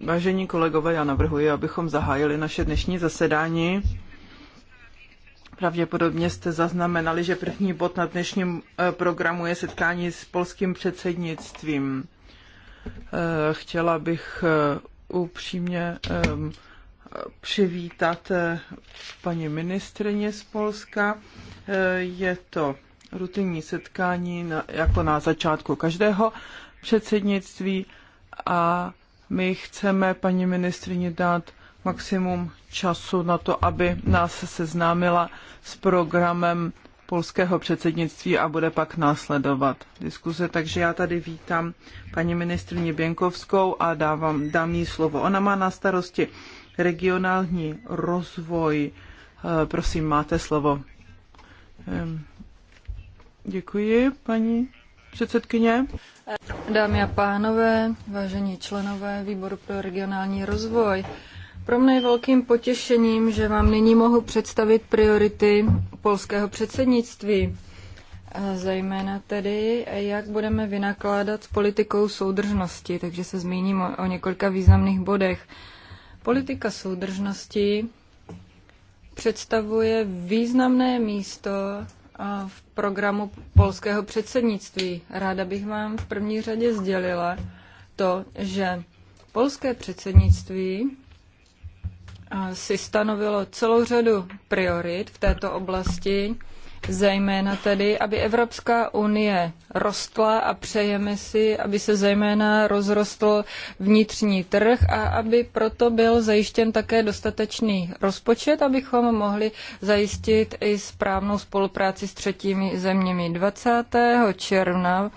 Vážení kolegové, já navrhuji, abychom zahájili naše dnešní zasedání. Pravděpodobně jste zaznamenali, že první bod na dnešním eh, programu je setkání s polským předsednictvím. Eh, chtěla bych eh, upřímně přivítat paní ministrině z Polska. Je to rutinní setkání jako na začátku každého předsednictví a my chceme paní ministrině dát maximum času na to, aby nás seznámila s programem polského předsednictví a bude pak následovat diskuze. Takže já tady vítám paní ministrině Běnkovskou a dávám, dám jí slovo. Ona má na starosti regionální rozvoj. Eh, prosím, máte slovo. Ehm, děkuji, paní předsedkyně. Dámy a pánové, vážení členové Výboru pro regionální rozvoj, pro mne je velkým potěšením, že vám nyní mohu představit priority polského předsednictví. Zejména tedy, jak budeme vynakládat s politikou soudržnosti, takže se zmíním o, o několika významných bodech. Politika soudržnosti představuje významné místo v programu polského předsednictví. Ráda bych vám v první řadě sdělila to, že polské předsednictví eh, si stanovilo celou řadu priorit v této oblasti, zejména tedy, aby Evropská unie rostla a přejeme si, aby se zejména rozrostl vnitřní trh a aby proto byl zajištěn také dostatečný rozpočet, abychom mohli zajistit i správnou spolupráci s třetími zeměmi. 20. června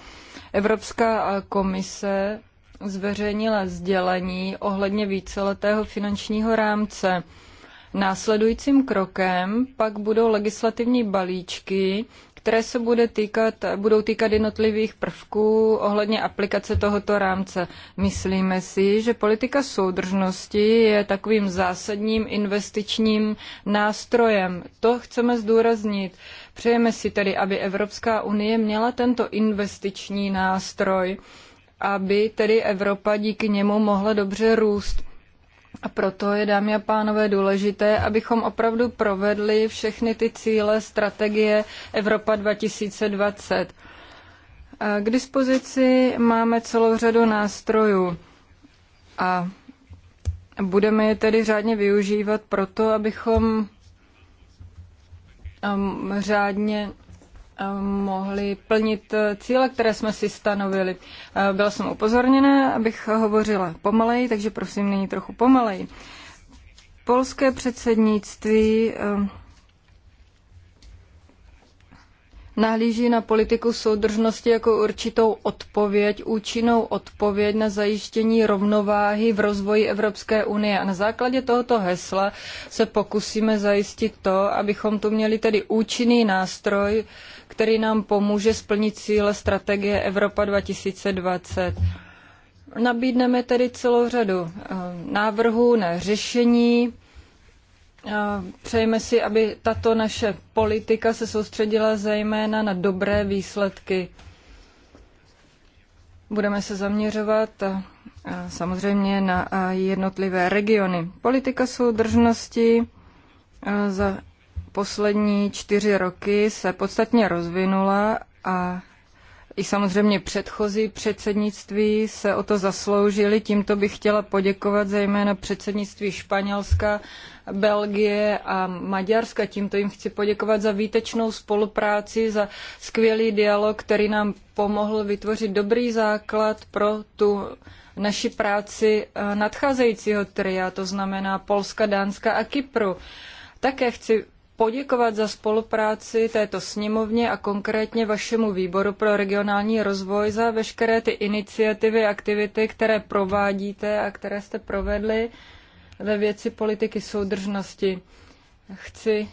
Evropská komise zveřejnila sdělení ohledně víceletého finančního rámce. Následujícím krokem pak budou legislativní balíčky, které se bude týkat, budou týkat jednotlivých prvků ohledně aplikace tohoto rámce. Myslíme si, že politika soudržnosti je takovým zásadním investičním nástrojem. To chceme zdůraznit. Přejeme si tedy, aby Evropská unie měla tento investiční nástroj, aby tedy Evropa díky němu mohla dobře růst. A proto je, dámy a pánové, důležité, abychom opravdu provedli všechny ty cíle strategie Evropa 2020. K dispozici máme celou řadu nástrojů a budeme je tedy řádně využívat proto, abychom um, řádně mohli plnit eh, cíle, které jsme si stanovili. Eh, byla jsem upozorněna, abych hovořila pomalej, takže prosím, nyní trochu pomalej. Polské předsednictví eh, nahlíží na politiku soudržnosti jako určitou odpověď, účinnou odpověď na zajištění rovnováhy v rozvoji Evropské unie. A na základě tohoto hesla se pokusíme zajistit to, abychom tu měli tedy účinný nástroj, uh, který nám pomůže splnit cíle strategie Evropa 2020. Nabídneme tedy celou řadu eh, návrhů na řešení. Eh, přejeme si, aby tato naše politika se soustředila zejména na dobré výsledky. Budeme se zaměřovat eh, samozřejmě na jednotlivé regiony. Politika soudržnosti poslední čtyři roky se podstatně rozvinula a i samozřejmě předchozí předsednictví se o to zasloužili. Tímto bych chtěla poděkovat zejména předsednictví Španělska, Belgie a Maďarska. Tímto jim chci poděkovat za výtečnou spolupráci, za skvělý dialog, který nám pomohl vytvořit dobrý základ pro tu naši práci eh, nadcházejícího tria, to znamená Polska, Dánska a Kypru. Také chci poděkovat za spolupráci této sněmovně a konkrétně vašemu výboru pro regionální rozvoj za veškeré ty iniciativy, aktivity, které provádíte a které jste provedli ve věci politiky soudržnosti. Chci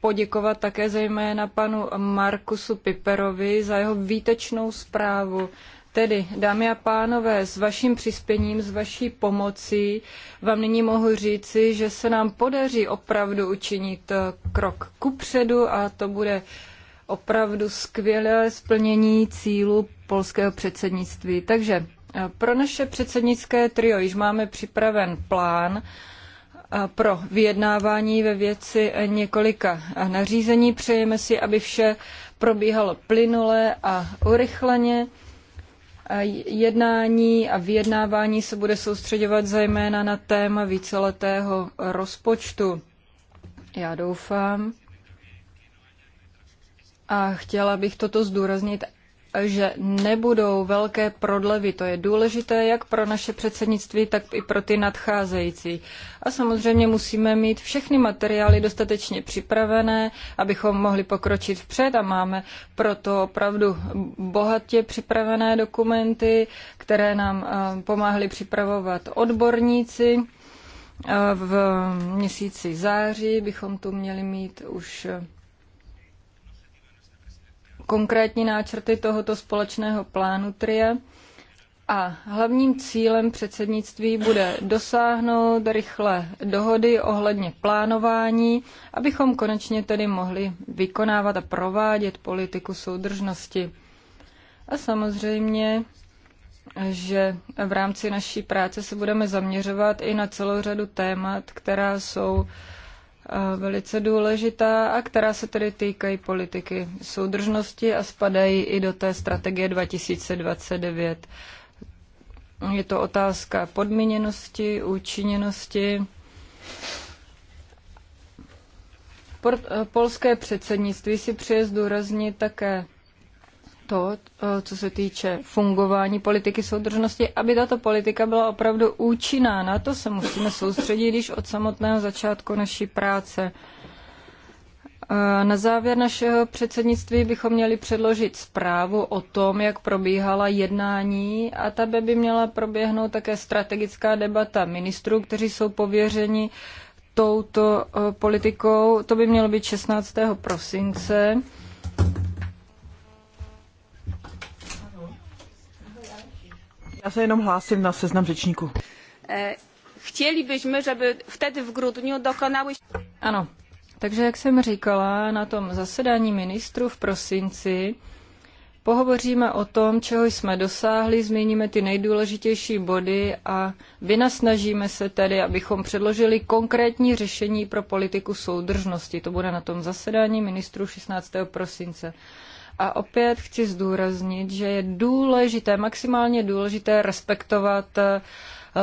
poděkovat také zejména panu Markusu Piperovi za jeho výtečnou zprávu. Tedy, dámy a pánové, s vaším přispěním, s vaší pomocí vám nyní mohu říci, že se nám podaří opravdu učinit krok kupředu a to bude opravdu skvělé splnění cílu polského předsednictví. Takže pro naše předsednické trio již máme připraven plán pro vyjednávání ve věci několika nařízení. Přejeme si, aby vše probíhalo plynule a urychleně jednání a vyjednávání se bude soustředovat zejména na téma víceletého rozpočtu. Já doufám a chtěla bych toto zdůraznit, že nebudou velké prodlevy. To je důležité jak pro naše předsednictví, tak i pro ty nadcházející. A samozřejmě musíme mít všechny materiály dostatečně připravené, abychom mohli pokročit vpřed a máme proto opravdu bohatě připravené dokumenty, které nám eh, pomáhli připravovat odborníci. Eh, v měsíci září bychom tu měli mít už eh, konkrétní náčrty tohoto společného plánu TRIE. A hlavním cílem předsednictví bude dosáhnout rychle dohody ohledně plánování, abychom konečně tedy mohli vykonávat a provádět politiku soudržnosti. A samozřejmě, že v rámci naší práce se budeme zaměřovat i na celou řadu témat, která jsou uh, velice důležitá a která se tedy týkají politiky soudržnosti a spadají i do té strategie 2029. Je to otázka podmíněnosti, účinněnosti. Polské předsednictví si přeje zdůraznit také to, eh, co se týče fungování politiky soudržnosti, aby tato politika byla opravdu účinná. Na to se musíme soustředit již od samotného začátku naší práce. Eh, na závěr našeho předsednictví bychom měli předložit zprávu o tom, jak probíhala jednání a ta by měla proběhnout také strategická debata ministrů, kteří jsou pověřeni touto eh, politikou. To by mělo být 16. prosince Já se jenom hlásím na seznam řečníků. Eh, Chtělibychom, żeby vtedy v grudniu dokonały... Ano, takže jak jsem říkala na tom zasedání ministrů v prosinci, pohovoříme o tom, čeho jsme dosáhli, zmíníme ty nejdůležitější body a vynasnažíme se tedy, abychom předložili konkrétní řešení pro politiku soudržnosti. To bude na tom zasedání ministrů 16. prosince. A opět chci zdůraznit, že je důležité, maximálně důležité respektovat eh,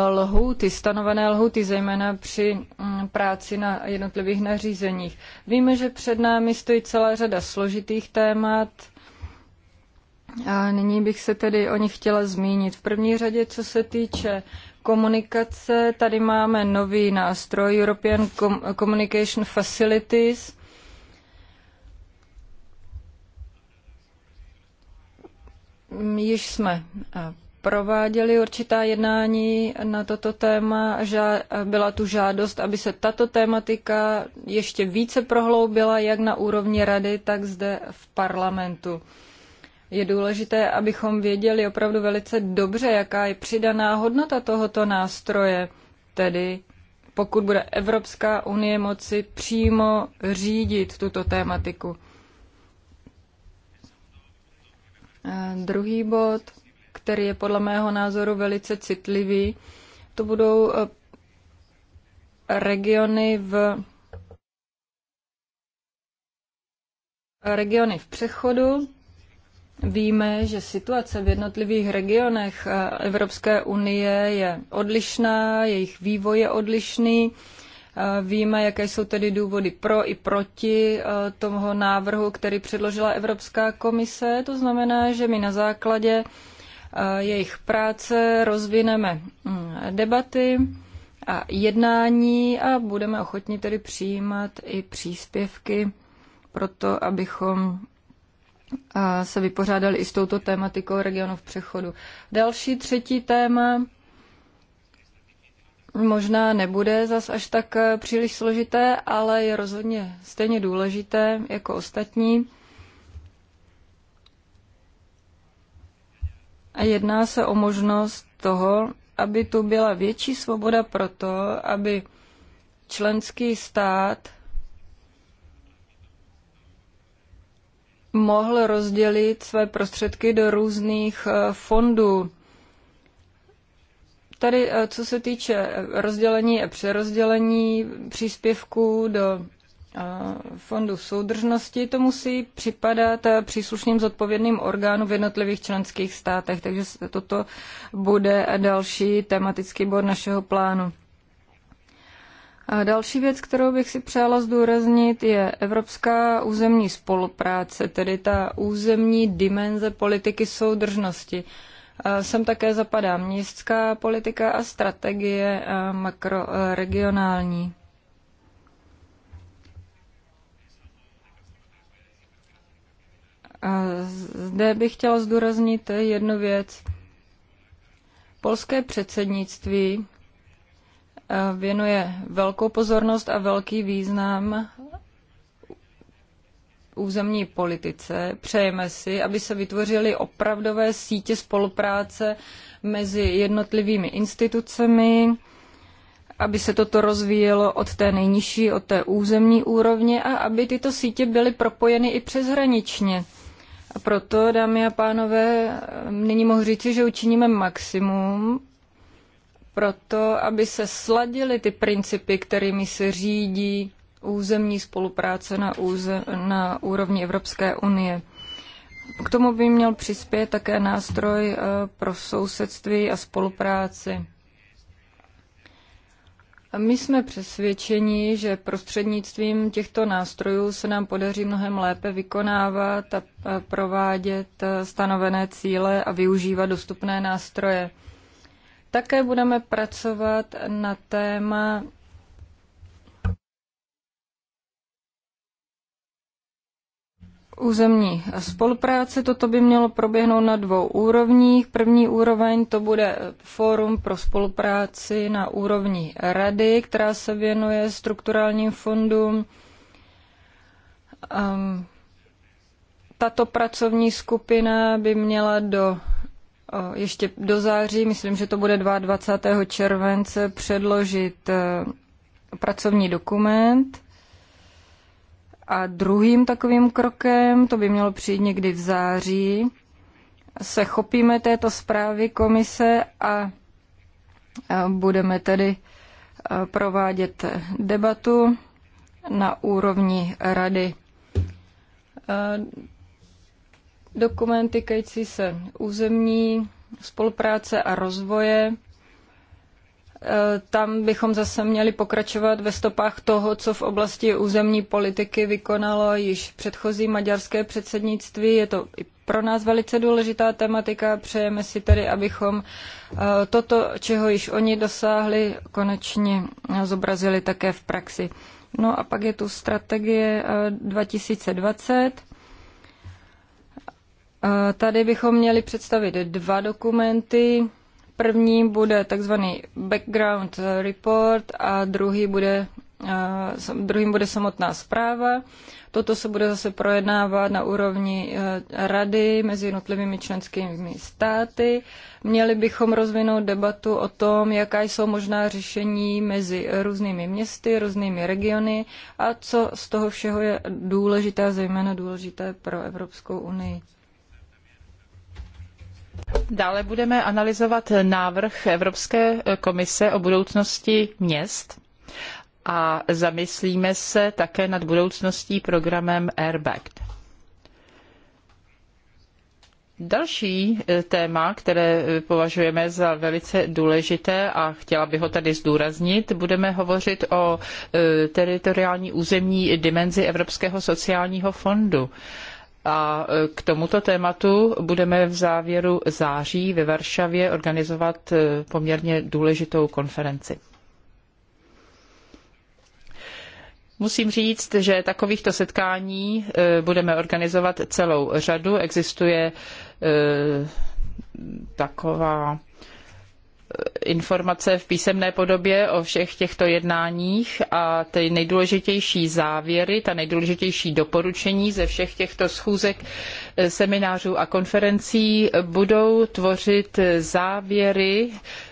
lhuty, stanovené lhuty, zejména při mm, práci na jednotlivých nařízeních. Víme, že před námi stojí celá řada složitých témat, a nyní bych se tedy o nich chtěla zmínit. V první řadě, co se týče komunikace, tady máme nový nástroj European Communication Facilities. Již jsme eh, prováděli určitá jednání na toto téma. Eh, byla tu žádost, aby se tato tématika ještě více prohloubila, jak na úrovni rady, tak zde v parlamentu. Je důležité, abychom věděli opravdu velice dobře, jaká je přidaná hodnota tohoto nástroje, tedy pokud bude Evropská unie moci přímo řídit tuto tématiku. Eh, druhý bod, který je podle mého názoru velice citlivý, to budou eh, regiony v regiony v přechodu. Víme, že situace v jednotlivých regionech eh, Evropské unie je odlišná, jejich vývoj je odlišný Eh, víme, jaké jsou tedy důvody pro i proti eh, toho návrhu, který předložila Evropská komise. To znamená, že my na základě eh, jejich práce rozvineme mm, debaty a jednání a budeme ochotni tedy přijímat i příspěvky pro to, abychom se vypořádali i s touto tématikou regionu v přechodu. Další třetí téma možná nebude zas až tak eh, příliš složité, ale je rozhodně stejně důležité jako ostatní. A jedná se o možnost toho, aby tu byla větší svoboda pro to, aby členský stát mohl rozdělit své prostředky do různých eh, fondů Tady, eh, co se týče eh, rozdělení a přerozdělení příspěvků do eh, fondu soudržnosti, to musí připadat příslušným zodpovědným orgánům v jednotlivých členských státech, takže toto bude další tematický bod našeho plánu. A další věc, kterou bych si přála zdůraznit, je evropská územní spolupráce, tedy ta územní dimenze politiky soudržnosti. Uh, Sem také zapadá městská politika a strategie makroregionální. zde bych chtěla zdůraznit jednu věc. Polské předsednictví věnuje velkou pozornost a velký význam územní politice. Přejeme si, aby se vytvořily opravdové sítě spolupráce mezi jednotlivými institucemi, aby se toto rozvíjelo od té nejnižší, od té územní úrovně a aby tyto sítě byly propojeny i přeshraničně. A proto, dámy a pánové, nyní mohu říci, že učiníme maximum proto, aby se sladily ty principy, kterými se řídí územní spolupráce na, úze, na úrovni Evropské unie. K tomu by měl přispět také nástroj eh, pro sousedství a spolupráci. My jsme přesvědčeni, že prostřednictvím těchto nástrojů se nám podaří mnohem lépe vykonávat a provádět eh, stanovené cíle a využívat dostupné nástroje. Také budeme pracovat na téma územní spolupráce. Toto by mělo proběhnout na dvou úrovních. První úroveň to bude fórum pro spolupráci na úrovni rady, která se věnuje strukturálním fondům. Ehm, tato pracovní skupina by měla do ještě do září, myslím, že to bude 22. července, předložit e, pracovní dokument a druhým takovým krokem, to by mělo přijít někdy v září, se chopíme této zprávy komise a budeme tedy provádět debatu na úrovni rady. Dokument týkající se územní spolupráce a rozvoje Eh, tam bychom zase měli pokračovat ve stopách toho, co v oblasti územní politiky vykonalo již předchozí maďarské předsednictví. Je to i pro nás velice důležitá tematika. Přejeme si tedy, abychom eh, toto, čeho již oni dosáhli, konečně zobrazili také v praxi. No a pak je tu strategie 2020. Eh, tady bychom měli představit dva dokumenty. První bude takzvaný background report a druhý bude, eh, druhým bude samotná zpráva. Toto se bude zase projednávat na úrovni eh, rady mezi jednotlivými členskými státy. Měli bychom rozvinout debatu o tom, jaká jsou možná řešení mezi různými městy, různými regiony a co z toho všeho je důležité, zejména důležité pro Evropskou unii. Dále budeme analyzovat návrh Evropské komise o budoucnosti měst a zamyslíme se také nad budoucností programem Airbag. Další eh, téma, které eh, považujeme za velice důležité a chtěla bych ho tady zdůraznit, budeme hovořit o eh, teritoriální územní dimenzi Evropského sociálního fondu. A e, k tomuto tématu budeme v závěru září ve Varšavě organizovat e, poměrně důležitou konferenci. Musím říct, že takovýchto setkání e, budeme organizovat celou řadu. Existuje taková informace v písemné podobě o všech těchto jednáních a ty nejdůležitější závěry, ta nejdůležitější doporučení ze všech těchto schůzek, eh, seminářů a konferencí budou tvořit závěry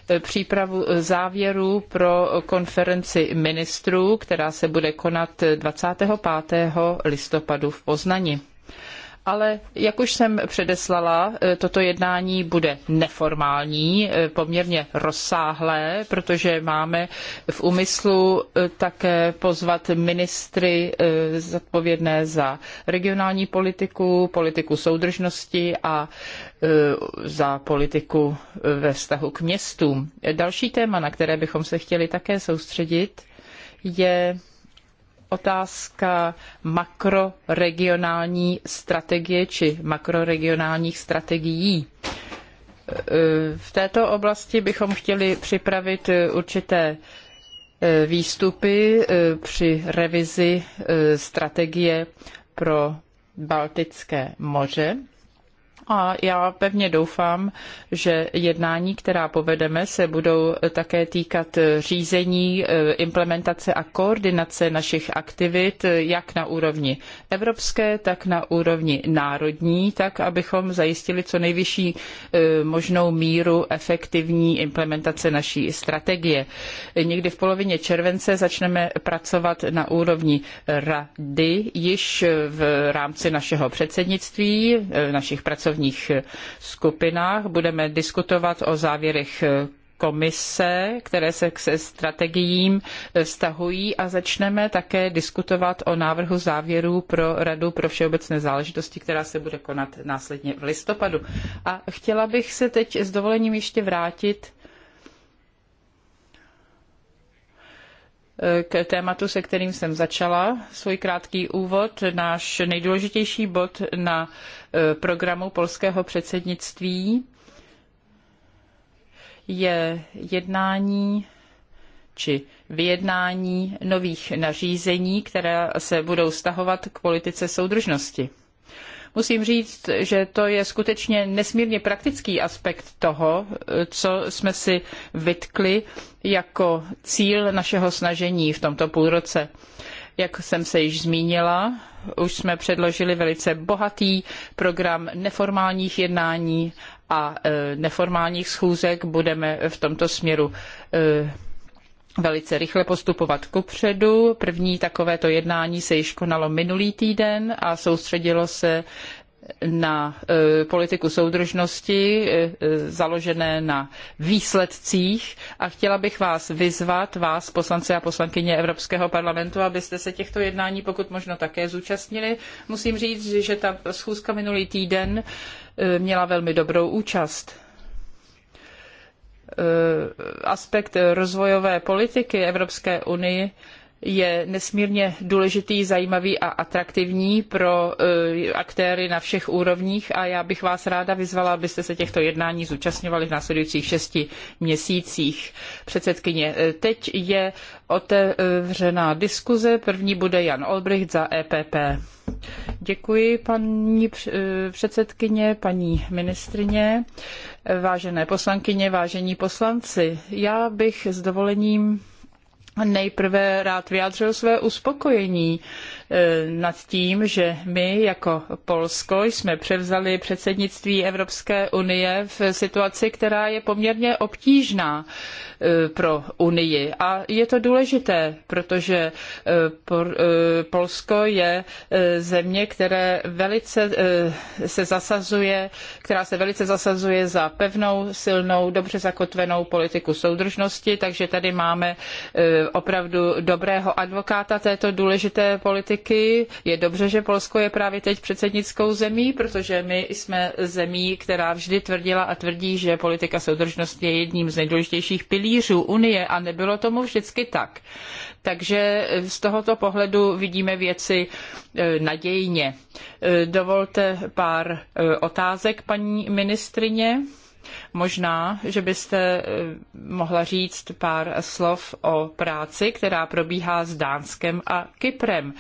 eh, přípravu eh, závěrů pro konferenci ministrů, která se bude konat 25. listopadu v Poznani ale jak už jsem předeslala, e, toto jednání bude neformální, e, poměrně rozsáhlé, protože máme v úmyslu e, také pozvat ministry zodpovědné za regionální politiku, politiku soudržnosti a za politiku ve vztahu k městům. Další téma, na které bychom se chtěli také soustředit, je otázka makroregionální strategie či makroregionálních strategií. V této oblasti bychom chtěli připravit určité eh, výstupy eh, při revizi eh, strategie pro Baltické moře a já pevně doufám, že jednání, která povedeme, se budou také týkat řízení, e, implementace a koordinace našich aktivit, e, jak na úrovni evropské, tak na úrovni národní, tak abychom zajistili co nejvyšší e, možnou míru efektivní implementace naší strategie. Někdy v polovině července začneme pracovat na úrovni rady již v rámci našeho předsednictví, našich pracovních pracovních skupinách. Budeme diskutovat o závěrech komise, které se k strategiím vztahují a začneme také diskutovat o návrhu závěrů pro Radu pro všeobecné záležitosti, která se bude konat následně v listopadu. A chtěla bych se teď s dovolením ještě vrátit eh, k tématu, se kterým jsem začala svůj krátký úvod. Náš nejdůležitější bod na Eh, programu polského předsednictví je jednání či vyjednání nových nařízení, která se budou stahovat k politice soudržnosti. Musím říct, že to je skutečně nesmírně praktický aspekt toho, eh, co jsme si vytkli jako cíl našeho snažení v tomto půlroce. roce jak jsem se již zmínila, už jsme předložili velice bohatý program neformálních jednání a e, neformálních schůzek. Budeme v tomto směru e, velice rychle postupovat kupředu. První takovéto jednání se již konalo minulý týden a soustředilo se na e, politiku soudržnosti e, e, založené na výsledcích a chtěla bych vás vyzvat, vás poslance a poslankyně Evropského parlamentu, abyste se těchto jednání pokud možno také zúčastnili. Musím říct, že ta schůzka minulý týden měla velmi dobrou účast aspekt rozvojové politiky Evropské unie je nesmírně důležitý, zajímavý a atraktivní pro eh, aktéry na všech úrovních a já bych vás ráda vyzvala, abyste se těchto jednání zúčastňovali v následujících šesti měsících. Předsedkyně, eh, teď je otevřená diskuze. První bude Jan Olbricht za EPP. Děkuji, paní eh, předsedkyně, paní ministrině, vážené poslankyně, vážení poslanci. Já bych s dovolením nejprve rád vyjádřil své uspokojení E, nad tím, že my jako Polsko jsme převzali předsednictví Evropské unie v situaci, která je poměrně obtížná e, pro Unii. A je to důležité, protože e, Polsko je země, které velice se zasazuje, která se velice zasazuje za pevnou, silnou, dobře zakotvenou politiku soudržnosti, takže tady máme opravdu dobrého advokáta této důležité politiky politiky. Je dobře, že Polsko je právě teď předsednickou zemí, protože my jsme zemí, která vždy tvrdila a tvrdí, že politika soudržnosti je jedním z nejdůležitějších pilířů Unie a nebylo tomu vždycky tak. Takže z tohoto pohledu vidíme věci e, nadějně. E, dovolte pár e, otázek, paní ministrině. Možná, že byste eh, mohla říct pár slov o práci, která probíhá s Dánskem a Kyprem.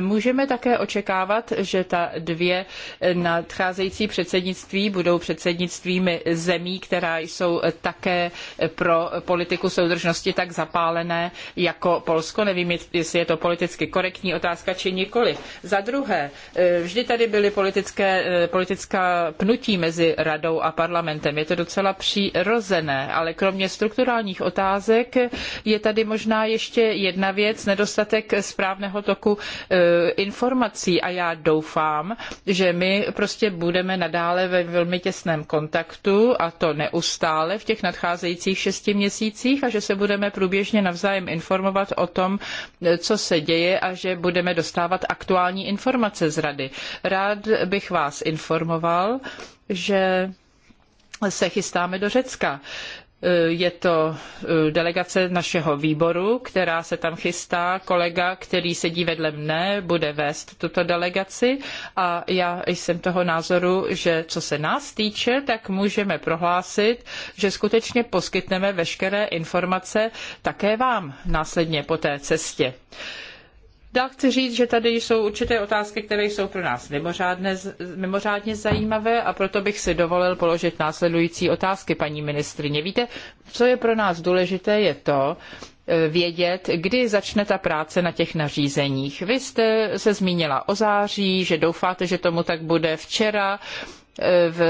Můžeme také očekávat, že ta dvě nadcházející předsednictví budou předsednictvími zemí, která jsou také pro politiku soudržnosti tak zapálené jako Polsko. Nevím, jestli je to politicky korektní otázka či nikoli. Za druhé, eh, vždy tady byly politické, eh, politická pnutí mezi radou a parlamentem. Je to docela docela přirozené, ale kromě strukturálních otázek je tady možná ještě jedna věc, nedostatek správného toku e, informací a já doufám, že my prostě budeme nadále ve velmi těsném kontaktu a to neustále v těch nadcházejících šesti měsících a že se budeme průběžně navzájem informovat o tom, e, co se děje a že budeme dostávat aktuální informace z rady. Rád bych vás informoval, že se chystáme do Řecka. Eh, je to eh, delegace našeho výboru, která se tam chystá. Kolega, který sedí vedle mne, bude vést tuto delegaci a já jsem toho názoru, že co se nás týče, tak můžeme prohlásit, že skutečně poskytneme veškeré informace také vám následně po té cestě. Uh, Dál chci říct, že tady jsou určité otázky, které jsou pro nás mimořádně zajímavé a proto bych si dovolil položit následující otázky, paní ministrině. Víte, co je pro nás důležité, je to, e, vědět, kdy začne ta práce na těch nařízeních. Vy jste se zmínila o září, že doufáte, že tomu tak bude včera v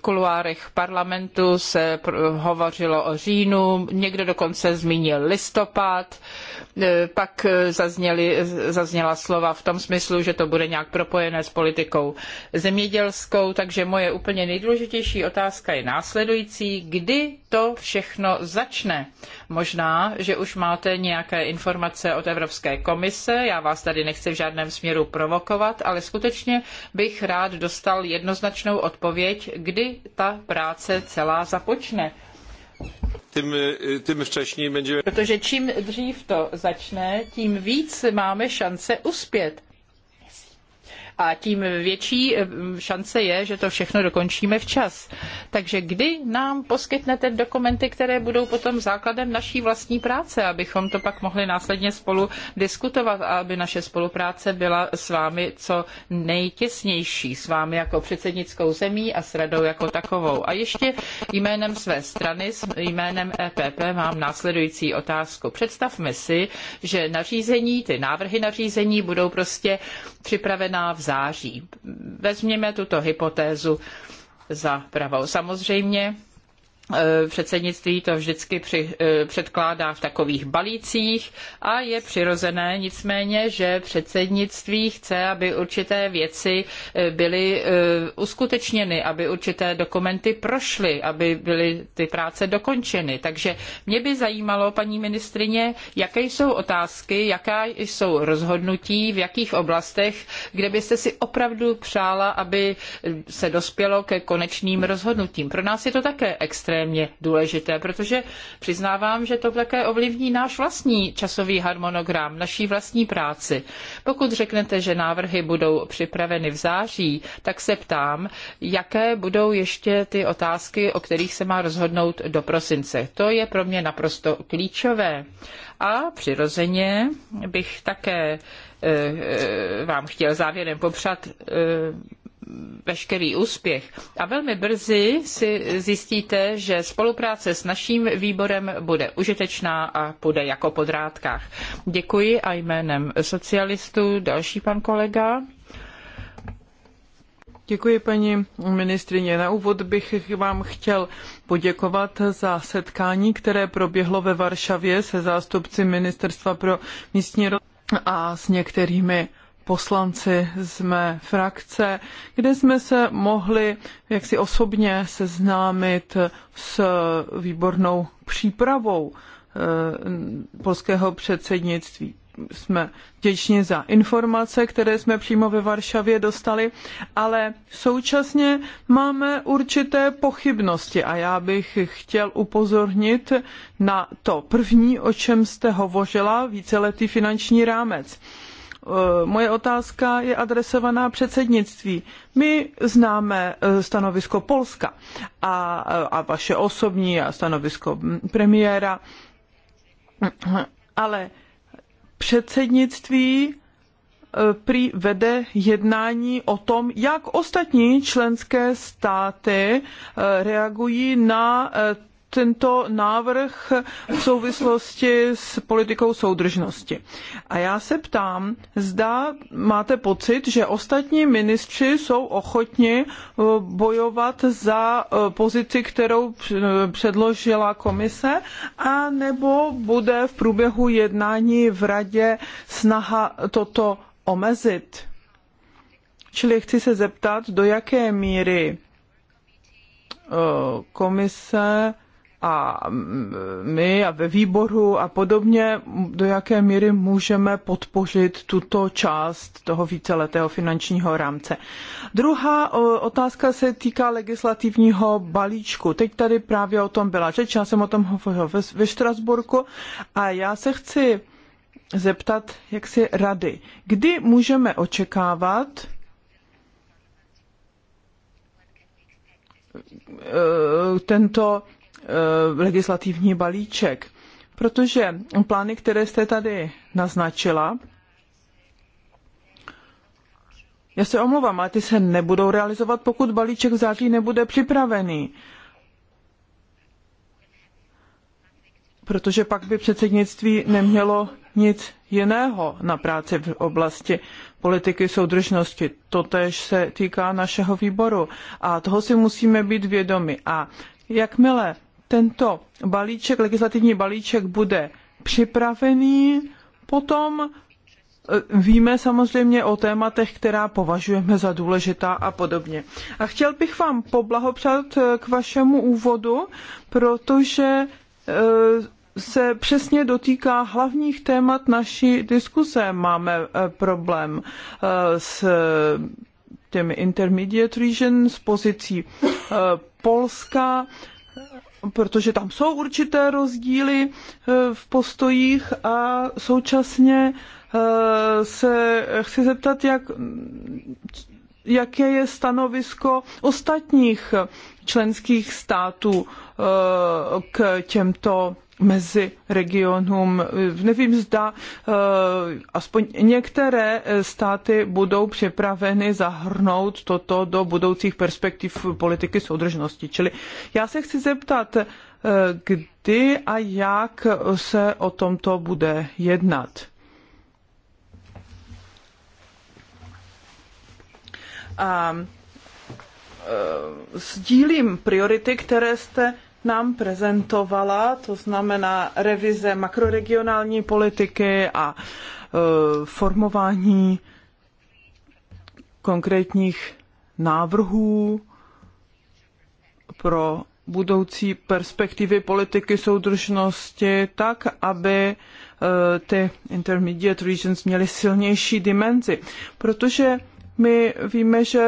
kuluárech parlamentu se hovořilo o říjnu, někdo dokonce zmínil listopad, e, pak zazněly, zazněla slova v tom smyslu, že to bude nějak propojené s politikou zemědělskou, takže moje úplně nejdůležitější otázka je následující, kdy to všechno začne. Možná, že už máte nějaké informace od Evropské komise, já vás tady nechci v žádném směru provokovat, ale skutečně bych rád dostal jednoznačnou odpověď, kdy ta práce celá započne. Tím, tím včasněji Protože čím dřív to začne, tím víc máme šance uspět a tím větší eh, šance je, že to všechno dokončíme včas. Takže kdy nám poskytnete dokumenty, které budou potom základem naší vlastní práce, abychom to pak mohli následně spolu diskutovat a aby naše spolupráce byla s vámi co nejtěsnější, s vámi jako předsednickou zemí a s radou jako takovou. A ještě jménem své strany, jménem EPP mám následující otázku. Představme si, že nařízení, ty návrhy nařízení budou prostě připravená v září. Vezměme tuto hypotézu za pravou. Samozřejmě Eh, předsednictví to vždycky při, eh, předkládá v takových balících a je přirozené nicméně, že předsednictví chce, aby určité věci eh, byly uskutečněny, aby určité dokumenty prošly, aby byly ty práce dokončeny. Takže mě by zajímalo, paní ministrině, jaké jsou otázky, jaká jsou rozhodnutí, v jakých oblastech, kde byste si opravdu přála, aby se dospělo ke konečným rozhodnutím. Pro nás je to také extrémně extrémně důležité, protože přiznávám, že to také ovlivní náš vlastní časový harmonogram, naší vlastní práci. Pokud řeknete, že návrhy budou připraveny v září, tak se ptám, jaké budou ještě ty otázky, o kterých se má rozhodnout do prosince. To je pro mě naprosto klíčové. A přirozeně bych také eh, eh, vám chtěl závěrem popřát eh, veškerý úspěch. A velmi brzy si zjistíte, že spolupráce s naším výborem bude užitečná a bude jako po drátkách. Děkuji a jménem socialistů další pan kolega. Děkuji, paní ministrině. Na úvod bych vám chtěl poděkovat za setkání, které proběhlo ve Varšavě se zástupci Ministerstva pro místní rozvoj a s některými poslanci z mé frakce, kde jsme se mohli jaksi osobně seznámit s výbornou přípravou eh, polského předsednictví. Jsme vděční za informace, které jsme přímo ve Varšavě dostali, ale současně máme určité pochybnosti a já bych chtěl upozornit na to první, o čem jste hovořila, víceletý finanční rámec. Eh, moje otázka je adresovaná předsednictví. My známe eh, stanovisko Polska a, a vaše osobní a stanovisko premiéra, ale předsednictví eh, prý vede jednání o tom, jak ostatní členské státy reagují na tento návrh v souvislosti s politikou soudržnosti. A já se ptám, zda máte pocit, že ostatní ministři jsou ochotni eh, bojovat za eh, pozici, kterou eh, předložila komise, a nebo bude v průběhu jednání v radě snaha toto omezit? Čili chci se zeptat, do jaké míry komise a my a ve výboru a podobně, do jaké míry můžeme podpořit tuto část toho víceletého finančního rámce. Druhá otázka se týká legislativního balíčku. Teď tady právě o tom byla řeč, já jsem o tom hovořil ve, ve Štrasburku a já se chci zeptat, jak si rady. Kdy můžeme očekávat, e, tento Eh, legislativní balíček. Protože plány, které jste tady naznačila, já se omlouvám, ale ty se nebudou realizovat, pokud balíček v září nebude připravený. Protože pak by předsednictví nemělo nic jiného na práci v oblasti politiky soudržnosti. Totež se týká našeho výboru a toho si musíme být vědomi. A jakmile tento balíček, legislativní balíček bude připravený. Potom eh, Víme samozřejmě o tématech, která považujeme za důležitá a podobně. A chtěl bych vám poblahopřát eh, k vašemu úvodu, protože eh, se přesně dotýká hlavních témat naší diskuse. Máme problém s těmi intermediate region, s pozicí Polska, protože tam jsou určité rozdíly eh, v postojích a současně eh, se chci zeptat, jak, jaké je stanovisko ostatních členských států eh, k těmto mezi regionům. Nevím, zda eh, aspoň některé eh, státy budou připraveny zahrnout toto do budoucích perspektiv politiky soudržnosti. Čili já se chci zeptat, eh, kdy a jak se o tomto bude jednat. A sdílím priority, které jste nám prezentovala, to znamená revize makroregionální politiky a e, formování konkrétních návrhů pro budoucí perspektivy politiky soudržnosti tak, aby e, ty intermediate regions měly silnější dimenzi. Protože my víme, že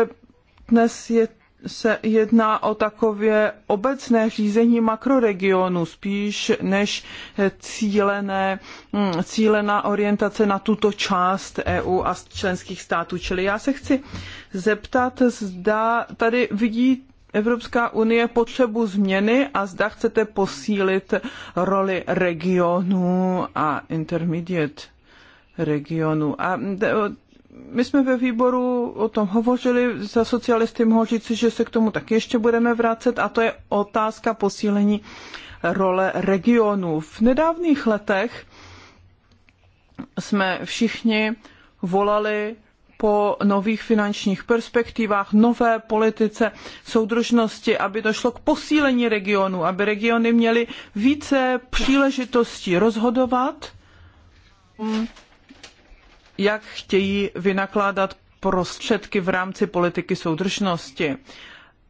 dnes je se jedná o takové obecné řízení makroregionu, spíš než cílené, hm, cílená orientace na tuto část EU a členských států. Čili já se chci zeptat, zda tady vidí Evropská unie potřebu změny a zda chcete posílit roli regionu a intermediate regionu. A my jsme ve výboru o tom hovořili, za socialisty mohu říci, že se k tomu taky ještě budeme vracet a to je otázka posílení role regionů. V nedávných letech jsme všichni volali po nových finančních perspektivách, nové politice soudržnosti, aby došlo k posílení regionů, aby regiony měly více příležitostí rozhodovat jak chtějí vynakládat prostředky v rámci politiky soudržnosti.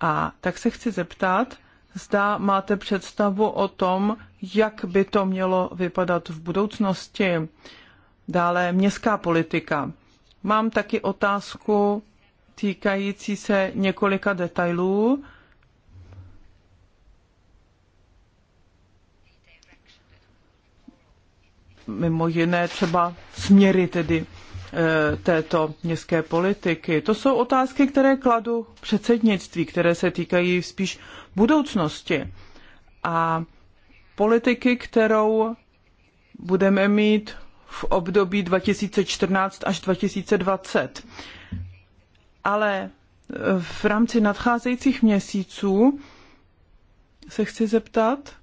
A tak se chci zeptat, zda máte představu o tom, jak by to mělo vypadat v budoucnosti. Dále městská politika. Mám taky otázku týkající se několika detailů. Mimo jiné třeba směry tedy Eh, této městské politiky. To jsou otázky, které kladu předsednictví, které se týkají spíš budoucnosti a politiky, kterou budeme mít v období 2014 až 2020. Ale eh, v rámci nadcházejících měsíců se chci zeptat,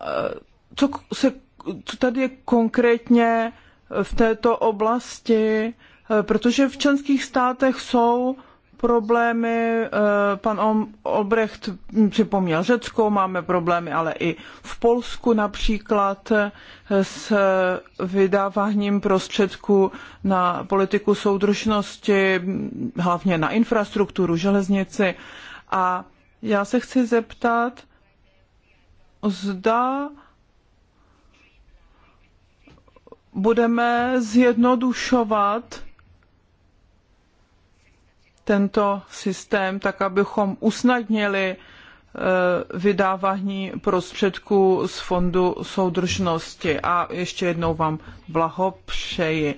eh, co se co tady konkrétně v této oblasti, eh, protože v členských státech jsou problémy, eh, pan Obrecht připomněl Řecko, máme problémy ale i v Polsku například eh, s vydáváním prostředků na politiku soudržnosti, hlavně na infrastrukturu, železnici. A já se chci zeptat, zda budeme zjednodušovat tento systém tak, abychom usnadnili eh, vydávání prostředků z Fondu soudržnosti. A ještě jednou vám blahopřeji.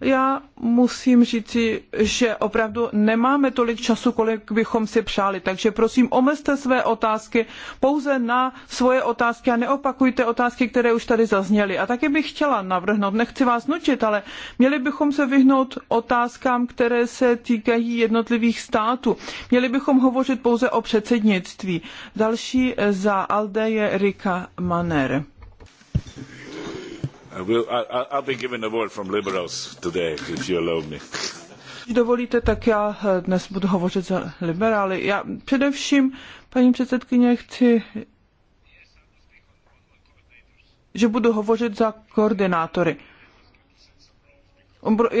Já musím říci, že opravdu nemáme tolik času, kolik bychom si přáli, takže prosím, omezte své otázky pouze na svoje otázky a neopakujte otázky, které už tady zazněly. A taky bych chtěla navrhnout, nechci vás nutit, ale měli bychom se vyhnout otázkám, které se týkají jednotlivých států. Měli bychom hovořit pouze o předsednictví. Další za Alde je Rika Manere will, I, I'll be given word from liberals today, if you allow me. Když dovolíte, tak já eh, dnes budu hovořit za liberály. Já především, paní předsedkyně, chci že budu hovořit za koordinátory.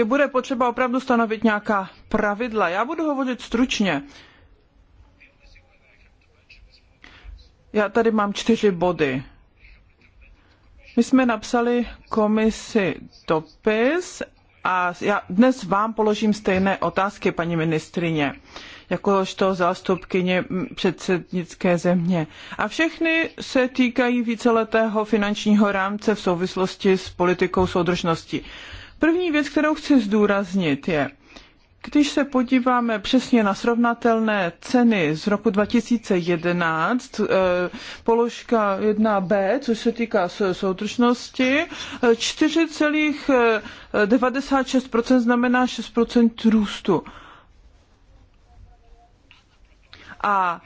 Bude potřeba opravdu stanovit nějaká pravidla. Já budu hovořit stručně. Já tady mám čtyři body. My jsme napsali komisi dopis a já dnes vám položím stejné otázky, paní ministrině, jakožto zástupkyně předsednické země. A všechny se týkají víceletého finančního rámce v souvislosti s politikou soudržnosti. První věc, kterou chci zdůraznit, je, když se podíváme přesně na srovnatelné ceny z roku 2011, eh, položka 1b, což se týká soudržnosti, 4,96% eh, eh, znamená 6% růstu. A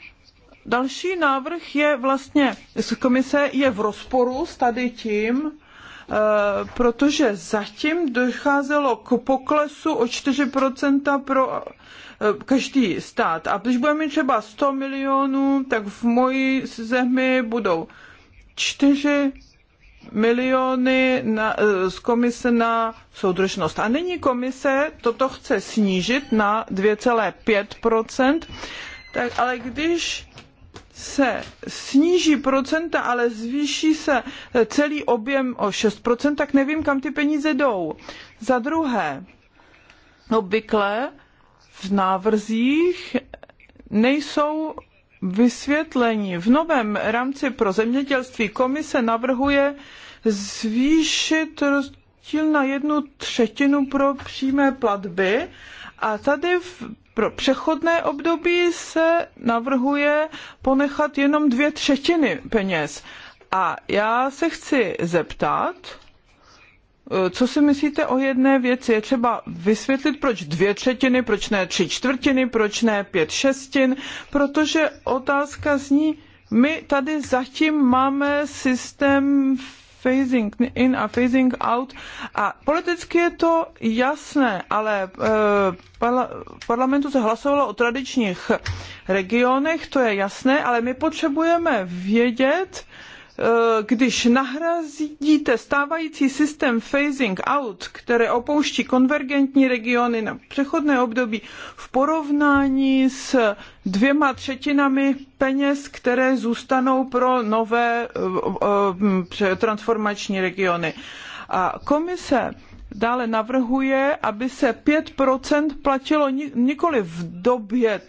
další návrh je vlastně z komise je v rozporu s tady tím, Eh, protože zatím docházelo k poklesu o 4% pro eh, každý stát. A když budeme mít třeba 100 milionů, tak v mojí zemi budou 4 miliony na, eh, z komise na soudržnost. A nyní komise toto chce snížit na 2,5%, tak ale když se sníží procenta, ale zvýší se celý objem o 6%, tak nevím, kam ty peníze jdou. Za druhé, obvykle v návrzích nejsou vysvětlení. V novém rámci pro zemědělství komise navrhuje zvýšit rozdíl na jednu třetinu pro přímé platby a tady v pro přechodné období se navrhuje ponechat jenom dvě třetiny peněz. A já se chci zeptat, eh, co si myslíte o jedné věci? Je třeba vysvětlit, proč dvě třetiny, proč ne tři čtvrtiny, proč ne pět šestin, protože otázka zní, my tady zatím máme systém phasing in a phasing out. A politicky je to jasné, ale eh, v parlamentu se hlasovalo o tradičních regionech, to je jasné, ale my potřebujeme vědět, Eh, když nahrazíte stávající systém phasing out, které opouští konvergentní regiony na přechodné období v porovnání s dvěma třetinami peněz, které zůstanou pro nové eh, eh, transformační regiony. A komise dále navrhuje, aby se 5% platilo nikoli v době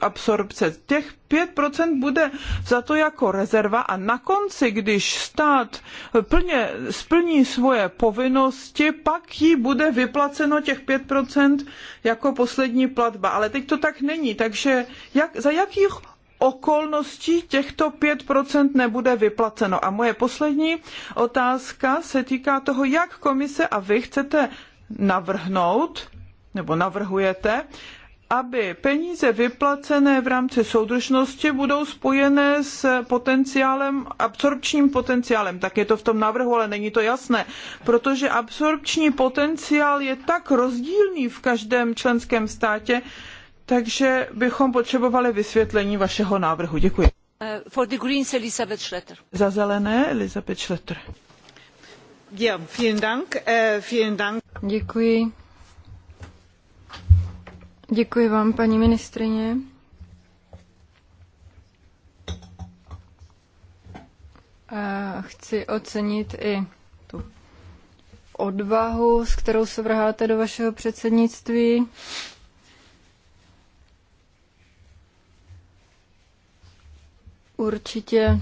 absorpce. Těch 5% bude za to jako rezerva a na konci, když stát plně splní svoje povinnosti, pak jí bude vyplaceno těch 5% jako poslední platba. Ale teď to tak není, takže jak, za jakých okolností těchto 5% nebude vyplaceno. A moje poslední otázka se týká toho, jak komise a vy chcete navrhnout, nebo navrhujete, aby peníze vyplacené v rámci soudržnosti budou spojené s potenciálem, absorpčním potenciálem. Tak je to v tom návrhu, ale není to jasné, protože absorpční potenciál je tak rozdílný v každém členském státě, takže bychom potřebovali vysvětlení vašeho návrhu. Děkuji. Uh, for the Greens, Elizabeth Schletter. Za zelené Elizabeth Schletter. Yeah, vielen Dank, uh, vielen Dank. Děkuji. Děkuji vám, paní ministrině. A chci ocenit i tu odvahu, s kterou se vrháte do vašeho předsednictví. Určitě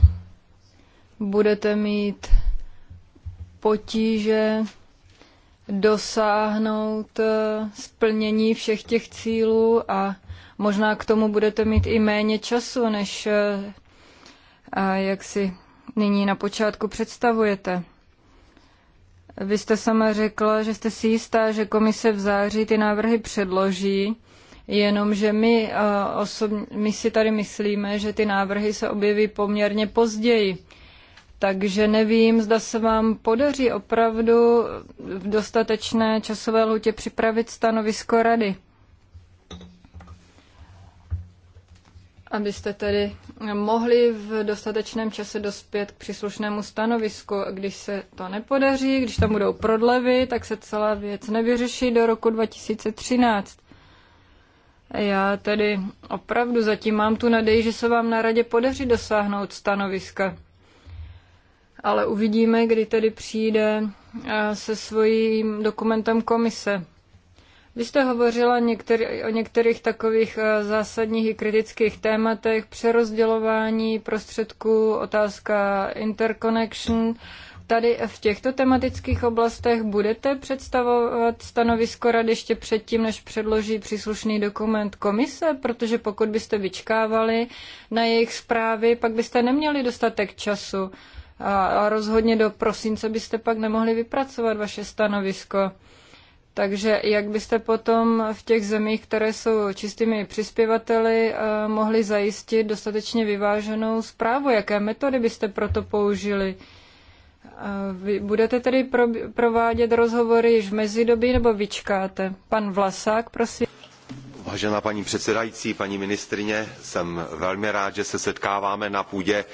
budete mít potíže dosáhnout eh, splnění všech těch cílů a možná k tomu budete mít i méně času, než eh, jak si nyní na počátku představujete. Vy jste sama řekla, že jste si jistá, že komise v září ty návrhy předloží Jenomže my, eh, osobně, my si tady myslíme, že ty návrhy se objeví poměrně později. Takže nevím, zda se vám podaří opravdu v dostatečné časové lhutě připravit stanovisko rady. Abyste tedy mohli v dostatečném čase dospět k příslušnému stanovisku. Když se to nepodaří, když tam budou prodlevy, tak se celá věc nevyřeší do roku 2013. Já tedy opravdu zatím mám tu naději, že se vám na radě podaří dosáhnout stanoviska. Ale uvidíme, kdy tedy přijde eh, se svým dokumentem komise. Vy jste hovořila některý, o některých takových eh, zásadních i kritických tématech, přerozdělování prostředků, otázka interconnection, Tady v těchto tematických oblastech budete představovat stanovisko rady ještě předtím, než předloží příslušný dokument komise, protože pokud byste vyčkávali na jejich zprávy, pak byste neměli dostatek času a rozhodně do prosince byste pak nemohli vypracovat vaše stanovisko. Takže jak byste potom v těch zemích, které jsou čistými přispěvateli, eh, mohli zajistit dostatečně vyváženou zprávu? Jaké metody byste proto použili? Vy budete tedy pro, provádět rozhovory již v mezidobí nebo vyčkáte? Pan Vlasák, prosím. Vážená paní předsedající, paní ministrině, jsem velmi rád, že se setkáváme na půdě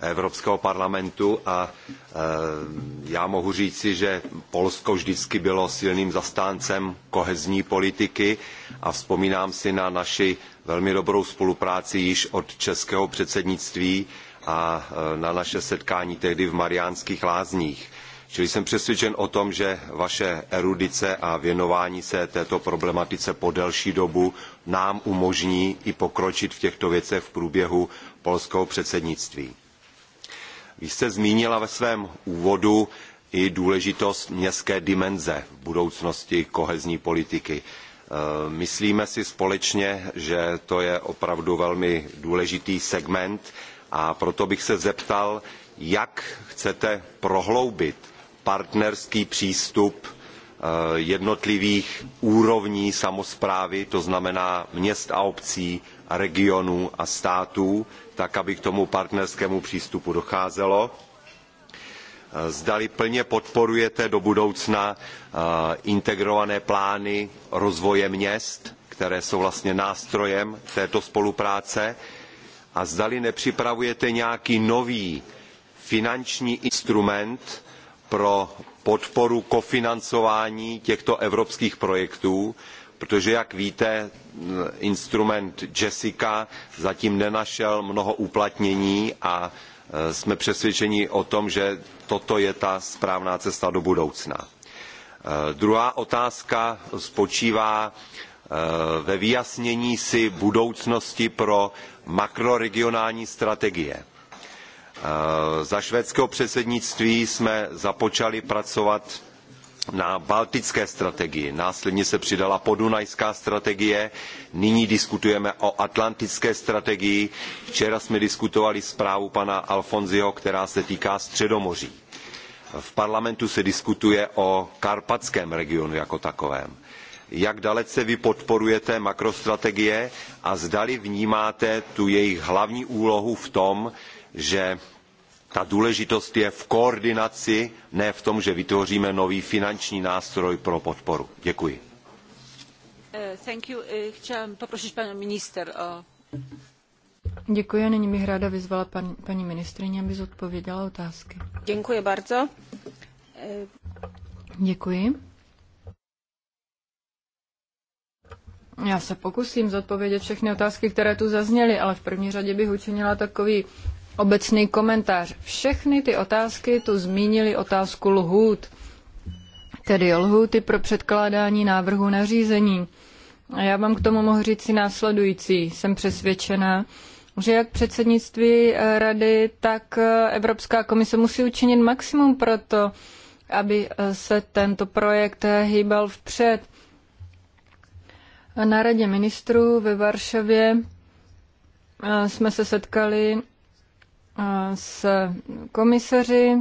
Evropského parlamentu a e, já mohu říci, že Polsko vždycky bylo silným zastáncem kohezní politiky a vzpomínám si na naši velmi dobrou spolupráci již od českého předsednictví a e, na naše setkání tehdy v Mariánských lázních. Čili jsem přesvědčen o tom, že vaše erudice a věnování se této problematice po delší dobu nám umožní i pokročit v těchto věcech v průběhu polského předsednictví. Vy jste zmínila ve svém úvodu i důležitost městské dimenze v budoucnosti kohezní politiky. E, myslíme si společně, že to je opravdu velmi důležitý segment, a proto bych se zeptal, jak chcete prohloubit partnerský přístup eh, jednotlivých úrovní samosprávy, to znamená měst a obcí, regionů a států, tak, aby k tomu partnerskému přístupu docházelo. Eh, zdali plně podporujete do budoucna eh, integrované plány rozvoje měst, které jsou vlastně nástrojem této spolupráce, a zdali nepřipravujete nějaký nový finanční instrument pro podporu kofinancování těchto evropských projektů, protože, jak víte, instrument Jessica zatím nenašel mnoho uplatnění a e, jsme přesvědčeni o tom, že toto je ta správná cesta do budoucna. E, druhá otázka spočívá Eh, ve vyjasnění si budoucnosti pro makroregionální strategie. Eh, za švédského předsednictví jsme započali pracovat na baltické strategii, následně se přidala podunajská strategie, nyní diskutujeme o atlantické strategii, včera jsme diskutovali zprávu pana Alfonziho, která se týká Středomoří. V parlamentu se diskutuje o karpatském regionu jako takovém jak dalece vy podporujete makrostrategie a zdali vnímáte tu jejich hlavní úlohu v tom, že ta důležitost je v koordinaci, ne v tom, že vytvoříme nový finanční nástroj pro podporu. Děkuji. Eh, eh, Chciałam poprosić pana minister o... Děkuji a nyní bych ráda vyzvala pan, paní ministrině, aby zodpověděla otázky. Děkuji bardzo. Eh, Děkuji. Já se pokusím zodpovědět všechny otázky, které tu zazněly, ale v první řadě bych učinila takový obecný komentář. Všechny ty otázky tu zmínili otázku lhůt, tedy lhůty pro předkládání návrhu na řízení. A já vám k tomu mohu říct si následující. Jsem přesvědčená, že jak předsednictví eh, rady, tak eh, Evropská komise musí učinit maximum pro to, aby eh, se tento projekt hýbal vpřed. Na radě ministrů ve Varšavě eh, jsme se setkali eh, s komisaři,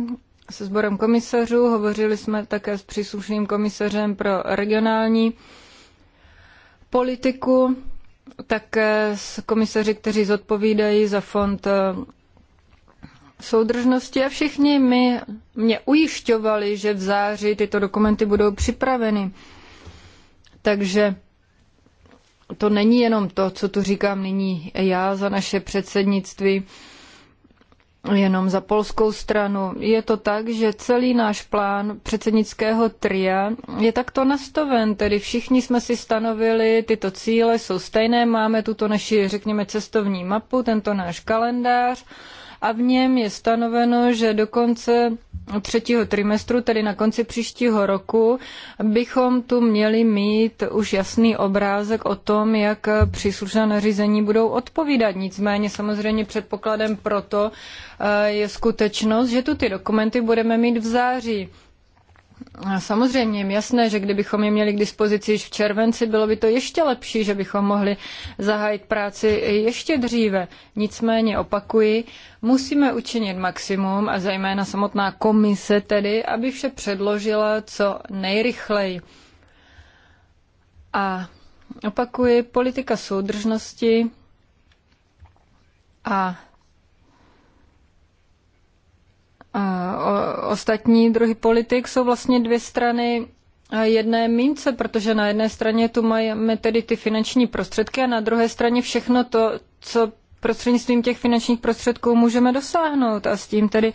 se sborem komisařů, hovořili jsme také s příslušným komisařem pro regionální politiku, také s komisaři, kteří zodpovídají za fond eh, soudržnosti a všichni mi, mě ujišťovali, že v září tyto dokumenty budou připraveny. Takže to není jenom to, co tu říkám nyní já za naše předsednictví, jenom za polskou stranu. Je to tak, že celý náš plán předsednického tria je takto nastaven, tedy všichni jsme si stanovili tyto cíle, jsou stejné, máme tuto naši, řekněme, cestovní mapu, tento náš kalendář a v něm je stanoveno, že do konce třetího trimestru, tedy na konci příštího roku, bychom tu měli mít už jasný obrázek o tom, jak příslušná nařízení budou odpovídat. Nicméně samozřejmě předpokladem proto eh, je skutečnost, že tu ty dokumenty budeme mít v září. Samozřejmě, jasné, že kdybychom je měli k dispozici již v červenci, bylo by to ještě lepší, že bychom mohli zahájit práci ještě dříve. Nicméně opakuji, musíme učinit maximum a zejména samotná komise tedy, aby vše předložila co nejrychleji. A opakuji, politika soudržnosti a ostatní druhy politik jsou vlastně dvě strany jedné mince, protože na jedné straně tu máme tedy ty finanční prostředky a na druhé straně všechno to, co prostřednictvím těch finančních prostředků můžeme dosáhnout. A s tím tedy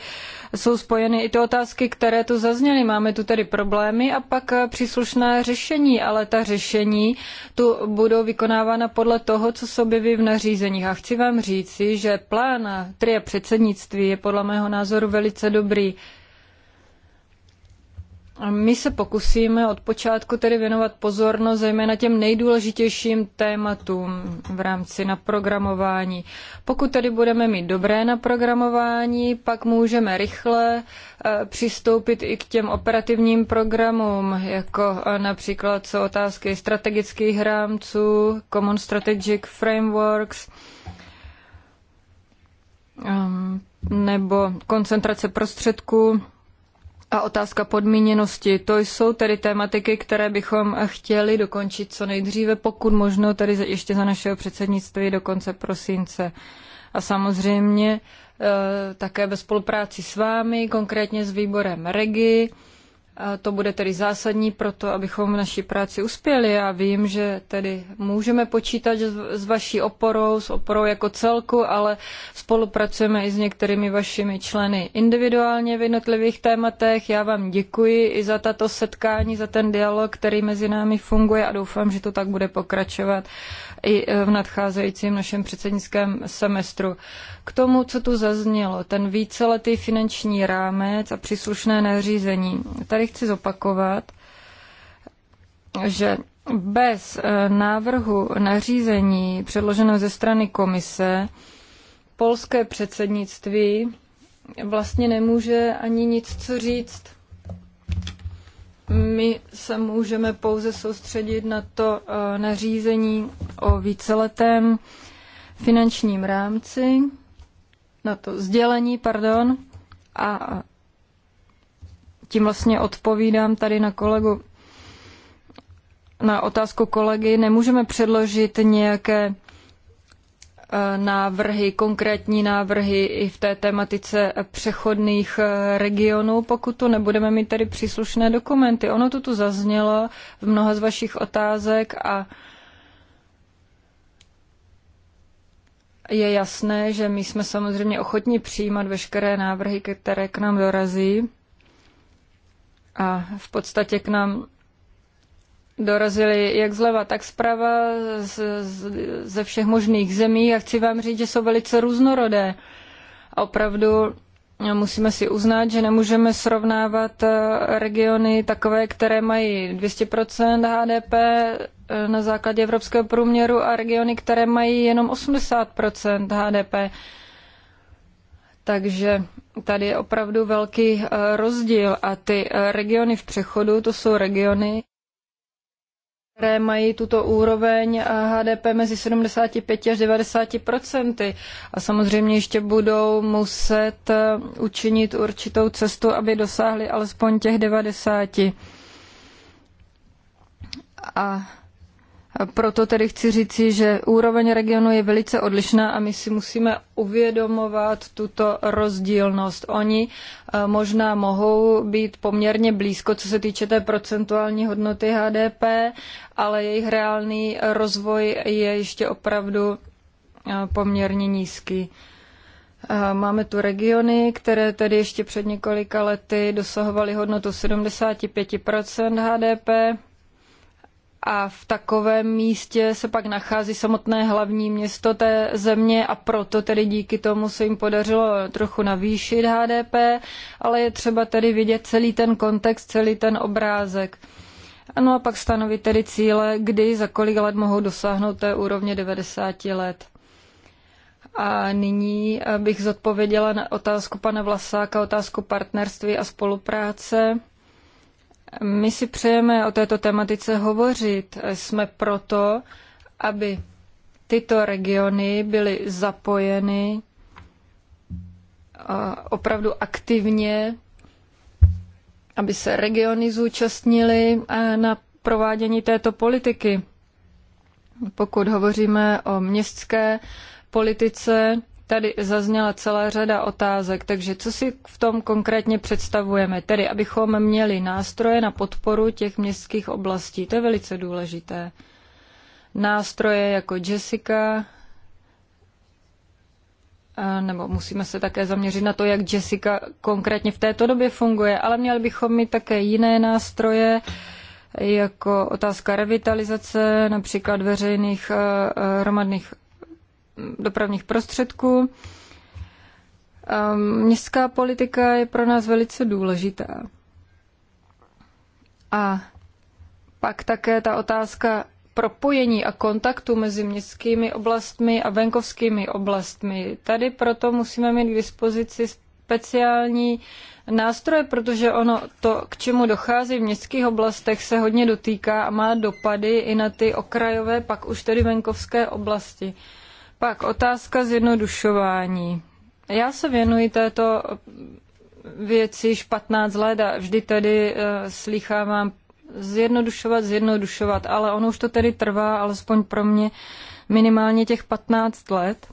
jsou spojeny i ty otázky, které tu zazněly. Máme tu tedy problémy a pak eh, příslušné řešení, ale ta řešení tu budou vykonávána podle toho, co se objeví v nařízeních. A chci vám říci, že plán eh, tria předsednictví je podle mého názoru velice dobrý. My se pokusíme od počátku tedy věnovat pozornost zejména těm nejdůležitějším tématům v rámci naprogramování. Pokud tedy budeme mít dobré naprogramování, pak můžeme rychle eh, přistoupit i k těm operativním programům, jako eh, například co otázky strategických rámců, Common Strategic Frameworks, ehm, nebo koncentrace prostředků a otázka podmíněnosti. To jsou tedy tématiky, které bychom chtěli dokončit co nejdříve, pokud možno tedy ještě za našeho předsednictví do konce prosince. A samozřejmě eh, také ve spolupráci s vámi, konkrétně s výborem REGI, to bude tedy zásadní pro to, abychom v naší práci uspěli. Já vím, že tedy můžeme počítat s vaší oporou, s oporou jako celku, ale spolupracujeme i s některými vašimi členy individuálně v jednotlivých tématech. Já vám děkuji i za tato setkání, za ten dialog, který mezi námi funguje a doufám, že to tak bude pokračovat i v nadcházejícím našem předsednickém semestru. K tomu, co tu zaznělo, ten víceletý finanční rámec a příslušné nařízení. Tady chci zopakovat, že bez eh, návrhu nařízení předloženého ze strany komise polské předsednictví vlastně nemůže ani nic co říct my se můžeme pouze soustředit na to eh, nařízení o víceletém finančním rámci, na to sdělení, pardon, a tím vlastně odpovídám tady na kolegu, na otázku kolegy. Nemůžeme předložit nějaké Eh, návrhy, konkrétní návrhy i v té tematice přechodných eh, regionů, pokud tu nebudeme mít tedy příslušné dokumenty. Ono to tu zaznělo v mnoha z vašich otázek a je jasné, že my jsme samozřejmě ochotni přijímat veškeré návrhy, které k nám dorazí. A v podstatě k nám dorazili jak zleva, tak zprava z, z, ze všech možných zemí a chci vám říct, že jsou velice různorodé. A opravdu no, musíme si uznat, že nemůžeme srovnávat eh, regiony takové, které mají 200% HDP eh, na základě evropského průměru a regiony, které mají jenom 80% HDP. Takže tady je opravdu velký eh, rozdíl a ty regiony v přechodu, to jsou regiony, které mají tuto úroveň HDP eh, mezi 75 až 90 procenty. A samozřejmě ještě budou muset eh, učinit určitou cestu, aby dosáhli alespoň těch 90. A proto tedy chci říci, že úroveň regionu je velice odlišná a my si musíme uvědomovat tuto rozdílnost. Oni eh, možná mohou být poměrně blízko, co se týče té procentuální hodnoty HDP, ale jejich reálný rozvoj je ještě opravdu eh, poměrně nízký. Eh, máme tu regiony, které tedy ještě před několika lety dosahovaly hodnotu 75 HDP a v takovém místě se pak nachází samotné hlavní město té země a proto tedy díky tomu se jim podařilo trochu navýšit HDP, ale je třeba tedy vidět celý ten kontext, celý ten obrázek. No a pak stanovit tedy cíle, kdy za kolik let mohou dosáhnout té úrovně 90 let. A nyní eh, bych zodpověděla na otázku pana Vlasáka, otázku partnerství a spolupráce. My si přejeme o této tematice hovořit. Jsme proto, aby tyto regiony byly zapojeny opravdu aktivně, aby se regiony zúčastnily na provádění této politiky. Pokud hovoříme o městské politice, Tady zazněla celá řada otázek, takže co si v tom konkrétně představujeme? Tedy, abychom měli nástroje na podporu těch městských oblastí, to je velice důležité. Nástroje jako Jessica, nebo musíme se také zaměřit na to, jak Jessica konkrétně v této době funguje, ale měli bychom mít také jiné nástroje, jako otázka revitalizace, například veřejných hromadných dopravních prostředků. Ehm, městská politika je pro nás velice důležitá. A pak také ta otázka propojení a kontaktu mezi městskými oblastmi a venkovskými oblastmi. Tady proto musíme mít k dispozici speciální nástroje, protože ono to, k čemu dochází v městských oblastech, se hodně dotýká a má dopady i na ty okrajové, pak už tedy venkovské oblasti. Pak otázka zjednodušování. Já se věnuji této věci již 15 let a vždy tady uh, slýchávám zjednodušovat, zjednodušovat, ale ono už to tedy trvá, alespoň pro mě, minimálně těch 15 let.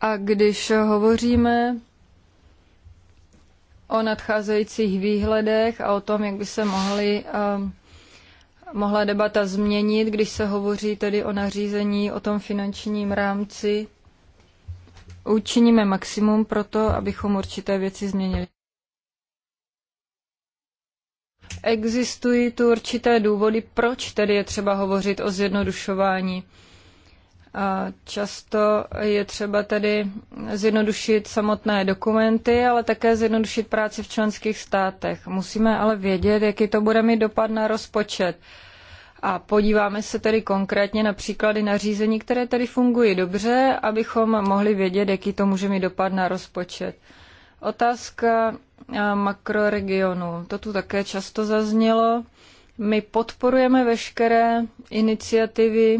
A když hovoříme o nadcházejících výhledech a o tom, jak by se mohly uh, mohla debata změnit, když se hovoří tedy o nařízení o tom finančním rámci. Učiníme maximum pro to, abychom určité věci změnili. Existují tu určité důvody, proč tedy je třeba hovořit o zjednodušování často je třeba tedy zjednodušit samotné dokumenty, ale také zjednodušit práci v členských státech. Musíme ale vědět, jaký to bude mít dopad na rozpočet. A podíváme se tedy konkrétně na příklady nařízení, které tedy fungují dobře, abychom mohli vědět, jaký to může mít dopad na rozpočet. Otázka eh, makroregionu. To tu také často zaznělo. My podporujeme veškeré iniciativy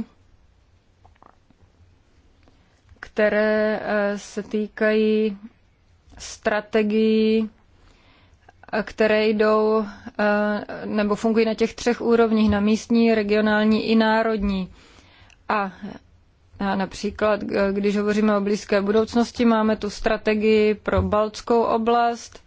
které eh, se týkají strategií, eh, které jdou eh, nebo fungují na těch třech úrovních, na místní, regionální i národní. A například, když hovoříme o blízké budoucnosti, máme tu strategii pro Baltskou oblast,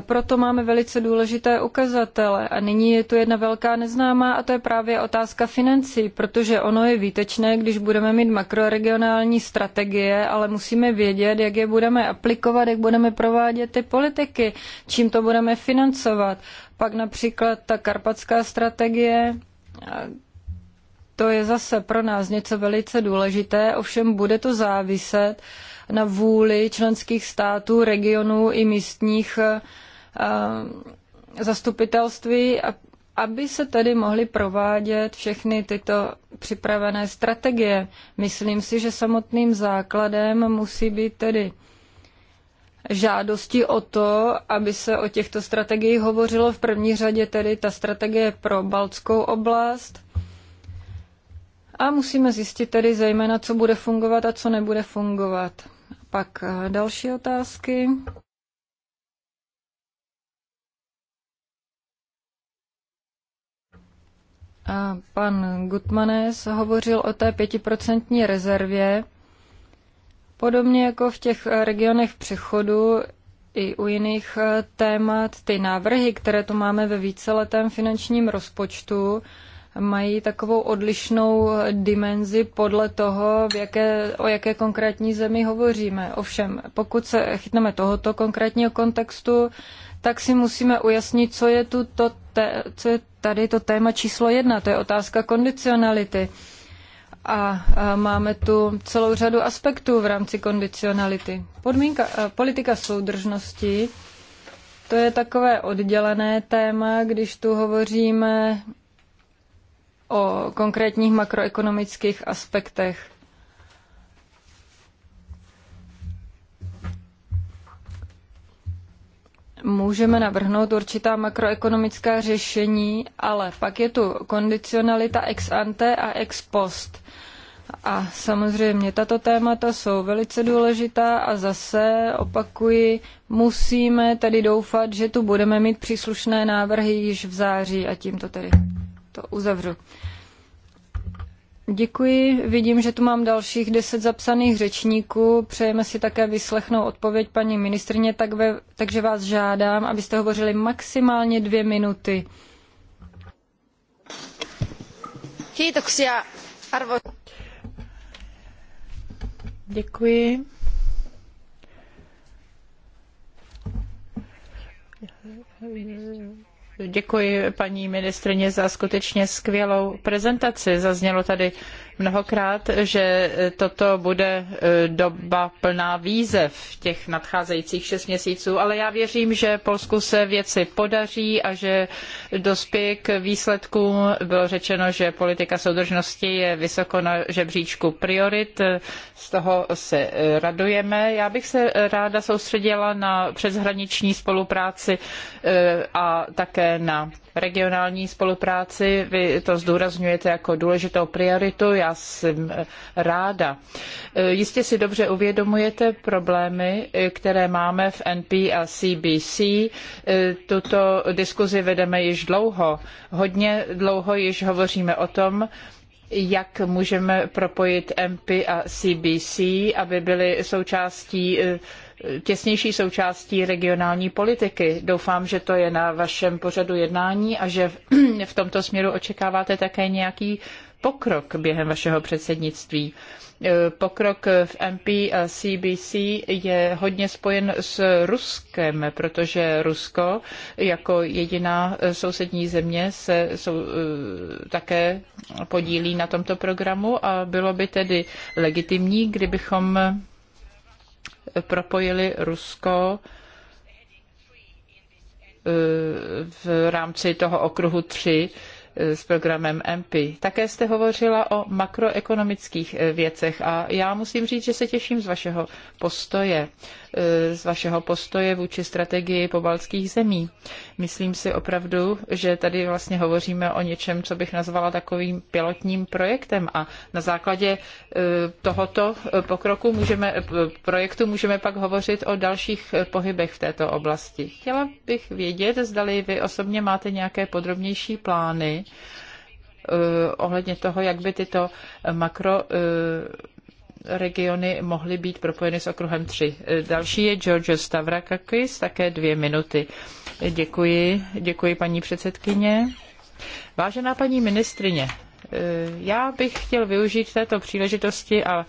Proto máme velice důležité ukazatele a nyní je tu jedna velká neznámá a to je právě otázka financí, protože ono je výtečné, když budeme mít makroregionální strategie, ale musíme vědět, jak je budeme aplikovat, jak budeme provádět ty politiky, čím to budeme financovat. Pak například ta karpatská strategie, to je zase pro nás něco velice důležité, ovšem bude to záviset na vůli členských států, regionů i místních eh, zastupitelství, aby se tedy mohly provádět všechny tyto připravené strategie. Myslím si, že samotným základem musí být tedy žádosti o to, aby se o těchto strategiích hovořilo v první řadě tedy ta strategie pro Baltskou oblast. A musíme zjistit tedy zejména, co bude fungovat a co nebude fungovat. Pak eh, další otázky. A pan Gutmanes hovořil o té pětiprocentní rezervě. Podobně jako v těch eh, regionech přechodu, i u jiných eh, témat, ty návrhy, které tu máme ve víceletém finančním rozpočtu, mají takovou odlišnou dimenzi podle toho, v jaké, o jaké konkrétní zemi hovoříme. Ovšem, pokud se chytneme tohoto konkrétního kontextu, tak si musíme ujasnit, co je, tu to te, co je tady to téma číslo jedna. To je otázka kondicionality. A, a máme tu celou řadu aspektů v rámci kondicionality. Podmínka, politika soudržnosti to je takové oddělené téma, když tu hovoříme o konkrétních makroekonomických aspektech. můžeme navrhnout určitá makroekonomická řešení, ale pak je tu kondicionalita ex ante a ex post. A samozřejmě tato témata jsou velice důležitá a zase opakuji, musíme tedy doufat, že tu budeme mít příslušné návrhy již v září a tímto tedy to uzavřu. Děkuji. Vidím, že tu mám dalších deset zapsaných řečníků. Přejeme si také vyslechnout odpověď paní ministrně, tak ve, takže vás žádám, abyste hovořili maximálně dvě minuty. Děkuji. Děkuji. Děkuji paní ministrině za skutečně skvělou prezentaci. Zaznělo tady mnohokrát, že toto bude eh, doba plná výzev těch nadcházejících šest měsíců, ale já věřím, že Polsku se věci podaří a že dospěje k výsledkům. Bylo řečeno, že politika soudržnosti je vysoko na žebříčku priorit, z toho se eh, radujeme. Já bych se ráda soustředila na přeshraniční spolupráci eh, a také na regionální spolupráci. Vy to zdůrazňujete jako důležitou prioritu, já jsem ráda. E, jistě si dobře uvědomujete problémy, e, které máme v NP a CBC. E, tuto diskuzi vedeme již dlouho. Hodně dlouho již hovoříme o tom, jak můžeme propojit MP a CBC, aby byly součástí těsnější součástí regionální politiky. Doufám, že to je na vašem pořadu jednání a že v tomto směru očekáváte také nějaký pokrok během vašeho předsednictví. E, pokrok v MP a CBC je hodně spojen s Ruskem, protože Rusko jako jediná sousední země se jsou, e, také podílí na tomto programu a bylo by tedy legitimní, kdybychom propojili Rusko eh, v rámci toho okruhu 3 eh, s programem MP. Také jste hovořila o makroekonomických eh, věcech a já musím říct, že se těším z vašeho postoje. Eh, z vašeho postoje vůči strategii pobaltských zemí. Myslím si opravdu, že tady vlastně hovoříme o něčem, co bych nazvala takovým pilotním projektem a na základě eh, tohoto pokroku můžeme, eh, projektu můžeme pak hovořit o dalších pohybech v této oblasti. Chtěla bych vědět, zdali vy osobně máte nějaké podrobnější plány, ohledně toho, jak by tyto makro regiony mohly být propojeny s okruhem 3. Další je George Stavrakakis, také dvě minuty. Děkuji, děkuji paní předsedkyně. Vážená paní ministrině, Eh, já bych chtěl využít této příležitosti a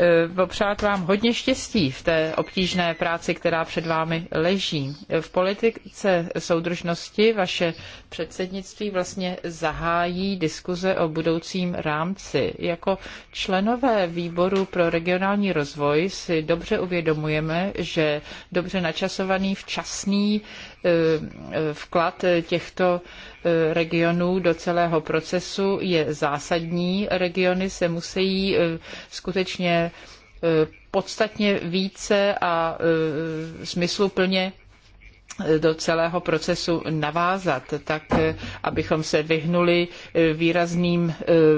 eh, popřát vám hodně štěstí v té obtížné práci, která před vámi leží. Eh, v politice soudržnosti vaše předsednictví vlastně zahájí diskuze o budoucím rámci. Jako členové výboru pro regionální rozvoj si dobře uvědomujeme, že dobře načasovaný včasný Eh, vklad těchto eh, regionů do celého procesu je zásadní. Regiony se musí eh, skutečně podstatně více a smysluplně do celého procesu navázat, tak eh, abychom se vyhnuli eh, výrazným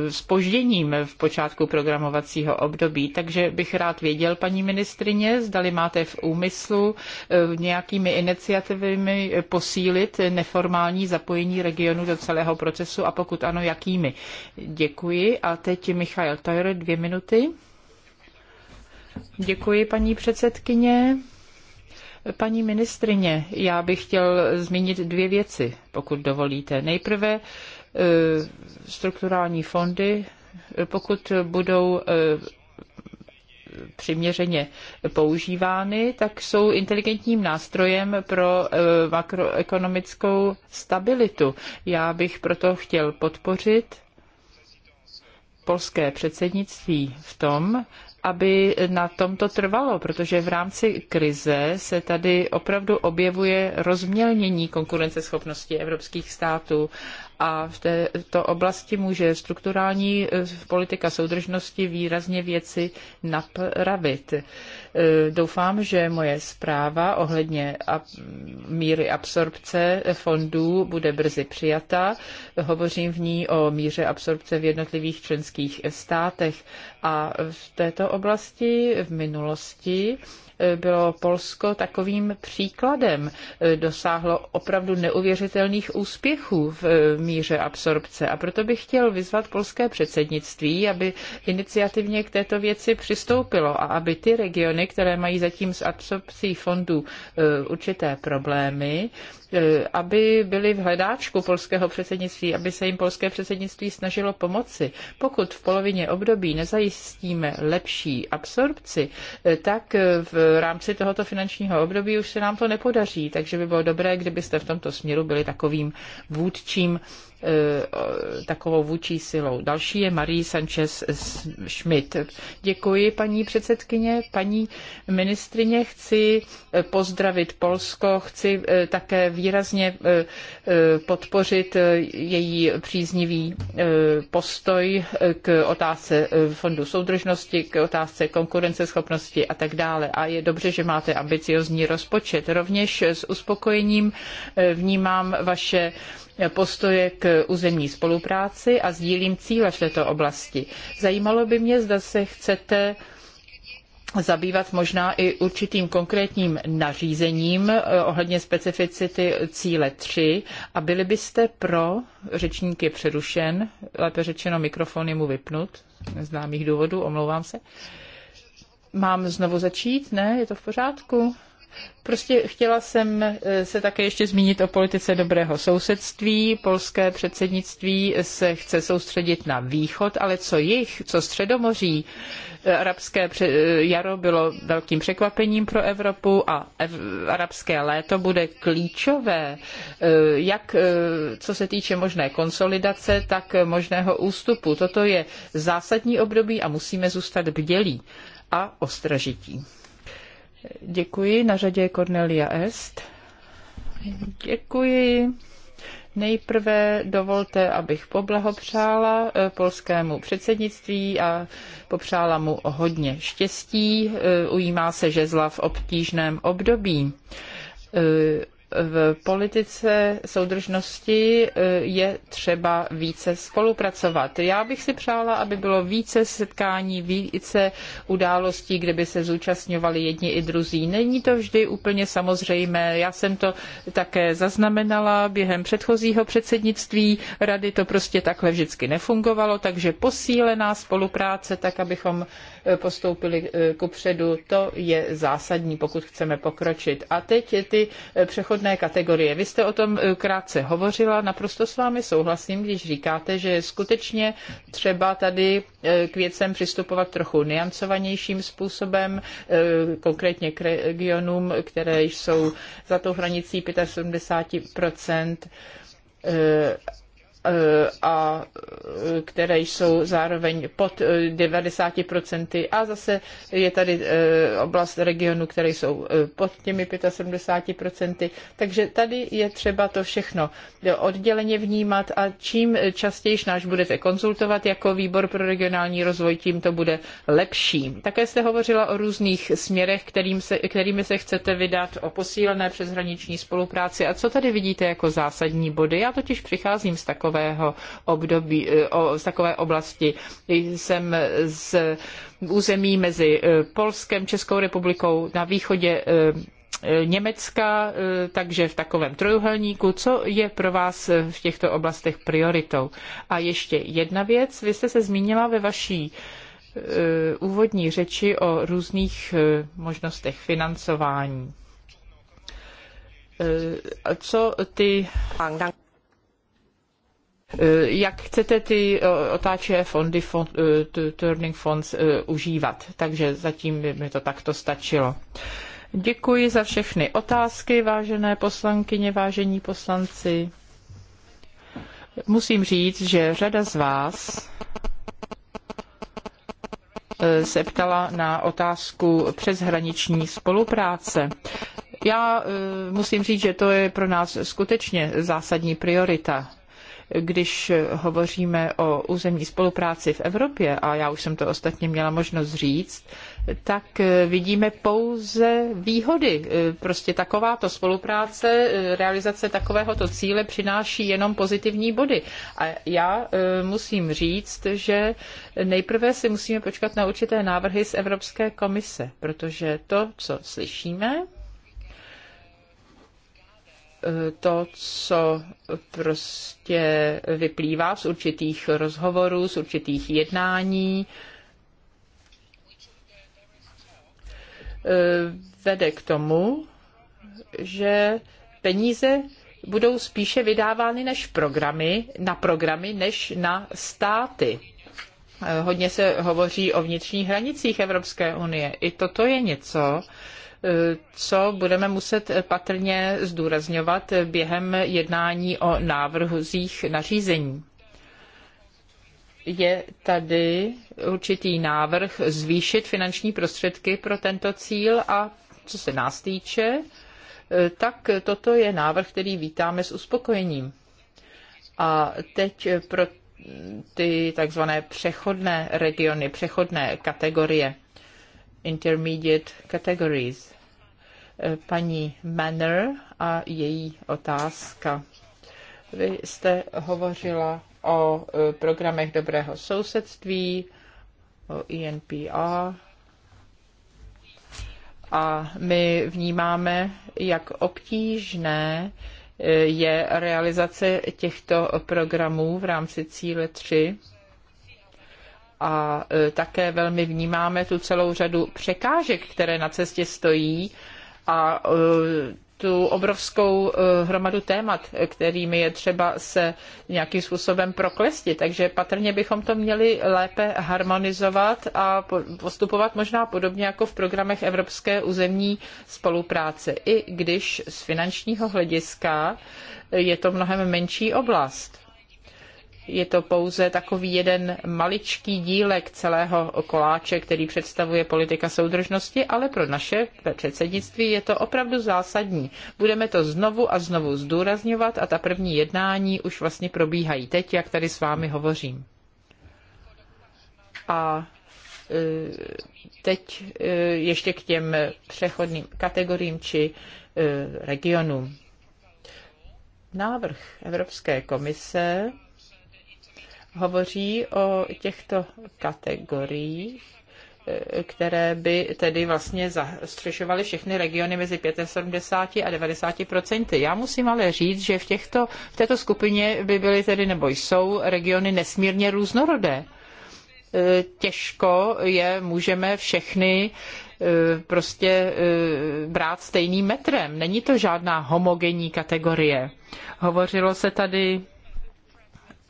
spožděním eh, v počátku programovacího období. Takže bych rád věděl, paní ministrině, zdali máte v úmyslu nějakými iniciativami posílit neformální zapojení regionu do celého procesu a pokud ano, jakými. Děkuji a teď Michal Tojr, dvě minuty. Děkuji, paní předsedkyně. Paní ministrině, já bych chtěl zmínit dvě věci, pokud dovolíte. Nejprve e, strukturální fondy, e, pokud budou e, přiměřeně používány, tak jsou inteligentním nástrojem pro makroekonomickou stabilitu. Já bych proto chtěl podpořit polské předsednictví v tom, aby na tomto trvalo, protože v rámci krize se tady opravdu objevuje rozmělnění konkurenceschopnosti evropských států a v této oblasti může strukturální eh, politika soudržnosti výrazně věci napravit. E, doufám, že moje zpráva ohledně míry absorpce fondů bude brzy přijata. Hovořím v ní o míře absorpce v jednotlivých členských státech a v této oblasti v minulosti e, bylo Polsko takovým příkladem. E, dosáhlo opravdu neuvěřitelných úspěchů v míře absorpce a proto bych chtěl vyzvat polské předsednictví, aby iniciativně k této věci přistoupilo a aby ty regiony, které mají zatím s absorpcí fondů eh, určité problémy, E, aby byli v hledáčku polského předsednictví, aby se jim polské předsednictví snažilo pomoci. Pokud v polovině období nezajistíme lepší absorpci, e, tak e, v rámci tohoto finančního období už se nám to nepodaří, takže by bylo dobré, kdybyste v tomto směru byli takovým vůdčím takovou vůči silou. Další je Marie Sanchez Schmidt. Děkuji, paní předsedkyně. Paní ministrině, chci pozdravit Polsko, chci také výrazně eh, eh, podpořit eh, její příznivý postoj k otázce fondu soudržnosti, k otázce konkurenceschopnosti a tak dále. A je dobře, že máte ambiciozní rozpočet. Rovněž s uspokojením vnímám vaše postoje k územní spolupráci a sdílím cíle v této oblasti. Zajímalo by mě, zda se chcete zabývat možná i určitým konkrétním nařízením eh, ohledně specificity cíle 3 a byli byste pro, řečník je přerušen, lépe řečeno mikrofon je mu vypnut, neznámých důvodů, omlouvám se. Mám znovu začít? Ne, je to v pořádku? Prostě chtěla jsem eh, se také ještě zmínit o politice dobrého sousedství. Polské předsednictví se chce soustředit na východ, ale co jich, co středomoří, eh, arabské eh, jaro bylo velkým překvapením pro Evropu a arabské léto bude klíčové, jak co se týče možné konsolidace, tak možného ústupu. Toto je zásadní období a musíme zůstat bdělí a ostražití. Děkuji. Na řadě je Cornelia Est. Děkuji. Nejprve dovolte, abych poblahopřála eh, polskému předsednictví a popřála mu hodně štěstí. Eh, ujímá se žezla v obtížném období eh, v politice soudržnosti e, je třeba více spolupracovat. Já bych si přála, aby bylo více setkání, více událostí, kde by se zúčastňovali jedni i druzí. Není to vždy úplně samozřejmé. Já jsem to také zaznamenala během předchozího předsednictví rady. To prostě takhle vždycky nefungovalo, takže posílená spolupráce, tak abychom e, postoupili e, kupředu, to je zásadní, pokud chceme pokročit. A teď ty přechod podpůrné kategorie. Vy jste o tom eh, krátce hovořila, naprosto s vámi souhlasím, když říkáte, že skutečně třeba tady eh, k věcem přistupovat trochu niancovanějším způsobem, eh, konkrétně k regionům, které jsou za tou hranicí 75 Eh, a eh, které jsou zároveň pod 90% eh, a zase je tady oblast regionu, které jsou pod těmi 75%, takže tady je třeba to všechno odděleně vnímat a čím častěji náš budete konzultovat jako výbor pro regionální rozvoj, tím to bude lepší. Také jste hovořila o různých směrech, kterým se, kterými se chcete vydat, o posílené přeshraniční spolupráci a co tady vidíte jako zásadní body. Já totiž přicházím s takovým takového období, eh, z takové oblasti. Jsem z území mezi eh, Polskem, Českou republikou na východě eh, Německa, takže v takovém trojuhelníku, co je pro vás v těchto oblastech prioritou. A ještě jedna věc, vy jste se zmínila ve vaší úvodní řeči o různých možnostech financování. Co ty Eh, jak chcete ty eh, otáče fondy, fond, eh, Turning Funds, užívat. Takže zatím by mi to takto stačilo. Děkuji za všechny otázky, vážené poslankyně, vážení poslanci. Musím říct, že řada z vás se ptala na otázku přeshraniční spolupráce. Já musím říct, že to je pro nás skutečně zásadní priorita když hovoříme o územní spolupráci v Evropě, a já už jsem to ostatně měla možnost říct, tak eh, vidíme pouze výhody. Eh, prostě takováto spolupráce, eh, realizace takovéhoto cíle přináší jenom pozitivní body. A já musím říct, že nejprve si musíme počkat na určité návrhy z Evropské komise, protože to, co slyšíme, to, co prostě vyplývá z určitých rozhovorů, z určitých jednání, e, vede k tomu, že peníze budou spíše vydávány než programy, na programy než na státy. E, hodně se hovoří o vnitřních hranicích Evropské unie. I toto je něco, Eh, co budeme muset patrně zdůrazňovat během jednání o návrhuzích nařízení. Je tady určitý návrh zvýšit finanční prostředky pro tento cíl a co se nás týče, eh, tak toto je návrh, který vítáme s uspokojením. A teď pro ty takzvané přechodné regiony, přechodné kategorie intermediate categories. Eh, paní Manner a její otázka. Vy jste hovořila o eh, programech dobrého sousedství, o INPR, e a my vnímáme, jak obtížné eh, je realizace těchto programů v rámci cíle 3 a e, také velmi vnímáme tu celou řadu překážek, které na cestě stojí a e, tu obrovskou e, hromadu témat, kterými je třeba se nějakým způsobem proklestit. Takže patrně bychom to měli lépe harmonizovat a postupovat možná podobně jako v programech Evropské územní spolupráce, i když z finančního hlediska je to mnohem menší oblast. Je to pouze takový jeden maličký dílek celého koláče, který představuje politika soudržnosti, ale pro naše předsednictví je to opravdu zásadní. Budeme to znovu a znovu zdůrazňovat a ta první jednání už vlastně probíhají teď, jak tady s vámi hovořím. A e, teď e, ještě k těm přechodným kategoriím či e, regionům. Návrh Evropské komise hovoří o těchto kategoriích eh, které by tedy vlastně zastřešovaly všechny regiony mezi 75 a 90 procenty. Já musím ale říct, že v, těchto, v této skupině by byly tedy nebo jsou regiony nesmírně různorodé. Eh, těžko je můžeme všechny eh, prostě brát stejným metrem. Není to žádná homogenní kategorie. Hovořilo se tady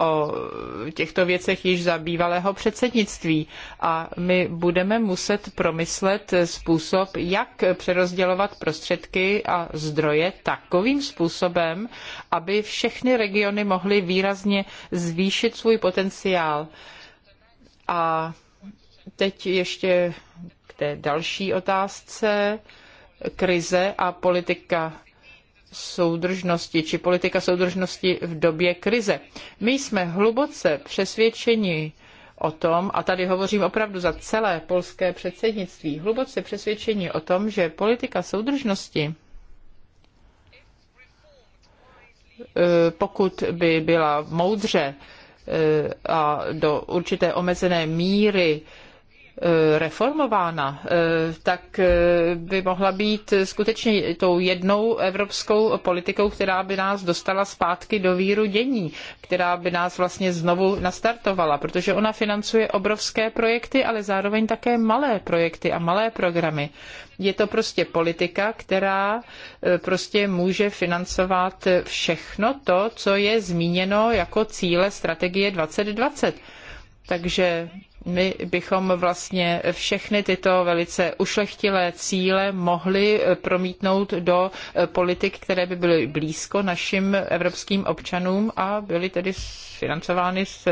o těchto věcech již za bývalého předsednictví a my budeme muset promyslet způsob, jak přerozdělovat prostředky a zdroje takovým způsobem, aby všechny regiony mohly výrazně zvýšit svůj potenciál. A teď ještě k té další otázce krize a politika soudržnosti či politika soudržnosti v době krize. My jsme hluboce přesvědčeni o tom, a tady hovořím opravdu za celé polské předsednictví, hluboce přesvědčeni o tom, že politika soudržnosti, eh, pokud by byla moudře eh, a do určité omezené míry Eh, reformována, eh, tak eh, by mohla být skutečně tou jednou evropskou politikou, která by nás dostala zpátky do víru dění, která by nás vlastně znovu nastartovala, protože ona financuje obrovské projekty, ale zároveň také malé projekty a malé programy. Je to prostě politika, která prostě může financovat všechno to, co je zmíněno jako cíle strategie 2020. Takže my bychom vlastně všechny tyto velice ušlechtilé cíle mohli eh, promítnout do eh, politik, které by byly blízko našim evropským občanům a byly tedy financovány z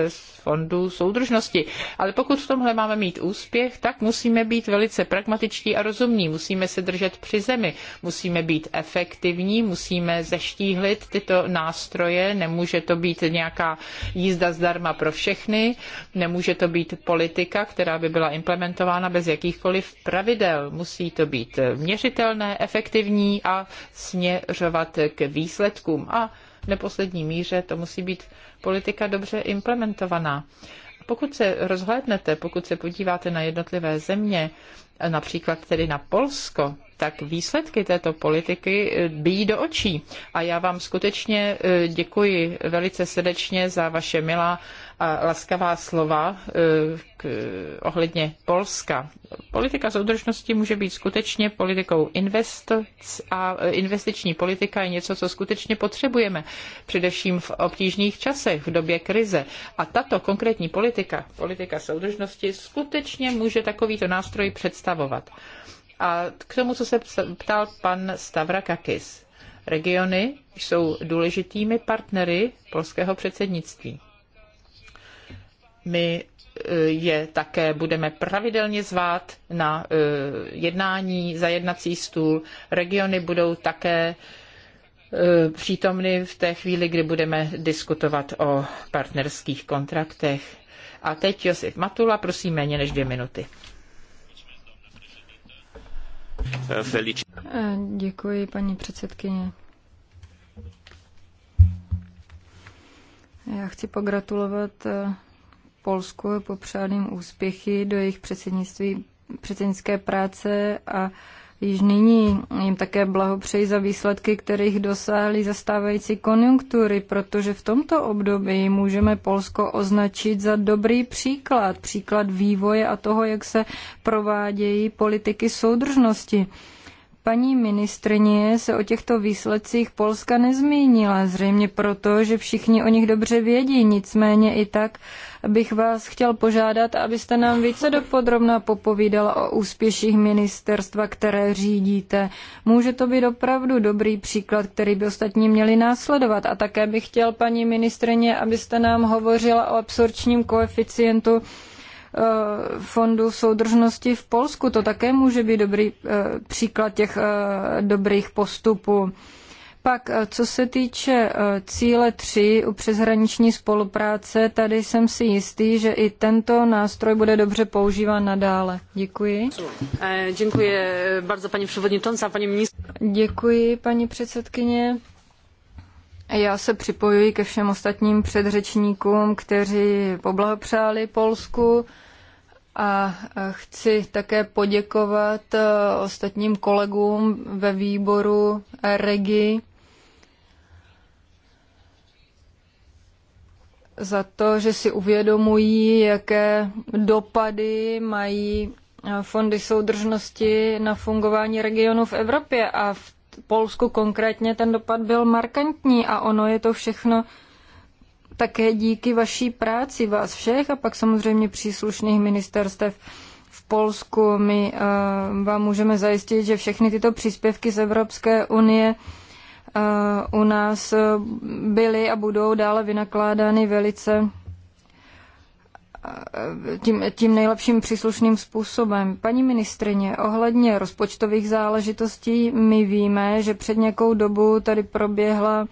fondu soudržnosti. Ale pokud v tomhle máme mít úspěch, tak musíme být velice pragmatičtí a rozumní, musíme se držet při zemi, musíme být efektivní, musíme zeštíhlit tyto nástroje, nemůže to být nějaká jízda zdarma pro všechny, nemůže to být politika, která by byla implementována bez jakýchkoliv pravidel. Musí to být měřitelné, efektivní a směřovat k výsledkům. A neposlední míře to musí být politika dobře implementovaná. Pokud se rozhlédnete, pokud se podíváte na jednotlivé země, například tedy na Polsko, tak výsledky této politiky eh, bíjí do očí. A já vám skutečně eh, děkuji velice srdečně za vaše milá a laskavá slova e, k, ohledně Polska. Politika soudržnosti může být skutečně politikou investic a e, investiční politika je něco, co skutečně potřebujeme, především v obtížných časech, v době krize. A tato konkrétní politika, politika soudržnosti, skutečně může takovýto nástroj představovat. A k tomu, co se ptal pan Stavrakakis. Regiony jsou důležitými partnery polského předsednictví. My eh, je také budeme pravidelně zvát na eh, jednání za jednací stůl. Regiony budou také eh, přítomny v té chvíli, kdy budeme diskutovat o partnerských kontraktech. A teď Josef Matula, prosím méně než dvě minuty. Děkuji, paní předsedkyně. Já chci pogratulovat Polsku popřáným úspěchy do jejich předsednictví, předsednické práce a Již nyní jim také blahopřeji za výsledky, kterých dosáhly zastávající konjunktury, protože v tomto období můžeme Polsko označit za dobrý příklad, příklad vývoje a toho, jak se provádějí politiky soudržnosti. Paní ministrně se o těchto výsledcích Polska nezmínila, zřejmě proto, že všichni o nich dobře vědí. Nicméně i tak bych vás chtěl požádat, abyste nám více dopodrobná popovídala o úspěších ministerstva, které řídíte. Může to být opravdu dobrý příklad, který by ostatní měli následovat. A také bych chtěl, paní ministrně, abyste nám hovořila o absorčním koeficientu Eh, fondů soudržnosti v Polsku. To také může být dobrý eh, příklad těch eh, dobrých postupů. Pak, co se týče cíle 3 u přeshraniční spolupráce, tady jsem si jistý, že i tento nástroj bude dobře používán nadále. Děkuji. Děkuji bardzo, paní předsedkyně, Děkuji, paní předsedkyně. Já se připojuji ke všem ostatním předřečníkům, kteří poblahopřáli Polsku a chci také poděkovat eh, ostatním kolegům ve výboru Regi za to, že si uvědomují, jaké dopady mají eh, fondy soudržnosti na fungování regionů v Evropě a v Polsku konkrétně ten dopad byl markantní a ono je to všechno také díky vaší práci vás všech a pak samozřejmě příslušných ministerstev v Polsku. My uh, vám můžeme zajistit, že všechny tyto příspěvky z Evropské unie uh, u nás eh, byly a budou dále vynakládány velice tím, tím nejlepším příslušným způsobem. Paní ministrině, ohledně rozpočtových záležitostí, my víme, že před nějakou dobu tady proběhla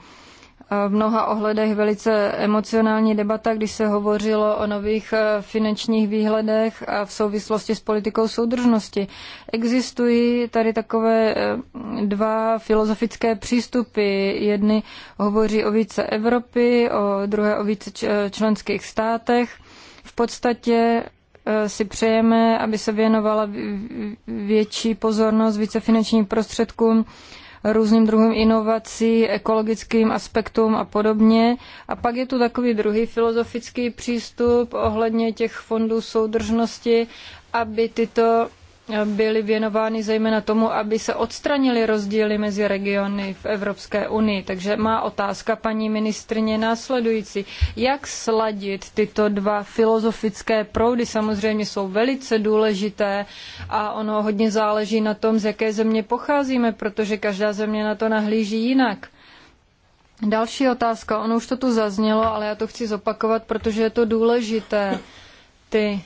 eh, v mnoha ohledech velice emocionální debata, když se hovořilo o nových eh, finančních výhledech a v souvislosti s politikou soudržnosti. Existují tady takové eh, dva filozofické přístupy. Jedny hovoří o více Evropy, o druhé o více členských státech. V podstatě eh, si přejeme, aby se věnovala větší pozornost více finančním prostředkům různým druhům inovací, ekologickým aspektům a podobně. A pak je tu takový druhý filozofický přístup ohledně těch fondů soudržnosti, aby tyto byly věnovány zejména tomu, aby se odstranily rozdíly mezi regiony v Evropské unii. Takže má otázka paní ministrině následující. Jak sladit tyto dva filozofické proudy? Samozřejmě jsou velice důležité a ono hodně záleží na tom, z jaké země pocházíme, protože každá země na to nahlíží jinak. Další otázka, ono už to tu zaznělo, ale já to chci zopakovat, protože je to důležité. Ty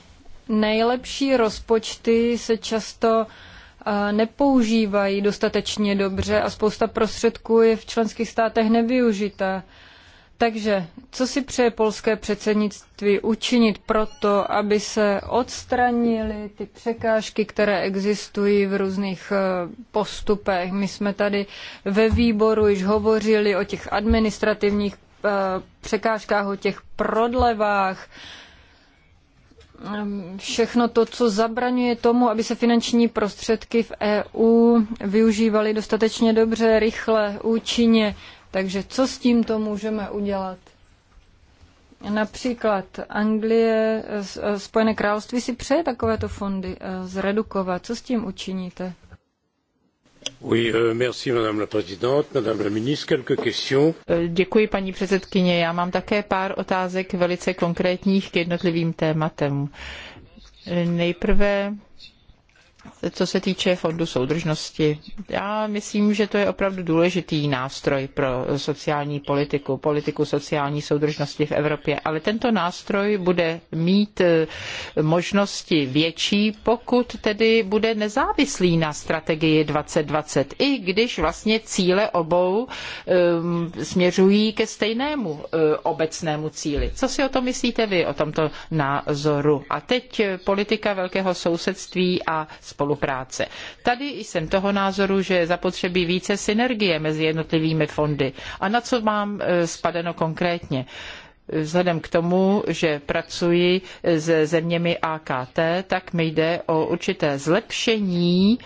nejlepší rozpočty se často eh, nepoužívají dostatečně dobře a spousta prostředků je v členských státech nevyužitá. Takže co si přeje polské předsednictví učinit proto, aby se odstranily ty překážky, které existují v různých eh, postupech? My jsme tady ve výboru již hovořili o těch administrativních eh, překážkách, o těch prodlevách. Ehm, všechno to, co zabraňuje tomu, aby se finanční prostředky v EU využívaly dostatečně dobře, rychle, účinně. Takže co s tímto můžeme udělat? Například Anglie, eh, eh, Spojené království si přeje takovéto fondy eh, zredukovat. Co s tím učiníte? Děkuji, paní předsedkyně. Já mám také pár otázek velice konkrétních k jednotlivým tématům. Eh, nejprve co se týče fondu soudržnosti. Já myslím, že to je opravdu důležitý nástroj pro sociální politiku, politiku sociální soudržnosti v Evropě, ale tento nástroj bude mít eh, možnosti větší, pokud tedy bude nezávislý na strategii 2020, i když vlastně cíle obou eh, směřují ke stejnému eh, obecnému cíli. Co si o tom myslíte vy, o tomto názoru? A teď politika velkého sousedství a spolupráce spolupráce. Tady jsem toho názoru, že je zapotřebí více synergie mezi jednotlivými fondy. A na co mám e, spadeno konkrétně? vzhledem k tomu, že pracuji se zeměmi AKT, tak mi jde o určité zlepšení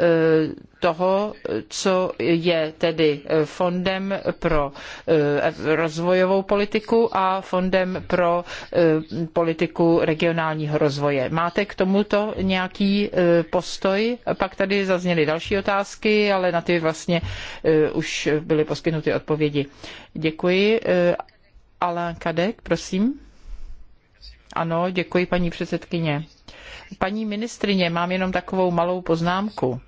Eh, toho, co je tedy eh, fondem pro eh, rozvojovou politiku a fondem pro politiku regionálního rozvoje. Máte k tomuto nějaký postoj? Pak tady zazněly další otázky, ale na ty vlastně už byly poskytnuty odpovědi. Děkuji. Alain Kadek, prosím. Ano, děkuji paní předsedkyně. Paní ministrině, mám jenom takovou malou poznámku,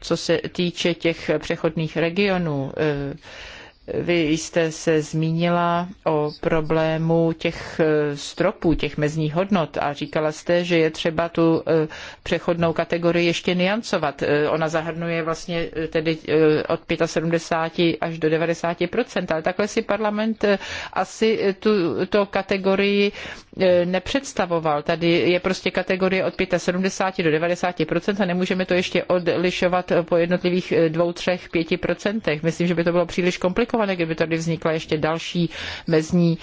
co se týče těch přechodných regionů. Eh, vy jste se zmínila o problému těch eh, stropů, těch mezních hodnot a říkala jste, že je třeba tu eh, přechodnou kategorii ještě niancovat. Ona zahrnuje vlastně tedy od 75 až do 90 ale takhle si parlament asi tu to kategorii E, nepředstavoval. Tady je prostě kategorie od 75 do 90 a nemůžeme to ještě odlišovat po jednotlivých e, dvou, třech, pěti procentech. Myslím, že by to bylo příliš komplikované, kdyby tady vznikla ještě další mezní,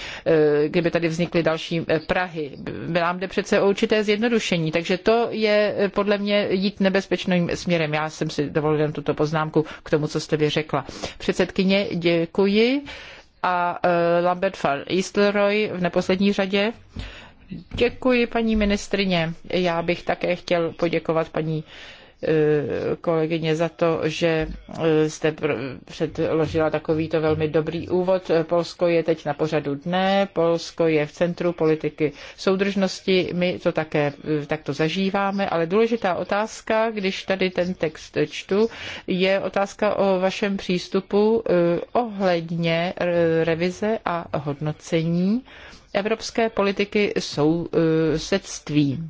e, kdyby tady vznikly další Prahy. Nám jde přece o určité zjednodušení, takže to je podle mě jít nebezpečným směrem. Já jsem si dovolil jen tuto poznámku k tomu, co jste vy řekla. Předsedkyně, děkuji a e, Lambert van Easterroy v neposlední řadě. Děkuji, paní ministrině. Já bych také chtěl poděkovat paní Eh, kolegyně za to, že eh, jste předložila takovýto velmi dobrý úvod. Polsko je teď na pořadu dne, Polsko je v centru politiky soudržnosti, my to také eh, takto zažíváme, ale důležitá otázka, když tady ten text čtu, je otázka o vašem přístupu ohledně revize a hodnocení evropské politiky sousedství.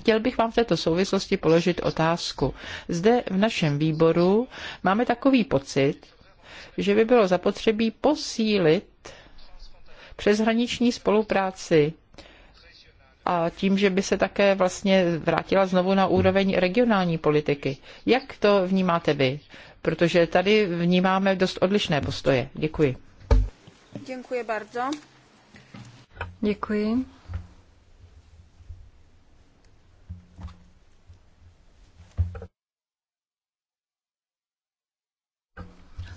Chtěl bych vám v této souvislosti položit otázku. Zde v našem výboru máme takový pocit, že by bylo zapotřebí posílit přeshraniční spolupráci a tím, že by se také vlastně vrátila znovu na úroveň regionální politiky. Jak to vnímáte vy? Protože tady vnímáme dost odlišné postoje. Děkuji. Děkuji bardzo. Děkuji.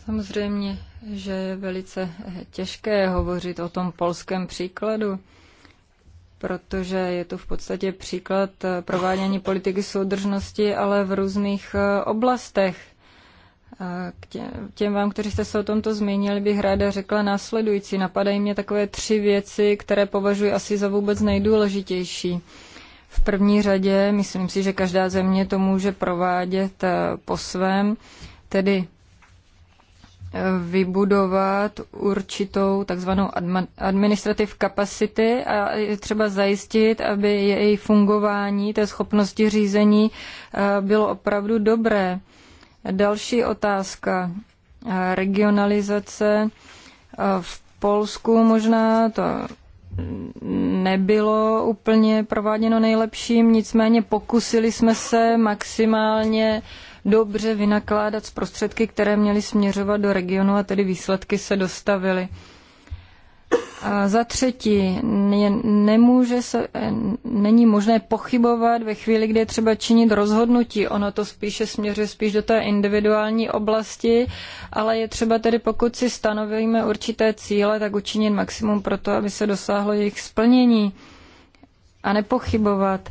Samozřejmě, že je velice těžké hovořit o tom polském příkladu, protože je to v podstatě příklad provádění politiky soudržnosti, ale v různých eh, oblastech. K těm, vám, kteří jste se o tomto zmínili, bych ráda řekla následující. Napadají mě takové tři věci, které považuji asi za vůbec nejdůležitější. V první řadě, myslím si, že každá země to může provádět eh, po svém, tedy vybudovat určitou takzvanou administrative capacity a je třeba zajistit, aby její fungování, té schopnosti řízení eh, bylo opravdu dobré. Další otázka. Eh, regionalizace eh, v Polsku možná to nebylo úplně prováděno nejlepším, nicméně pokusili jsme se maximálně uh, dobře vynakládat z prostředky, které měly směřovat do regionu a tedy výsledky se dostavily. A za třetí, nemůže se, není možné pochybovat ve chvíli, kdy je třeba činit rozhodnutí. Ono to spíše směřuje spíš do té individuální oblasti, ale je třeba tedy, pokud si stanovíme určité cíle, tak učinit maximum pro to, aby se dosáhlo jejich splnění a nepochybovat.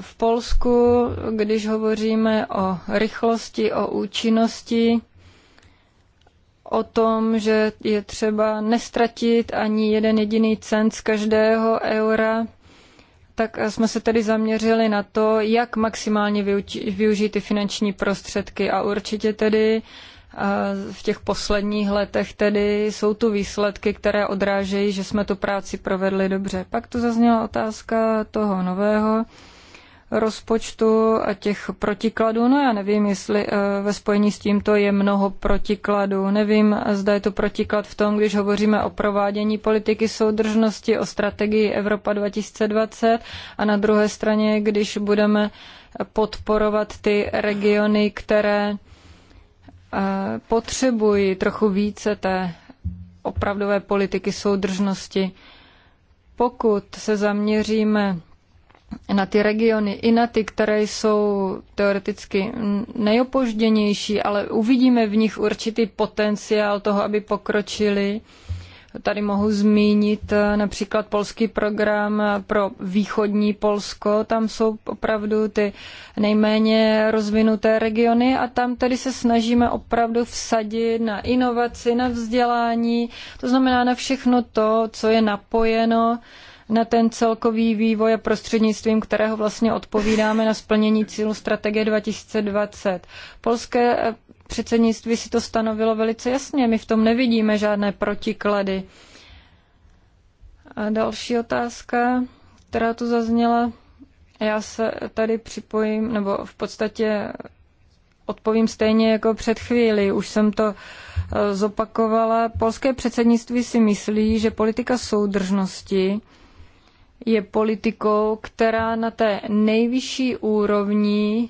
V Polsku, když hovoříme o rychlosti, o účinnosti, o tom, že je třeba nestratit ani jeden jediný cent z každého eura, tak jsme se tedy zaměřili na to, jak maximálně využít ty finanční prostředky a určitě tedy v těch posledních letech tedy jsou tu výsledky, které odrážejí, že jsme tu práci provedli dobře. Pak tu zazněla otázka toho nového rozpočtu a těch protikladů. No já nevím, jestli eh, ve spojení s tímto je mnoho protikladů. Nevím, zda je to protiklad v tom, když hovoříme o provádění politiky soudržnosti, o strategii Evropa 2020 a na druhé straně, když budeme podporovat ty regiony, které eh, potřebují trochu více té opravdové politiky soudržnosti. Pokud se zaměříme na ty regiony, i na ty, které jsou teoreticky nejopožděnější, ale uvidíme v nich určitý potenciál toho, aby pokročili. Tady mohu zmínit eh, například polský program pro východní Polsko. Tam jsou opravdu ty nejméně rozvinuté regiony a tam tedy se snažíme opravdu vsadit na inovaci, na vzdělání, to znamená na všechno to, co je napojeno na ten celkový vývoj a prostřednictvím kterého vlastně odpovídáme na splnění cílu strategie 2020. Polské eh, předsednictví si to stanovilo velice jasně, my v tom nevidíme žádné protiklady. A další otázka, která tu zazněla, já se tady připojím, nebo v podstatě odpovím stejně jako před chvíli. Už jsem to eh, zopakovala. Polské předsednictví si myslí, že politika soudržnosti je politikou, která na té nejvyšší úrovni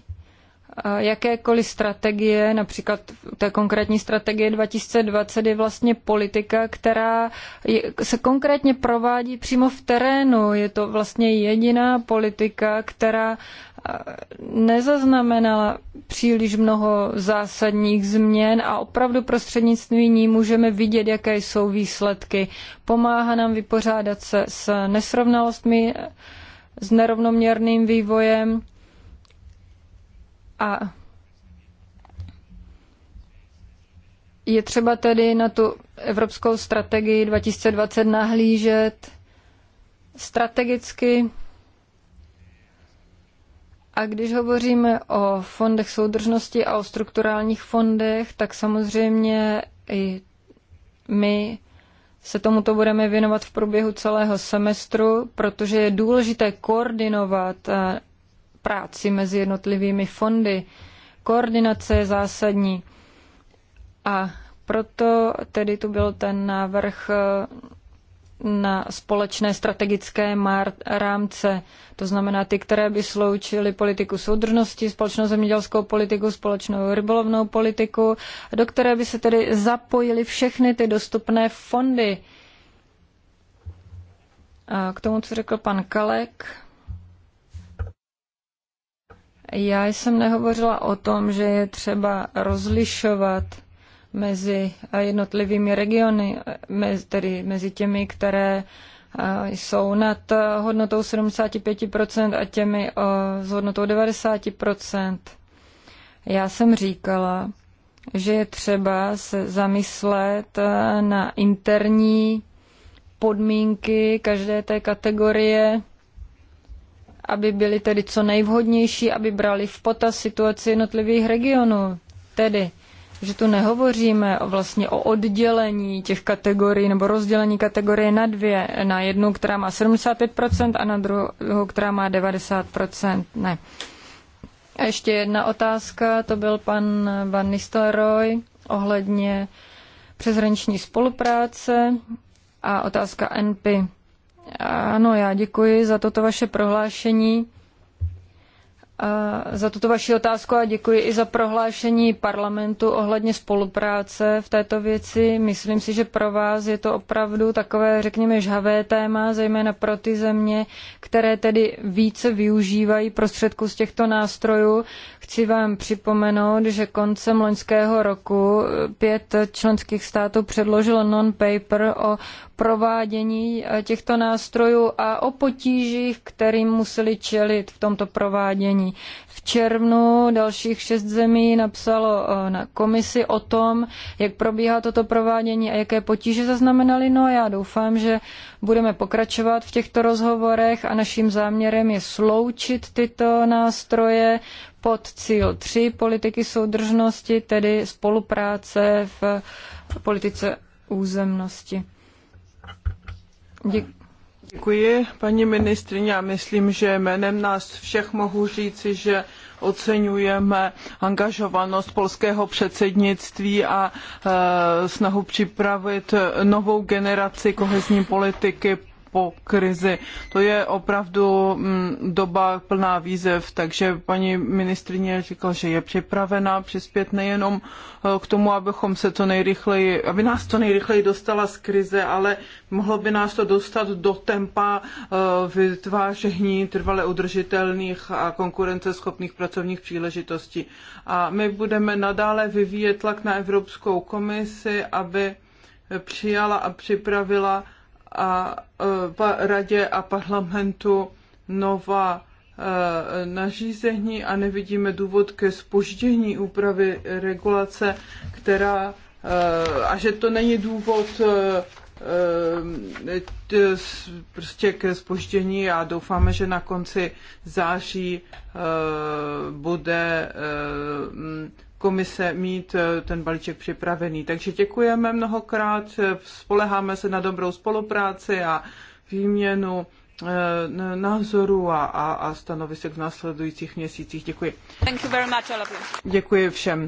eh, jakékoliv strategie, například té konkrétní strategie 2020 je vlastně politika, která je, se konkrétně provádí přímo v terénu. Je to vlastně jediná politika, která nezaznamenala příliš mnoho zásadních změn a opravdu prostřednictvím ní můžeme vidět, jaké jsou výsledky. Pomáhá nám vypořádat se s nesrovnalostmi, s nerovnoměrným vývojem a je třeba tedy na tu evropskou strategii 2020 nahlížet strategicky a když hovoříme o fondech soudržnosti a o strukturálních fondech, tak samozřejmě i my se tomuto budeme věnovat v průběhu celého semestru, protože je důležité koordinovat eh, práci mezi jednotlivými fondy. Koordinace je zásadní. A proto tedy tu byl ten návrh eh, na společné strategické rámce, to znamená ty, které by sloučily politiku soudržnosti, společnou zemědělskou politiku, společnou rybolovnou politiku, do které by se tedy zapojily všechny ty dostupné fondy. A k tomu, co řekl pan Kalek, já jsem nehovořila o tom, že je třeba rozlišovat mezi jednotlivými regiony, tedy mezi těmi, které jsou nad hodnotou 75% a těmi s hodnotou 90%. Já jsem říkala, že je třeba se zamyslet na interní podmínky každé té kategorie, aby byly tedy co nejvhodnější, aby brali v potaz situaci jednotlivých regionů. Tedy že tu nehovoříme o vlastně o oddělení těch kategorií nebo rozdělení kategorie na dvě, na jednu, která má 75% a na druhou, která má 90%. Ne. A ještě jedna otázka, to byl pan Van Nistelrooy ohledně přeshraniční spolupráce a otázka NP. Ano, já děkuji za toto vaše prohlášení za tuto vaši otázku a děkuji i za prohlášení parlamentu ohledně spolupráce v této věci. Myslím si, že pro vás je to opravdu takové, řekněme, žhavé téma, zejména pro ty země, které tedy více využívají prostředků z těchto nástrojů. Chci vám připomenout, že koncem loňského roku pět členských států předložilo non-paper o provádění eh, těchto nástrojů a o potížích, kterým museli čelit v tomto provádění. V červnu dalších šest zemí napsalo eh, na komisi o tom, jak probíhá toto provádění a jaké potíže zaznamenali. No a já doufám, že budeme pokračovat v těchto rozhovorech a naším záměrem je sloučit tyto nástroje pod cíl 3 politiky soudržnosti, tedy spolupráce v politice územnosti. Děkuji. paní ministrině. Já myslím, že jménem nás všech mohu říci, že oceňujeme angažovanost polského předsednictví a e, snahu připravit novou generaci kohezní politiky po krizi. To je opravdu mm, doba plná výzev, takže paní ministrině říkala, že je připravena přispět nejenom eh, k tomu, abychom se to nejrychleji, aby nás to nejrychleji dostala z krize, ale mohlo by nás to dostat do tempa eh, vytváření trvale udržitelných a konkurenceschopných pracovních příležitostí. A my budeme nadále vyvíjet tlak na Evropskou komisi, aby přijala a připravila a eh, radě a parlamentu nová eh, nařízení a nevidíme důvod ke spoždění úpravy regulace, která eh, a že to není důvod prostě ke spoždění a doufáme, že na konci září bude komise mít eh, ten balíček připravený. Takže děkujeme mnohokrát, eh, spoleháme se na dobrou spolupráci a výměnu eh, názoru a, a, a stanovisek v následujících měsících. Děkuji. Děkuji všem.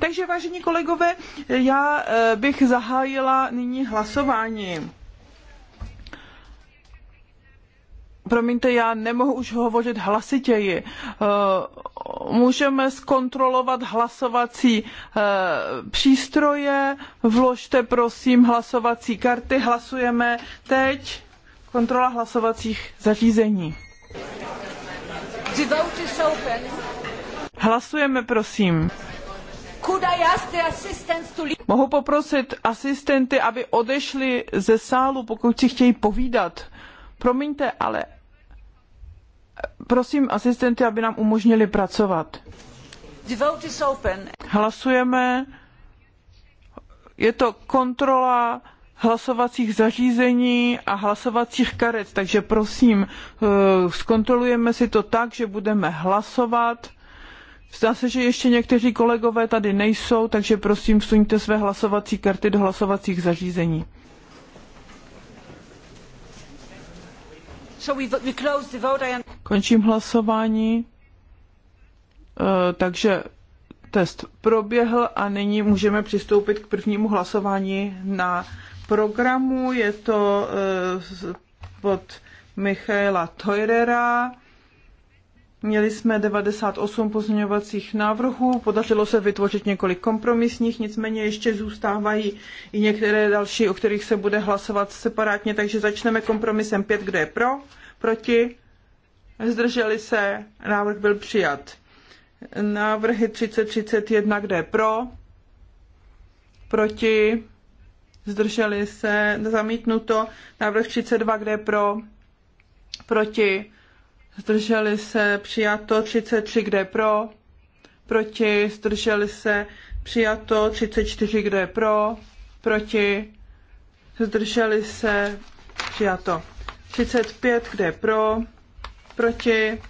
Takže vážení kolegové, já eh, bych zahájila nyní hlasování. Promiňte, já nemohu už hovořit hlasitěji. Eh, můžeme zkontrolovat hlasovací eh, přístroje. Vložte prosím hlasovací karty. Hlasujeme teď. Kontrola hlasovacích zařízení. The vote is open. Hlasujeme, prosím. Mohu poprosit asistenty, aby odešli ze sálu, pokud si chtějí povídat. Promiňte, ale prosím asistenty, aby nám umožnili pracovat. Hlasujeme. Je to kontrola hlasovacích zařízení a hlasovacích karet, takže prosím, eh, zkontrolujeme si to tak, že budeme hlasovat Zdá se, že ještě někteří kolegové tady nejsou, takže prosím vsuňte své hlasovací karty do hlasovacích zařízení. Končím hlasování. E, takže test proběhl a nyní můžeme přistoupit k prvnímu hlasování na programu. Je to e, pod Michaela Teurera Měli jsme 98 pozměňovacích návrhů, podařilo se vytvořit několik kompromisních, nicméně ještě zůstávají i některé další, o kterých se bude hlasovat separátně, takže začneme kompromisem 5, kde je pro, proti, zdrželi se, návrh byl přijat. Návrhy 3031, kde je pro, proti, zdrželi se, zamítnuto, návrh 32, kde je pro, proti, zdrželi se, přijato 33, kde je pro, proti, zdrželi se, přijato 34, kde je pro, proti, zdrželi se, přijato 35, kde je pro, proti,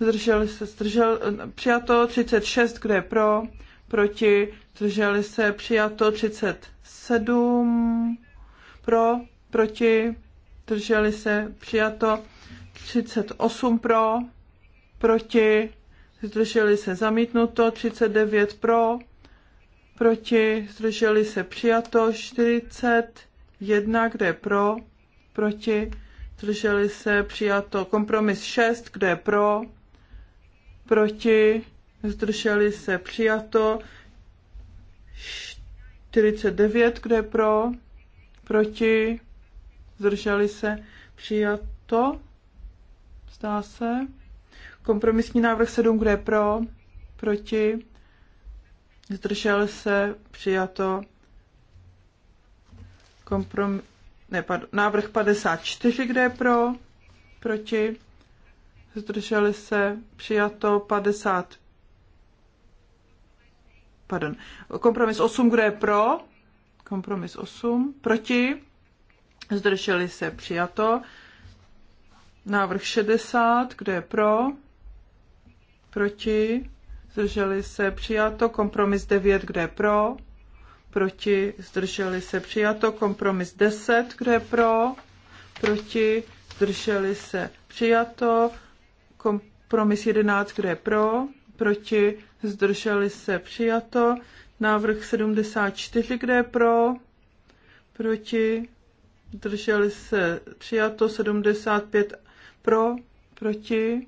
zdrželi se, zdržel, přijato 36, kde je pro, proti, zdrželi se, přijato 37, pro, proti, zdrželi se, přijato 38 pro, proti, zdrželi se zamítnuto, 39 pro, proti, zdrželi se přijato, 41, kde je pro, proti, zdrželi se přijato, kompromis 6, kde je pro, proti, zdrželi se přijato, 49, kde je pro, proti, zdrželi se přijato, Zdá se. Kompromisní návrh 7, kde je pro, proti, zdržel se, přijato. Komprom... Ne, pad... Návrh 54, kde je pro, proti, zdrželi se, přijato 50. Pardon. Kompromis 8, kde je pro, kompromis 8, proti, zdrželi se, přijato. Návrh 60, kdo je pro? Proti? Zdrželi se přijato. Kompromis 9, kdo je pro? Proti? Zdrželi se přijato. Kompromis 10, kdo je pro? Proti? Zdrželi se přijato. Kompromis 11, kdo je pro? Proti? Zdrželi se přijato. Návrh 74, kde je pro? Proti? Drželi se přijato 75 pro, proti,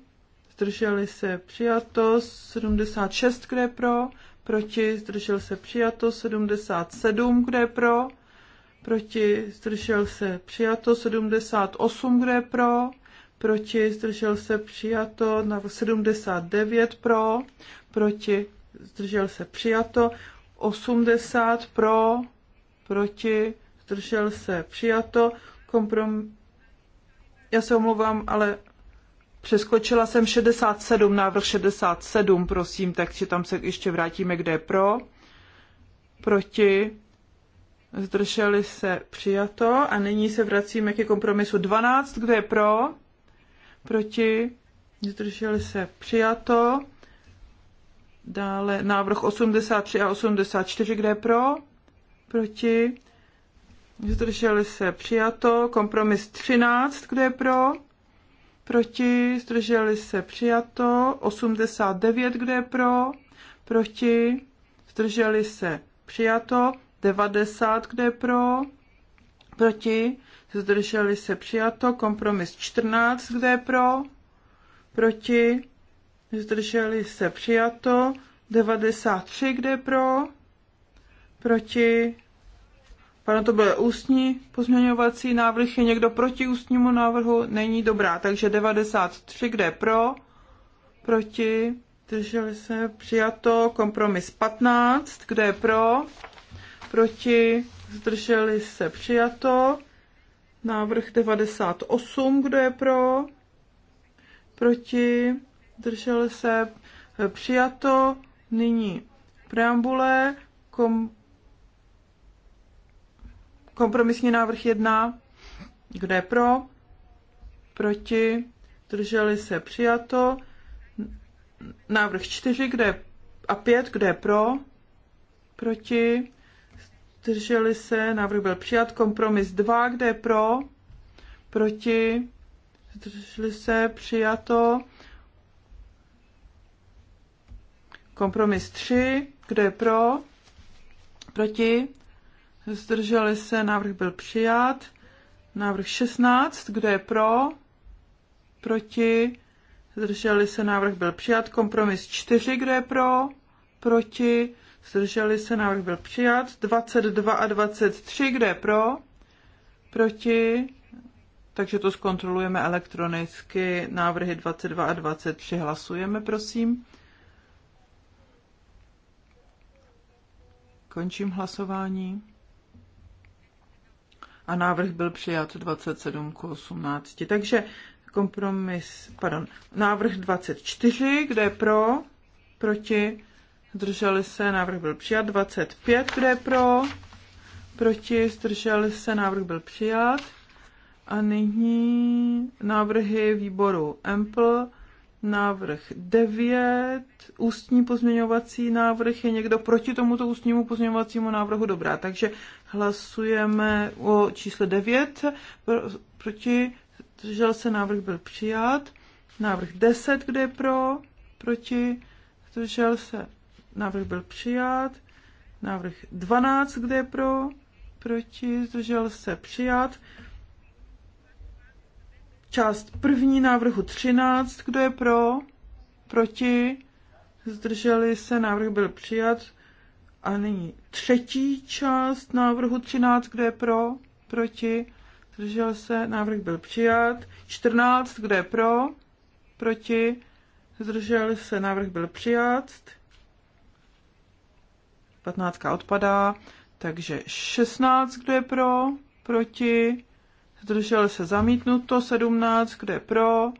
zdrželi se přijato, 76, kde pro, proti, zdržel se přijato, 77, kde pro, proti, zdržel se přijato, 78, kde pro, proti, zdržel se přijato, na 79 pro, proti, zdržel se přijato, 80 pro, proti, zdržel se přijato, komprom, já se omlouvám, ale přeskočila jsem 67, návrh 67, prosím, takže tam se ještě vrátíme, kde je pro. Proti. Zdrželi se přijato a nyní se vracíme ke kompromisu 12, kde je pro. Proti. Zdrželi se přijato. Dále návrh 83 a 84, kde je pro. Proti zdrželi se přijato, kompromis 13, kdo je pro, proti, zdrželi se přijato, 89, kdo je pro, proti, zdrželi se přijato, 90, kdo je pro, proti, zdrželi se přijato, kompromis 14, kdo je pro, proti, zdrželi se přijato, 93, kde pro, proti, ano, to byl ústní pozměňovací návrh. Je někdo proti ústnímu návrhu? Není dobrá. Takže 93, kde pro? Proti? Drželi se přijato. Kompromis 15, kde je pro? Proti? Zdrželi se přijato. Návrh 98, kdo je pro? Proti? Drželi se přijato. Nyní preambule. Kom- Kompromisní návrh 1. Kdo je pro? Proti? Drželi se přijato. Návrh 4. Kdo je, a 5. Kdo je pro? Proti? Drželi se. Návrh byl přijat. Kompromis 2. Kdo je pro? Proti? Zdrželi se. Přijato. Kompromis 3. Kdo je pro? Proti? Zdrželi se, návrh byl přijat. Návrh 16, kdo je pro? Proti? Zdrželi se, návrh byl přijat. Kompromis 4, kdo je pro? Proti? Zdrželi se, návrh byl přijat. 22 a 23, kdo je pro? Proti? Takže to zkontrolujeme elektronicky. Návrhy 22 a 23 hlasujeme, prosím. Končím hlasování a návrh byl přijat 27 k 18. Takže kompromis, pardon, návrh 24, kde je pro, proti, zdrželi se, návrh byl přijat, 25, kde je pro, proti, zdrželi se, návrh byl přijat. A nyní návrhy výboru Ample návrh 9, ústní pozměňovací návrh. Je někdo proti tomuto ústnímu pozměňovacímu návrhu? Dobrá, takže hlasujeme o čísle 9. Proti, že se, návrh byl přijat. Návrh 10, kde je pro? Proti, že se, návrh byl přijat. Návrh 12, kde je pro? Proti, zdržel se, přijat část první návrhu 13. Kdo je pro? Proti? Zdrželi se, návrh byl přijat. A nyní třetí část návrhu 13. Kdo je pro? Proti? Zdržel se, návrh byl přijat. 14. Kdo je pro? Proti? Zdržel se, návrh byl přijat. 15 odpadá, takže 16, kdo je pro, proti, zdržel se zamítnuto, 17, kde je pro,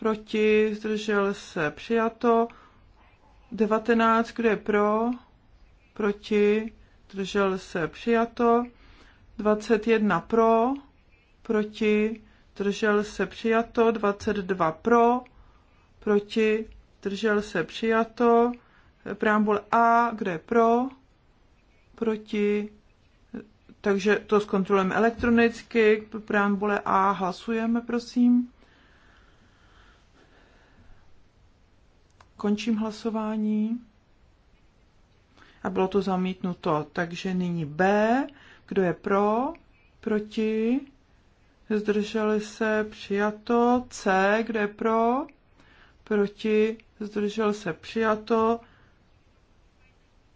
proti, zdržel se přijato, 19, kde je pro, proti, zdržel se přijato, 21 pro, proti, zdržel se přijato, 22 pro, proti, zdržel se přijato, preambul A, kde je pro, proti, takže to zkontrolujeme elektronicky, preambule A hlasujeme, prosím. Končím hlasování. A bylo to zamítnuto. Takže nyní B. Kdo je pro? Proti? Zdrželi se? Přijato. C. Kdo je pro? Proti? Zdržel se? Přijato.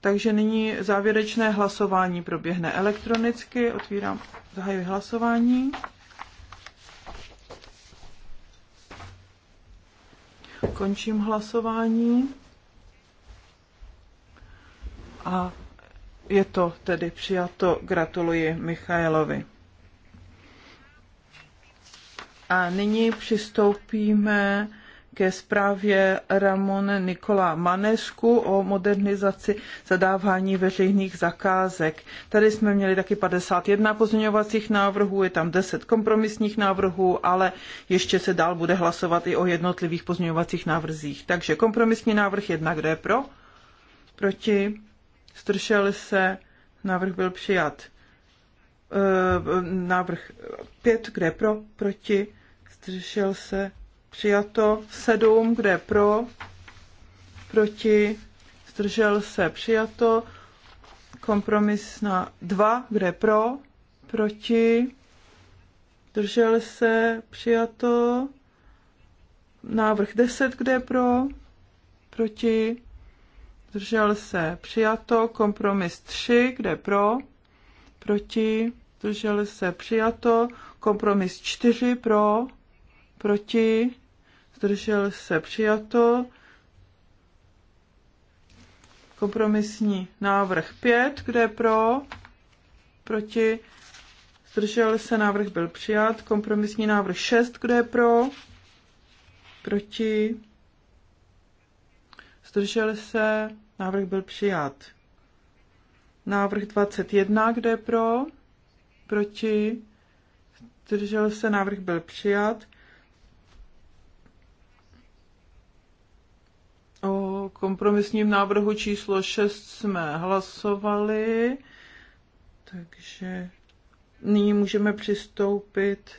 Takže nyní závěrečné hlasování proběhne elektronicky. Otvírám, zahajuji hlasování. Končím hlasování. A je to tedy přijato. Gratuluji Michaelovi. A nyní přistoupíme ke zprávě Ramon Nikola Manesku o modernizaci zadávání veřejných zakázek. Tady jsme měli taky 51 pozměňovacích návrhů, je tam 10 kompromisních návrhů, ale ještě se dál bude hlasovat i o jednotlivých pozměňovacích návrzích. Takže kompromisní návrh jedna, kdo je pro? Proti? Stršel se? Návrh byl přijat. E, návrh 5, kde pro? Proti? Zdržel se? přijato. 7, kde je pro, proti, zdržel se, přijato. Kompromis na 2, kde je pro, proti, zdržel se, přijato. Návrh 10, kde je pro, proti, zdržel se, přijato. Kompromis 3, kde je pro, proti, zdržel se, přijato. Kompromis 4 pro, proti, zdržel se přijato. Kompromisní návrh 5, kde je pro, proti, zdržel se, návrh byl přijat. Kompromisní návrh 6, kde je pro, proti, zdržel se, návrh byl přijat. Návrh 21, kde je pro, proti, zdržel se, návrh byl přijat. O kompromisním návrhu číslo 6 jsme hlasovali, takže nyní můžeme přistoupit.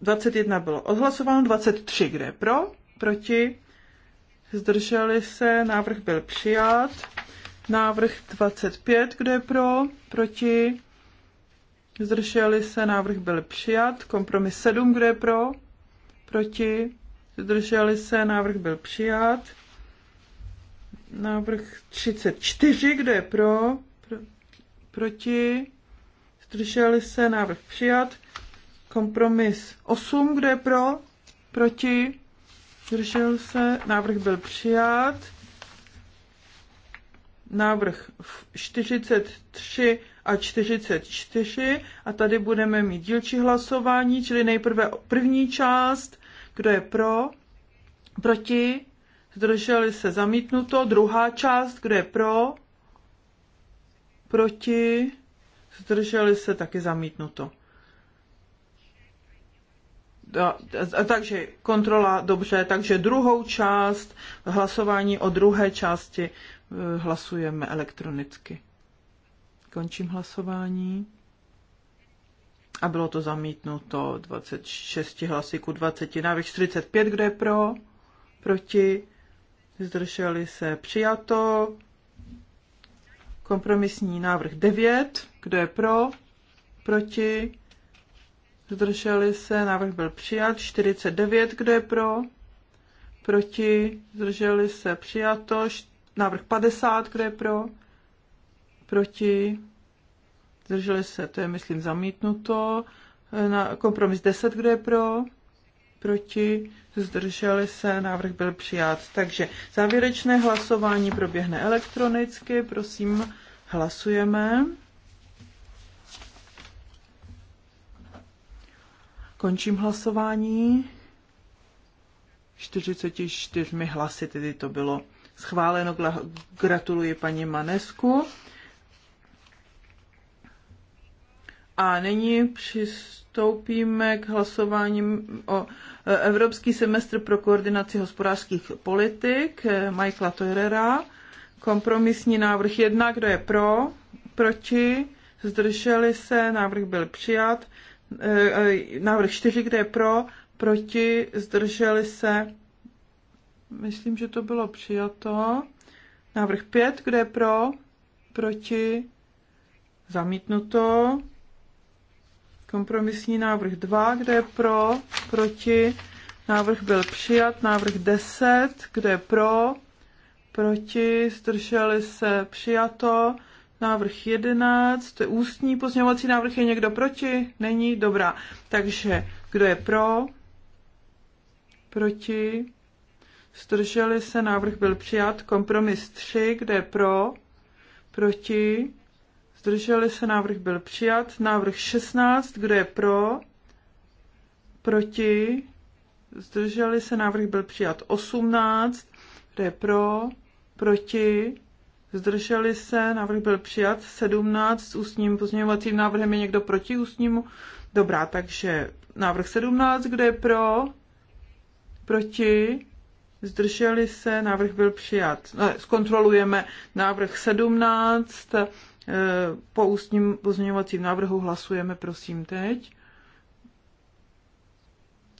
21 bylo odhlasováno, 23 kde je pro, proti, zdrželi se, návrh byl přijat. Návrh 25, kde je pro, proti, zdrželi se, návrh byl přijat. Kompromis 7, kde je pro, proti, zdrželi se, návrh byl přijat. Návrh 34, kdo je pro, pro proti, zdrželi se, návrh přijat. Kompromis 8, kdo je pro, proti, zdržel se, návrh byl přijat. Návrh 43 a 44 a tady budeme mít dílčí hlasování, čili nejprve první část, kdo je pro? Proti? Zdrželi se zamítnuto. Druhá část. Kdo je pro? Proti? Zdrželi se taky zamítnuto. Takže kontrola dobře, takže druhou část, hlasování o druhé části eh, hlasujeme elektronicky. Končím hlasování a bylo to zamítnuto 26 hlasy ku 20. Návrh 45, kdo je pro? Proti? Zdrželi se přijato. Kompromisní návrh 9, kdo je pro? Proti? Zdrželi se, návrh byl přijat. 49, kdo je pro? Proti? Zdrželi se, přijato. Návrh 50, kdo je pro? Proti? zdrželi se, to je myslím zamítnuto. Na kompromis 10, kdo je pro, proti, zdrželi se, návrh byl přijat. Takže závěrečné hlasování proběhne elektronicky, prosím, hlasujeme. Končím hlasování. 44 hlasy tedy to bylo schváleno. Gratuluji paní Manesku. A nyní přistoupíme k hlasování o e, Evropský semestr pro koordinaci hospodářských politik e, Michaela Teurera. Kompromisní návrh jedna kdo je pro, proti, zdrželi se, návrh byl přijat. E, návrh čtyři kde je pro, proti, zdrželi se, myslím, že to bylo přijato. Návrh pět kde je pro, proti, zamítnuto. Kompromisní návrh 2, kde je pro, proti, návrh byl přijat, návrh 10, kde je pro, proti, zdrželi se, přijato, návrh 11, to je ústní pozměňovací návrh, je někdo proti? Není? Dobrá. Takže kdo je pro? Proti? Zdrželi se, návrh byl přijat. Kompromis 3, kde je pro? Proti? zdrželi se, návrh byl přijat. Návrh 16, kdo je pro, proti, zdrželi se, návrh byl přijat. 18, kdo je pro, proti, zdrželi se, návrh byl přijat. 17, s ústním pozměňovacím návrhem je někdo proti ústnímu? Dobrá, takže návrh 17, kdo je pro, proti, zdrželi se, návrh byl přijat. No, zkontrolujeme návrh 17, Eh, po ústním pozměňovacím návrhu hlasujeme, prosím, teď.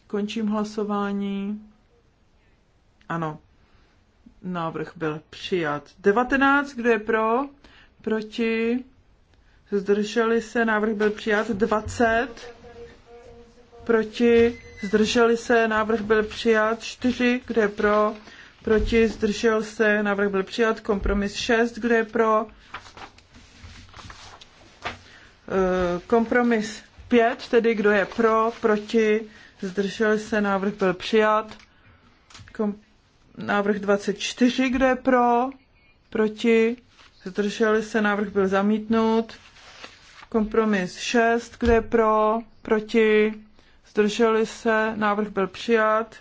Končím hlasování. Ano, návrh byl přijat. 19, kdo je pro? Proti? Zdrželi se, návrh byl přijat. 20, proti? Zdrželi se, návrh byl přijat. 4, kdo je pro? Proti? Zdržel se, návrh byl přijat. Kompromis 6, kdo je pro? Eh, kompromis 5, tedy kdo je pro, proti, zdrželi se, návrh byl přijat. Kom- návrh 24, kdo je pro, proti, zdrželi se, návrh byl zamítnut. Kompromis 6, kdo je pro, proti, zdrželi se, návrh byl přijat.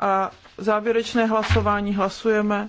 A závěrečné hlasování hlasujeme.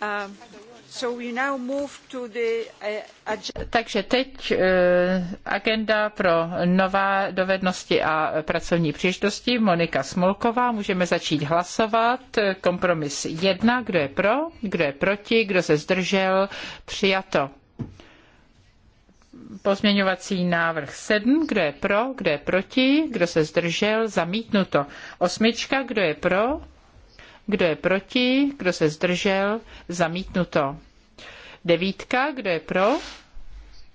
Uh, uh, Takže teď uh, agenda pro nová dovednosti a pracovní příležitosti. Monika Smolková, můžeme začít hlasovat. Kompromis 1, kdo je pro, kdo je proti, kdo se zdržel, přijato. Pozměňovací návrh 7, kdo je pro, kdo je proti, kdo se zdržel, zamítnuto. Osmička, kdo je pro, kdo je proti? Kdo se zdržel? Zamítnuto. Devítka. Kdo je pro?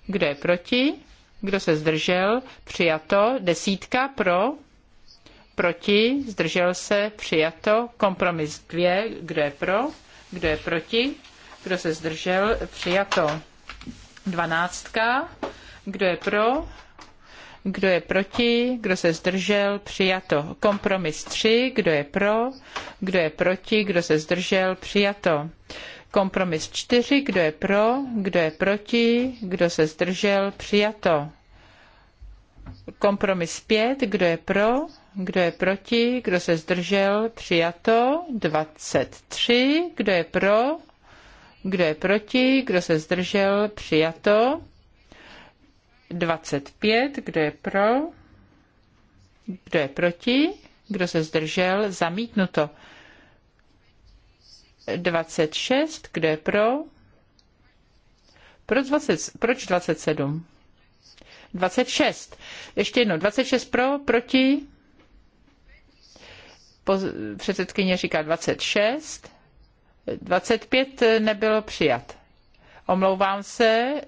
Kdo je proti? Kdo se zdržel? Přijato. Desítka pro? Proti? Zdržel se? Přijato. Kompromis dvě. Kdo je pro? Kdo je proti? Kdo se zdržel? Přijato. Dvanáctka. Kdo je pro? Kdo je proti? Kdo se zdržel? Přijato. Kompromis 3. Kdo je pro? Kdo je proti? Kdo se zdržel? Přijato. Kompromis 4. Kdo je pro? Kdo je proti? Kdo se zdržel? Přijato. Kompromis 5. Kdo je pro? Kdo je proti? Kdo se zdržel? Přijato. 23. Kdo je pro? Kdo je proti? Kdo se zdržel? Přijato. 25, kdo je pro, kdo je proti, kdo se zdržel, zamítnuto. 26, kdo je pro, proč, 20, proč 27? 26. Ještě jednou, 26 pro, proti, Poz, předsedkyně říká 26, 25 nebylo přijat. Omlouvám se,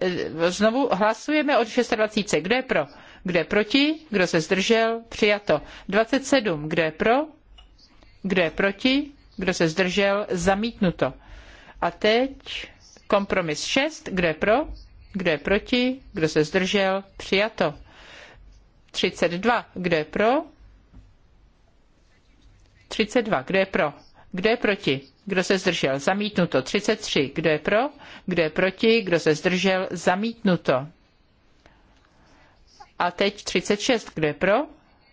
znovu hlasujeme od 26. Kdo je pro? Kdo je proti? Kdo se zdržel? Přijato. 27. Kdo je pro? Kdo je proti? Kdo se zdržel? Zamítnuto. A teď kompromis 6. Kdo je pro? Kdo je proti? Kdo se zdržel? Přijato. 32. Kdo je pro? 32. Kdo je pro? Kdo je proti? Kdo se zdržel? Zamítnuto. 33. Kdo je pro? Kdo je proti? Kdo se zdržel? Zamítnuto. A teď 36. Kdo je pro?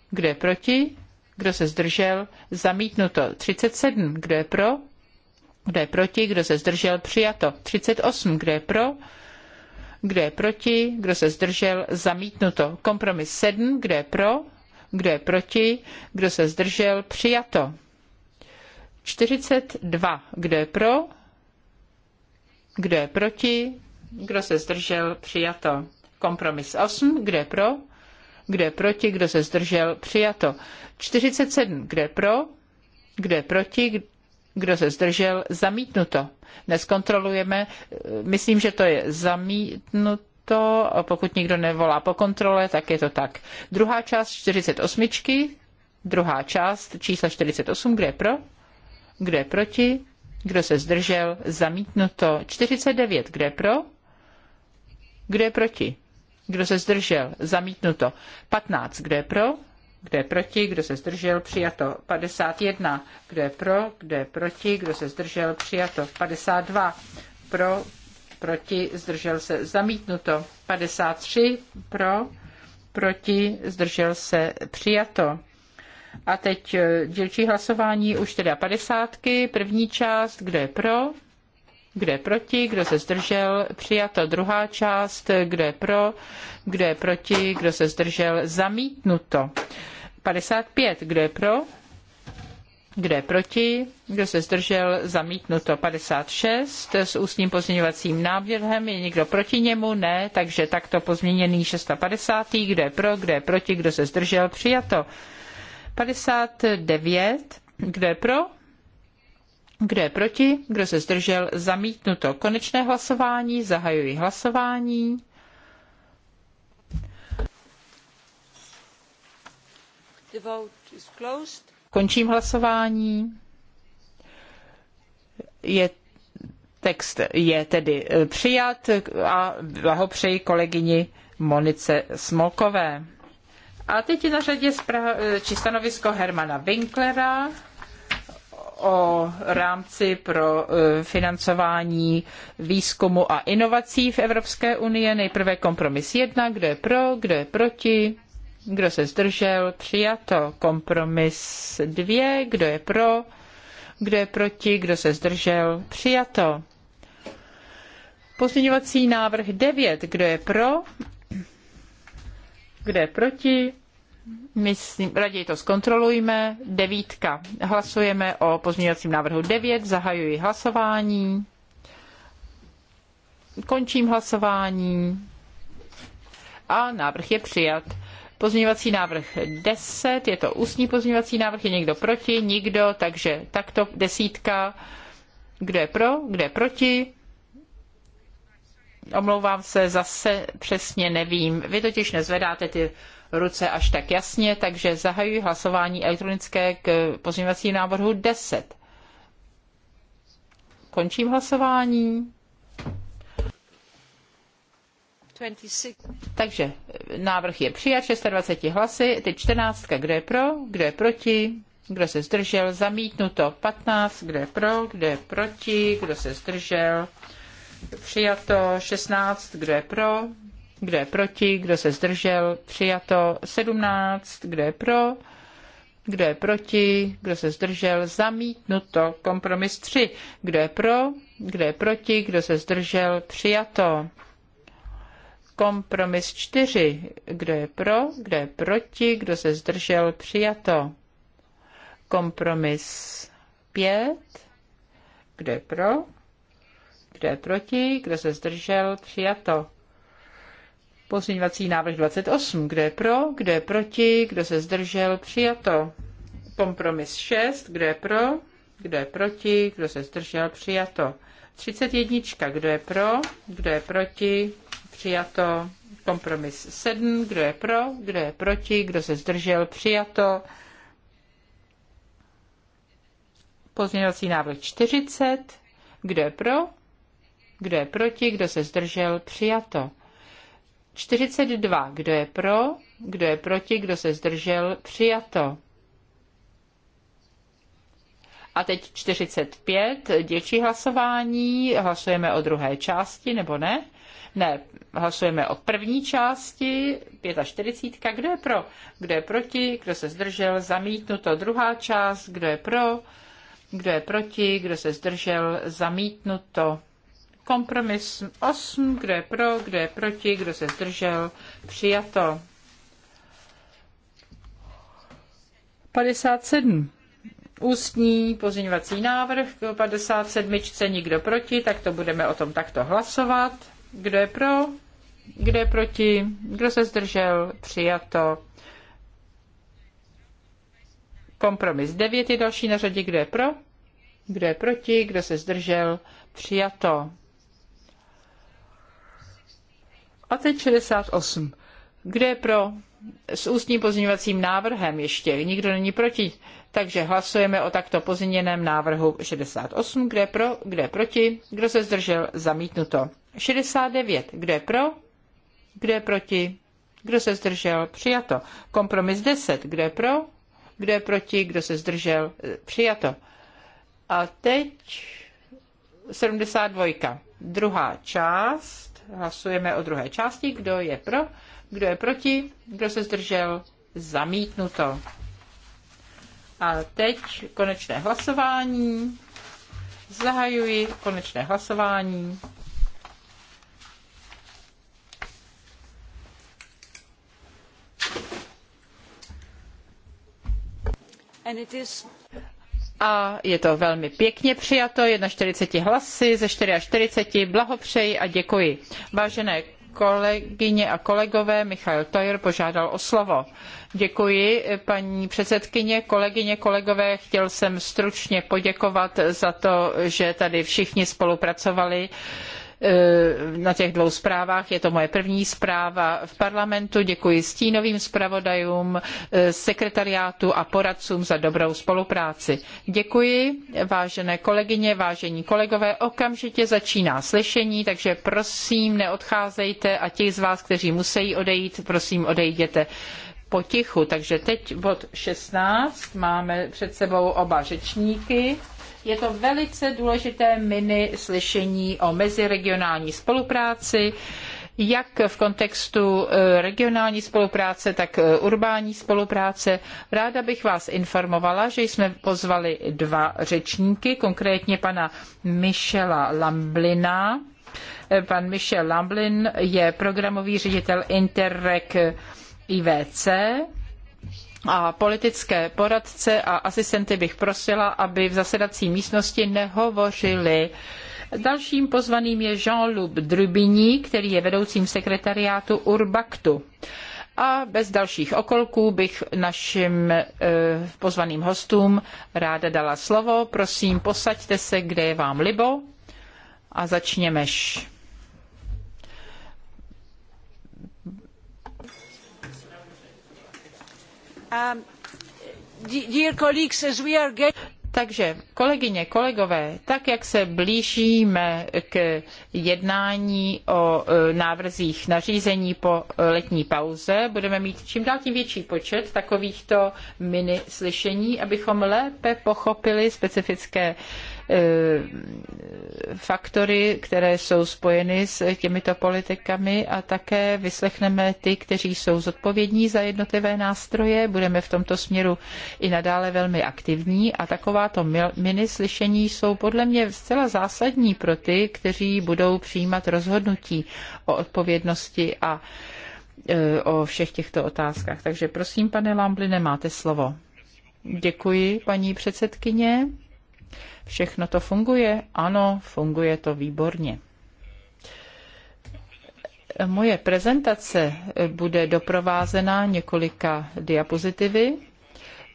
Kdo je proti? Kdo se zdržel? Zamítnuto. 37. Kdo je pro? Kdo je proti? Kdo se zdržel? Přijato. 38. Kdo je pro? Kdo je proti? Kdo se zdržel? Zamítnuto. Kompromis 7. Kdo je pro? Kdo je proti? Kdo se zdržel? Přijato. 42. Kdo je pro? Kdo je proti? Kdo se zdržel? Přijato. Kompromis 8. Kdo je pro? Kdo je proti? Kdo se zdržel? Přijato. 47. Kdo je pro? Kdo je proti? Kdo se zdržel? Zamítnuto. Neskontrolujeme. Myslím, že to je zamítnuto. Pokud nikdo nevolá po kontrole, tak je to tak. Druhá část 48. Druhá část čísla 48. Kde je pro? Kdo je proti? Kdo se zdržel? Zamítnuto. 49. Kdo je pro? Kdo je proti? Kdo se zdržel? Zamítnuto. 15. Kdo je pro? Kdo je proti? Kdo se zdržel? Přijato. 51. Kdo je pro? Kdo je proti? Kdo se zdržel? Přijato. 52. Pro? Proti? Zdržel se? Zamítnuto. 53. Pro? Proti? Zdržel se? Přijato. A teď eh, dělčí hlasování už teda padesátky. První část, kdo je pro, kdo je proti, kdo se zdržel, přijato druhá část, kdo je pro, kdo je proti, kdo se zdržel, zamítnuto. 55, kdo je pro, kdo je proti? Kdo se zdržel? Zamítnuto 56 s ústním pozměňovacím návrhem. Je někdo proti němu? Ne, takže takto pozměněný 650. Kdo je pro? Kdo je proti? Kdo se zdržel? Přijato. 59. Kdo je pro? Kdo je proti? Kdo se zdržel? Zamítnuto. Konečné hlasování. Zahajuji hlasování. The vote is closed. Končím hlasování. Je Text je tedy eh, přijat a blahopřeji kolegyni Monice Smolkové. A teď je na řadě zpráv, eh, či stanovisko Hermana Winklera o rámci pro eh, financování výzkumu a inovací v Evropské unii. Nejprve kompromis jedna, kdo je pro, kdo je proti, kdo se zdržel, přijato. Kompromis dvě, kdo je pro, kdo je proti, kdo se zdržel, přijato. Pozměňovací návrh 9, kdo je pro, kdo je proti, Myslím, raději to zkontrolujme. Devítka. Hlasujeme o pozměňovacím návrhu 9. Zahajuji hlasování. Končím hlasování. A návrh je přijat. Pozměňovací návrh 10, je to ústní pozměňovací návrh, je někdo proti, nikdo, takže takto desítka, kdo je pro, kdo je proti. Omlouvám se, zase přesně nevím. Vy totiž nezvedáte ty ruce až tak jasně, takže zahajuji hlasování elektronické k pozměňovacímu návrhu 10. Končím hlasování. 26. Takže eh, návrh je přijat 26 hlasy, teď 14, kdo je pro, kdo je proti, kdo se zdržel, zamítnuto 15, kdo je pro, kdo je proti, kdo se zdržel, přijato 16, kdo je pro, kdo je proti, kdo se zdržel, přijato 17, kdo je pro, kdo je proti, kdo se zdržel, zamítnuto, kompromis 3, kdo je pro, kdo je proti, kdo se zdržel, přijato. Kompromis 4, kdo je pro, kdo je proti, kdo se zdržel, přijato. Kompromis 5, kdo je pro, kdo je proti, kdo se zdržel, přijato Pozměňovací návrh 28. Kdo je pro, kdo je proti, kdo se zdržel, přijato. Kompromis 6. Kdo je pro, kdo je proti, kdo se zdržel, přijato. 31. Kdo je pro, kdo je proti, přijato. Kompromis 7. Kdo je pro, kdo je proti, kdo se zdržel, přijato. Pozměňovací návrh 40. Kdo je pro, kdo je proti, kdo se zdržel, přijato. 42. Kdo je pro? Kdo je proti? Kdo se zdržel? Přijato. A teď 45. Děčí hlasování. Hlasujeme o druhé části, nebo ne? Ne, hlasujeme o první části, 45. Kdo je pro? Kdo je proti? Kdo se zdržel? Zamítnuto. Druhá část. Kdo je pro? Kdo je proti? Kdo se zdržel? Zamítnuto. Kompromis 8, kdo je pro, kdo je proti, kdo se zdržel, přijato. 57. Ústní pozměňovací návrh k 57. Nikdo proti, tak to budeme o tom takto hlasovat. Kdo je pro? Kdo je proti? Kdo se zdržel? Přijato. Kompromis 9 je další na řadě. Kdo je pro? Kdo je proti? Kdo se zdržel? Přijato. A teď 68. Kde je pro? S ústním pozměňovacím návrhem ještě. Nikdo není proti. Takže hlasujeme o takto pozměněném návrhu 68. Kde je pro? Kde je proti? Kdo se zdržel? Zamítnuto. 69. Kde je pro? Kde je proti? Kdo se zdržel? Přijato. Kompromis 10. Kde je pro? Kde je proti? Kdo se zdržel? Přijato. A teď 72. Druhá část. Hlasujeme o druhé části. Kdo je pro? Kdo je proti? Kdo se zdržel? Zamítnuto. A teď konečné hlasování. Zahajuji konečné hlasování. And it is a je to velmi pěkně přijato, 41 hlasy ze 44, blahopřeji a děkuji. Vážené kolegyně a kolegové, Michal Tojer požádal o slovo. Děkuji, paní předsedkyně, kolegyně, kolegové. Chtěl jsem stručně poděkovat za to, že tady všichni spolupracovali Eh, na těch dvou zprávách. Je to moje první zpráva v parlamentu. Děkuji stínovým zpravodajům, eh, sekretariátu a poradcům za dobrou spolupráci. Děkuji, vážené kolegyně, vážení kolegové. Okamžitě začíná slyšení, takže prosím, neodcházejte a ti z vás, kteří musí odejít, prosím, odejděte potichu. Takže teď bod 16, máme před sebou oba řečníky. Je to velice důležité mini slyšení o meziregionální spolupráci, jak v kontextu eh, regionální spolupráce, tak eh, urbání spolupráce. Ráda bych vás informovala, že jsme pozvali dva řečníky, konkrétně pana Michela Lamblina. Eh, pan Michel Lamblin je programový ředitel Interreg IVC a politické poradce a asistenty bych prosila, aby v zasedací místnosti nehovořili. Dalším pozvaným je Jean-Loup Drubiní, který je vedoucím sekretariátu Urbaktu. A bez dalších okolků bych našim eh, pozvaným hostům ráda dala slovo. Prosím, posaďte se, kde je vám libo a začněmeš. Um, Takže, kolegyně, kolegové, tak jak se blížíme k jednání o e, návrzích nařízení po e, letní pauze, budeme mít čím dál tím větší počet takovýchto mini slyšení, abychom lépe pochopili specifické E, faktory, které jsou spojeny s těmito politikami a také vyslechneme ty, kteří jsou zodpovědní za jednotlivé nástroje. Budeme v tomto směru i nadále velmi aktivní a takováto mini slyšení jsou podle mě zcela zásadní pro ty, kteří budou přijímat rozhodnutí o odpovědnosti a e, o všech těchto otázkách. Takže prosím, pane Lambli, nemáte slovo. Děkuji, paní předsedkyně. Všechno to funguje? Ano, funguje to výborně. Moje prezentace bude doprovázena několika diapozitivy,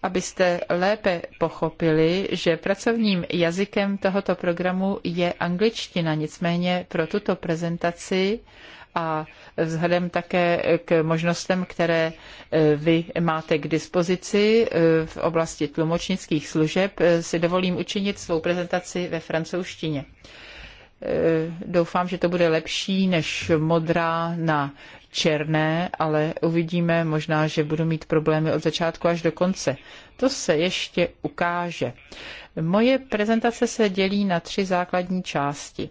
abyste lépe pochopili, že pracovním jazykem tohoto programu je angličtina. Nicméně pro tuto prezentaci a vzhledem také k možnostem, které e, vy máte k dispozici e, v oblasti tlumočnických služeb, e, si dovolím učinit svou prezentaci ve francouzštině. Doufám, že to bude lepší než modrá na černé, ale uvidíme možná, že budu mít problémy od začátku až do konce. To se ještě ukáže. Moje prezentace se dělí na tři základní části.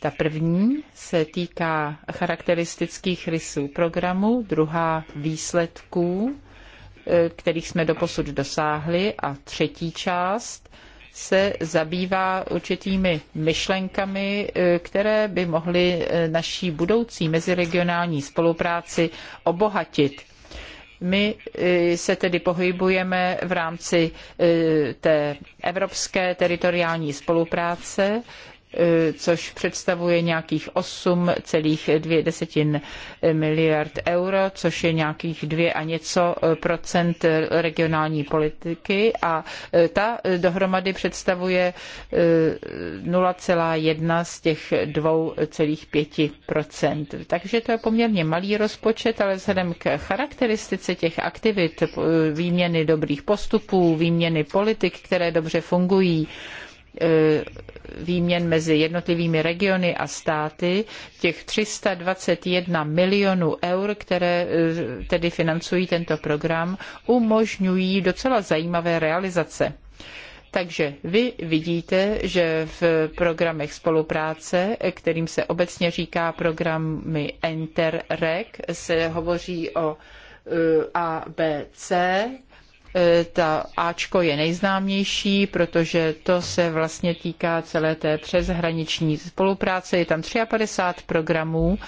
Ta první se týká charakteristických rysů programu, druhá výsledků, e, kterých jsme doposud dosáhli a třetí část se zabývá určitými myšlenkami, e, které by mohly e, naší budoucí meziregionální spolupráci obohatit. My se tedy pohybujeme v rámci té evropské teritoriální spolupráce, Eh, což představuje nějakých 8,2 desetin miliard euro, což je nějakých 2 a něco eh, procent eh, regionální politiky a ta dohromady představuje 0,1 z těch 2,5 procent. Takže to je poměrně malý rozpočet, ale vzhledem k charakteristice těch aktivit, výměny dobrých postupů, výměny politik, které dobře fungují, E, výměn mezi jednotlivými regiony a státy, těch 321 milionů eur, které e, tedy financují tento program, umožňují docela zajímavé realizace. Takže vy vidíte, že v programech spolupráce, kterým se obecně říká programy Interreg, se hovoří o e, a B, C, ta Ačko je nejznámější, protože to se vlastně týká celé té přeshraniční spolupráce. Je tam 53 programů,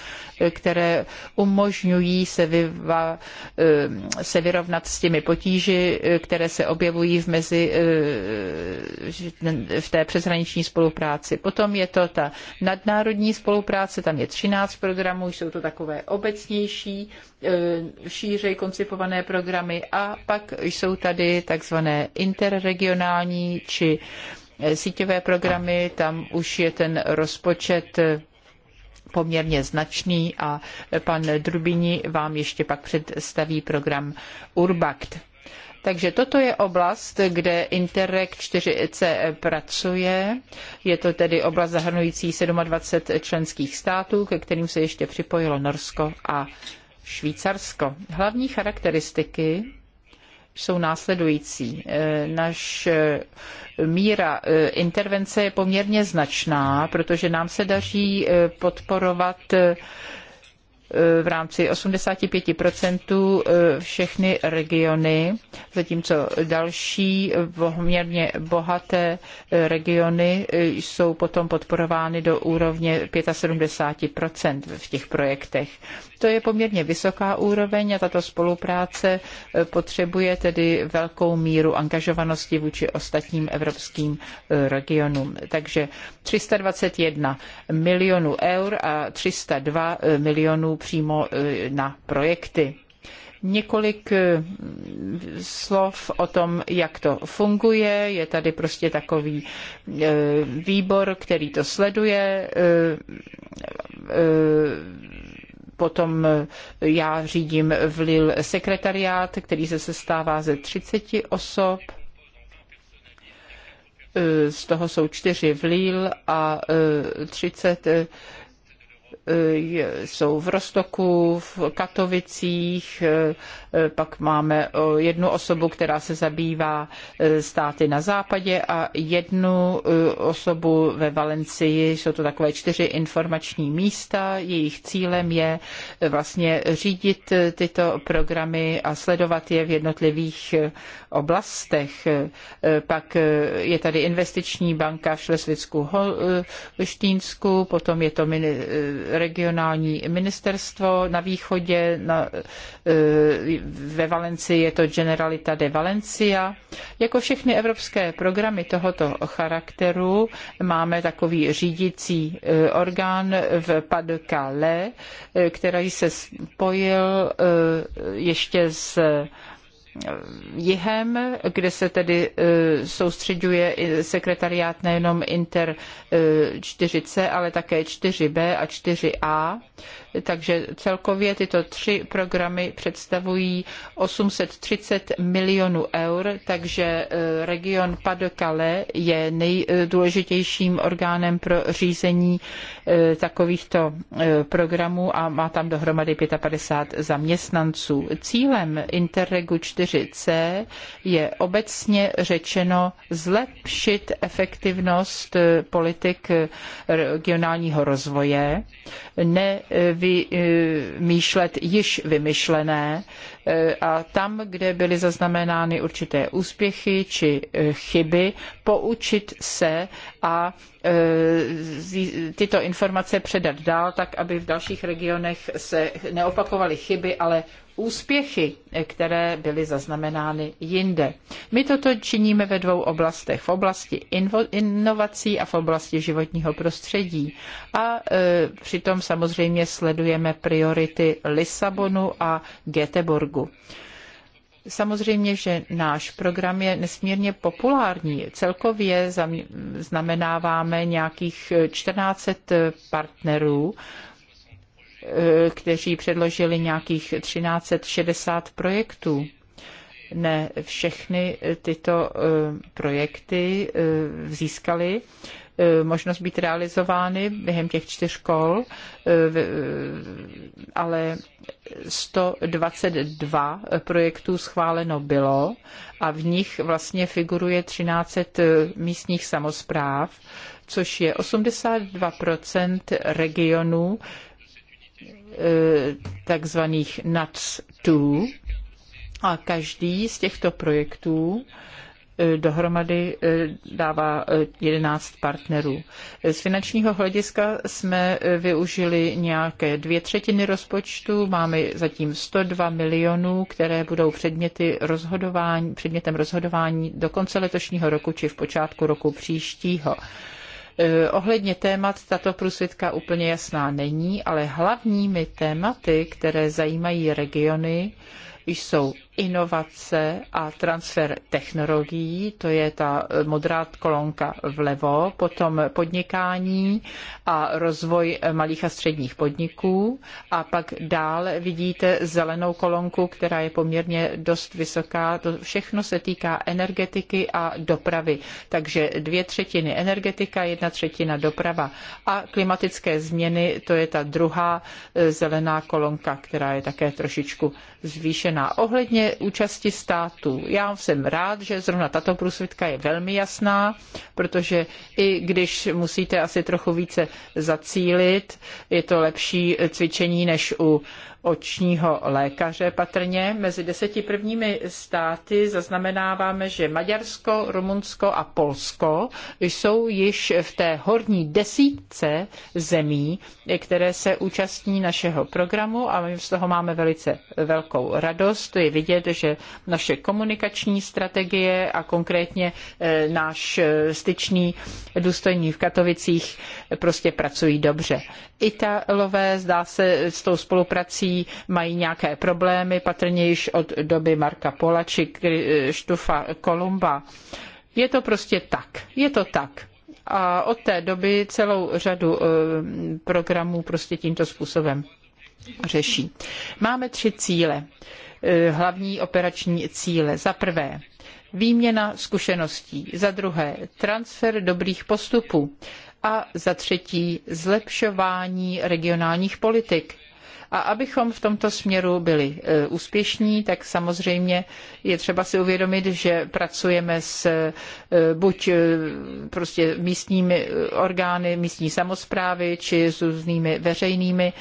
eh, které umožňují se, vyva, eh, se vyrovnat s těmi potíži, eh, které se objevují v, mezi, v té přeshraniční spolupráci. Potom je to ta nadnárodní spolupráce, tam je 13 programů, jsou to takové obecnější, šířej koncipované programy a pak jsou tady takzvané interregionální či eh, síťové programy, tam už je ten rozpočet eh, poměrně značný a pan Drubini vám ještě pak představí program Urbact. Takže toto je oblast, kde Interreg 4C pracuje. Je to tedy oblast zahrnující 27 členských států, ke kterým se ještě připojilo Norsko a Švýcarsko. Hlavní charakteristiky jsou následující. Eh, naš eh, míra eh, intervence je poměrně značná, protože nám se daří podporovat v rámci 85% všechny regiony, zatímco další poměrně bohaté regiony jsou potom podporovány do úrovně 75% v těch projektech. To je poměrně vysoká úroveň a tato spolupráce eh, potřebuje tedy velkou míru angažovanosti vůči ostatním evropským eh, regionům. Takže 321 milionů eur a 302 eh, milionů přímo na projekty několik slov o tom, jak to funguje. Je tady prostě takový výbor, který to sleduje Potom eh, já řídím v Lille sekretariát, který se sestává ze 30 osob. Eh, z toho jsou čtyři v Lille a 30 eh, jsou v Rostoku, v Katovicích, eh, eh, pak máme eh, jednu osobu, která se zabývá státy na západě a jednu osobu ve Valencii. Jsou to takové čtyři informační místa. Jejich cílem je vlastně řídit tyto programy a sledovat je v jednotlivých oblastech. Pak je tady investiční banka v Šlesvicku Holštínsku, potom je to regionální ministerstvo na východě, na, e, ve Valencii je to Generalita de Valencia. Jako všechny evropské programy tohoto charakteru máme takový řídící e, orgán v Pas-de-Calais, e, který se spojil ještě s jihem, kde se tedy eh, soustředuje sekretariát nejenom Inter 4C, eh, ale také 4B a 4A takže celkově tyto tři programy představují 830 milionů eur, takže eh, region Pas-de-Calais je nejdůležitějším orgánem pro řízení eh, takovýchto eh, programů a má tam dohromady 55 zaměstnanců. Cílem Interregu 4C je obecně řečeno zlepšit efektivnost politik regionálního rozvoje, ne vymýšlet již vymyšlené, E, a tam, kde byly zaznamenány určité úspěchy či e, chyby, poučit se a e, tyto informace předat dál, tak aby v dalších regionech se neopakovaly chyby, ale úspěchy, které byly zaznamenány jinde. My toto činíme ve dvou oblastech. V oblasti inovací a v oblasti životního prostředí. A přitom samozřejmě sledujeme priority Lisabonu a Göteborgu. Štrasburku. Samozřejmě, že náš program je nesmírně populární. Celkově znamenáváme nějakých 14 partnerů, eh, kteří předložili nějakých 1360 projektů. Ne všechny tyto eh, projekty eh, získaly E, možnost být realizovány během těch čtyř kol, e, ale 122 projektů schváleno bylo a v nich vlastně figuruje 13 místních samozpráv, což je 82 regionů e, takzvaných NUTS 2 a každý z těchto projektů E, dohromady e, dává 11 e, partnerů. Z finančního hlediska jsme využili nějaké dvě třetiny rozpočtu, máme zatím 102 milionů, které budou předměty rozhodování, předmětem rozhodování do konce letošního roku či v počátku roku příštího. Ohledně témat tato průsvitka úplně jasná není, ale hlavními tématy, které zajímají regiony, jsou inovace a transfer technologií, to je ta modrá kolonka vlevo, potom podnikání a rozvoj malých a středních podniků a pak dál vidíte zelenou kolonku, která je poměrně dost vysoká. To všechno se týká energetiky a dopravy. Takže dvě třetiny energetika, jedna třetina doprava a klimatické změny, to je ta druhá eh, zelená kolonka, která je také trošičku zvýšená. Ohledně účasti států. Já jsem rád, že zrovna tato průsvitka je velmi jasná, protože i když musíte asi trochu více zacílit, je to lepší cvičení než u očního lékaře patrně. Mezi deseti prvními státy zaznamenáváme, že Maďarsko, Rumunsko a Polsko jsou již v té horní desítce zemí, které se účastní našeho programu a my z toho máme velice velkou radost. Je vidět, že naše komunikační strategie a konkrétně eh, náš eh, styčný důstojník v Katovicích prostě pracují dobře. Italové zdá se s tou spoluprací kteří mají nějaké problémy, patrně již od doby Marka Pola či eh, Štufa Kolumba. Je to prostě tak. Je to tak. A od té doby celou řadu eh, programů prostě tímto způsobem řeší. Máme tři cíle, eh, hlavní operační cíle. Za prvé, výměna zkušeností, za druhé transfer dobrých postupů a za třetí zlepšování regionálních politik. A abychom v tomto směru byli e, úspěšní, tak samozřejmě je třeba si uvědomit, že pracujeme s e, buď e, prostě místními orgány, místní samozprávy, či s různými veřejnými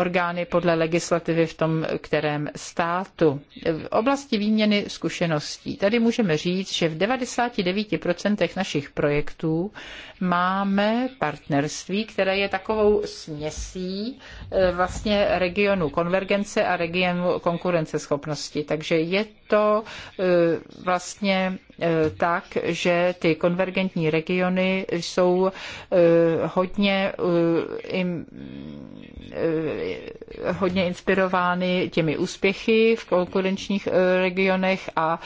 orgány podle legislativy v tom kterém státu. V oblasti výměny zkušeností. Tady můžeme říct, že v 99% našich projektů máme partnerství, které je takovou směsí vlastně regionu konvergence a regionu konkurenceschopnosti. Takže je to e, vlastně e, tak, že ty konvergentní regiony jsou e, hodně, hodně inspirovány těmi úspěchy v konkurenčních regionech a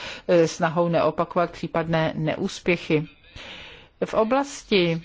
snahou neopakovat případné neúspěchy. V oblasti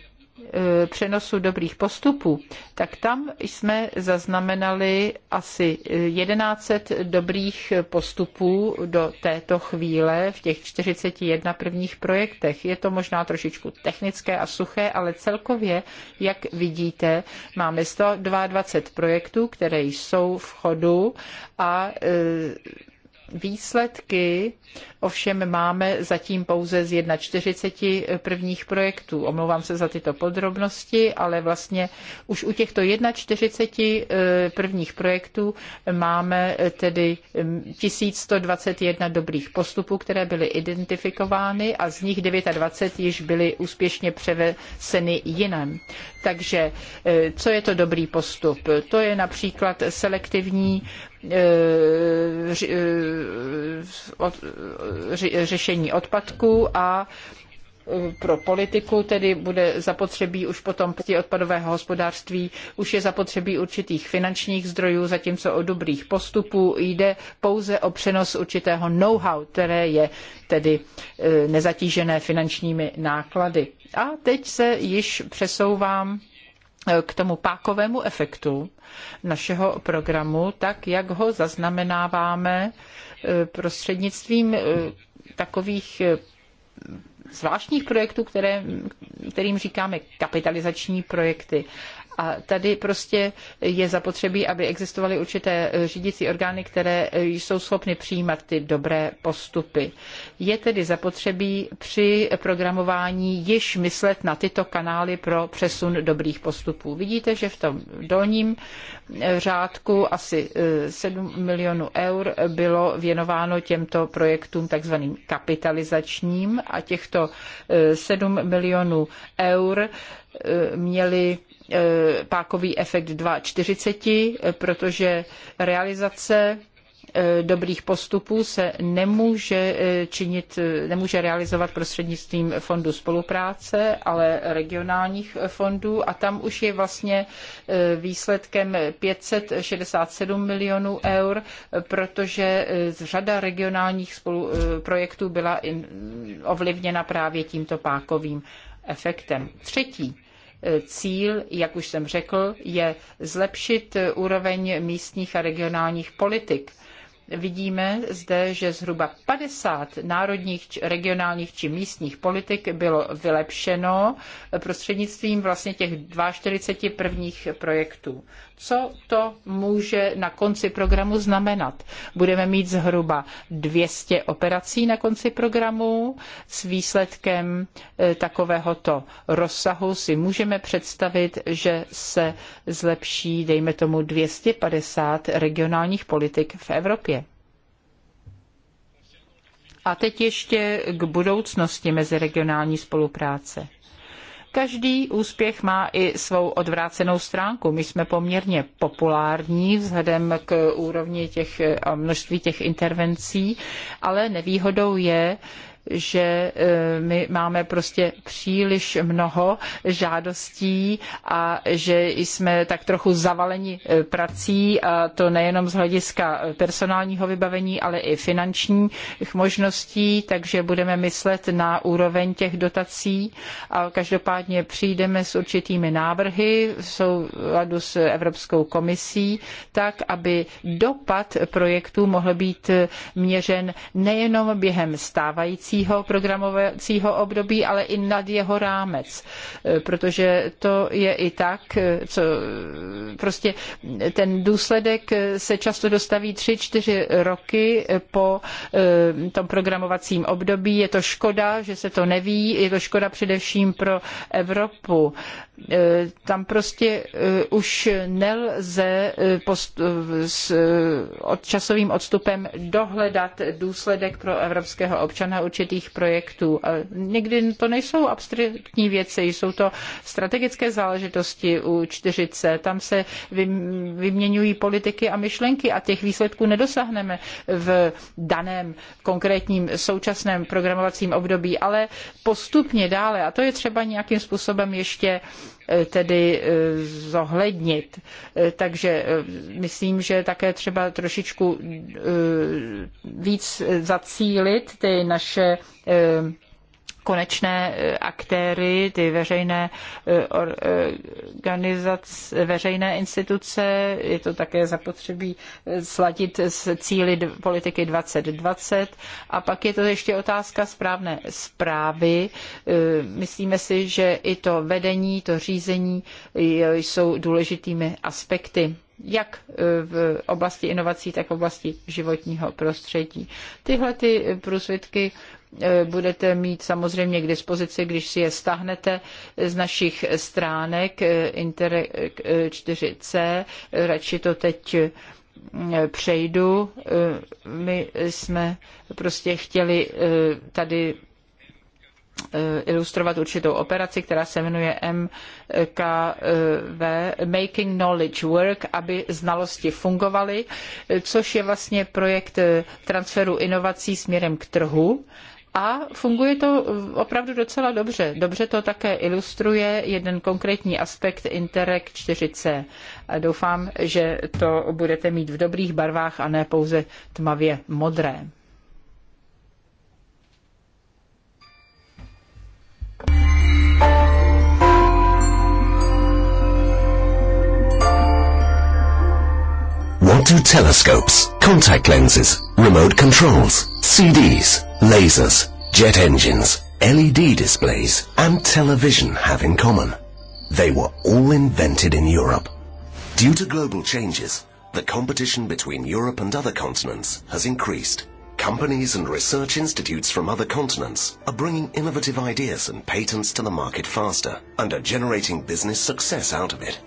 Eh, přenosu dobrých postupů, tak tam jsme zaznamenali asi 1100 eh, dobrých postupů do této chvíle v těch 41 prvních projektech. Je to možná trošičku technické a suché, ale celkově, jak vidíte, máme 122 projektů, které jsou v chodu a eh, Výsledky ovšem máme zatím pouze z 41 prvních projektů. Omlouvám se za tyto podrobnosti, ale vlastně už u těchto 41 eh, prvních projektů máme tedy 1121 mm, dobrých postupů, které byly identifikovány a z nich 29 již byly úspěšně převeseny jinam. Takže eh, co je to dobrý postup? To je například selektivní Eh, eh, řešení odpadků a pro politiku, tedy bude zapotřebí už potom odpadového hospodářství, už je zapotřebí určitých finančních zdrojů, zatímco o dobrých postupů jde pouze o přenos určitého know-how, které je tedy eh, nezatížené finančními náklady. A teď se již přesouvám Eh, k tomu pákovému efektu našeho programu, tak jak ho zaznamenáváme eh, prostřednictvím eh, takových zvláštních projektů, které, kterým říkáme kapitalizační projekty. A tady prostě je zapotřebí, aby existovaly určité eh, řídící orgány, které eh, jsou schopny přijímat ty dobré postupy. Je tedy zapotřebí při programování již myslet na tyto kanály pro přesun dobrých postupů. Vidíte, že v tom dolním eh, řádku asi 7 milionů eur bylo věnováno těmto projektům takzvaným kapitalizačním a těchto 7 milionů eur měli Eh, pákový efekt 2,40, eh, protože realizace eh, dobrých postupů se nemůže činit, nemůže realizovat prostřednictvím fondu spolupráce, ale regionálních fondů a tam už je vlastně výsledkem 567 milionů eur, protože řada regionálních spolu, projektů byla ovlivněna právě tímto pákovým efektem. Třetí cíl, jak už jsem řekl, je zlepšit úroveň místních a regionálních politik vidíme zde, že zhruba 50 národních, regionálních či místních politik bylo vylepšeno prostřednictvím vlastně těch 42 prvních projektů co to může na konci programu znamenat. Budeme mít zhruba 200 operací na konci programu. S výsledkem e, takovéhoto rozsahu si můžeme představit, že se zlepší, dejme tomu, 250 regionálních politik v Evropě. A teď ještě k budoucnosti meziregionální spolupráce. Každý úspěch má i svou odvrácenou stránku. My jsme poměrně populární vzhledem k úrovni těch a množství těch intervencí, ale nevýhodou je, že eh, my máme prostě příliš mnoho žádostí a že jsme tak trochu zavaleni eh, prací a to nejenom z hlediska eh, personálního vybavení, ale i finančních možností, takže budeme myslet na úroveň těch dotací a každopádně přijdeme s určitými návrhy v souladu s Evropskou komisí, tak aby dopad projektů mohl být měřen nejenom během stávající stávajícího programovacího období, ale i nad jeho rámec, e, protože to je i tak, e, co e, prostě ten důsledek se často dostaví tři, čtyři roky po tom programovacím období. Je to škoda, že se to neví, je to škoda především pro Evropu. Eh, tam prostě eh, už nelze eh, s, časovým odstupem dohledat důsledek pro evropského občana určitých projektů. Někdy to nejsou abstraktní věci, jsou to strategické záležitosti u 40. Tam se vyměňují politiky a myšlenky a těch výsledků nedosáhneme v daném konkrétním současném programovacím období, ale postupně dále. A to je třeba nějakým způsobem ještě E, tedy e, zohlednit. E, takže myslím, že také třeba trošičku víc zacílit ty naše konečné e, aktéry, ty veřejné e, e, organizace, veřejné instituce. Je to také zapotřebí sladit s cíly politiky 2020. A pak je to ještě otázka správné zprávy. Myslíme si, že i to vedení, to řízení jsou důležitými aspekty jak v oblasti inovací, tak v oblasti životního prostředí. Tyhle ty průsvitky Eh, budete mít samozřejmě k dispozici, když si je stáhnete z našich stránek eh, Inter 4C. Eh, radši to teď přejdu. My jsme prostě chtěli tady ilustrovat určitou operaci, která se jmenuje MKV, Making Knowledge Work, aby znalosti fungovaly, což je vlastně projekt transferu inovací směrem k trhu a funguje to eh, opravdu docela dobře. Dobře to také ilustruje jeden konkrétní aspekt Interreg 4C. Doufám, že to budete mít v dobrých barvách a ne pouze tmavě modré. do telescopes, contact lenses, remote controls, CDs, lasers, jet engines, LED displays, and television have in common. They were all invented in Europe. Due to global changes, the competition between Europe and other continents has increased. Companies and research institutes from other continents are bringing innovative ideas and patents to the market faster and are generating business success out of it.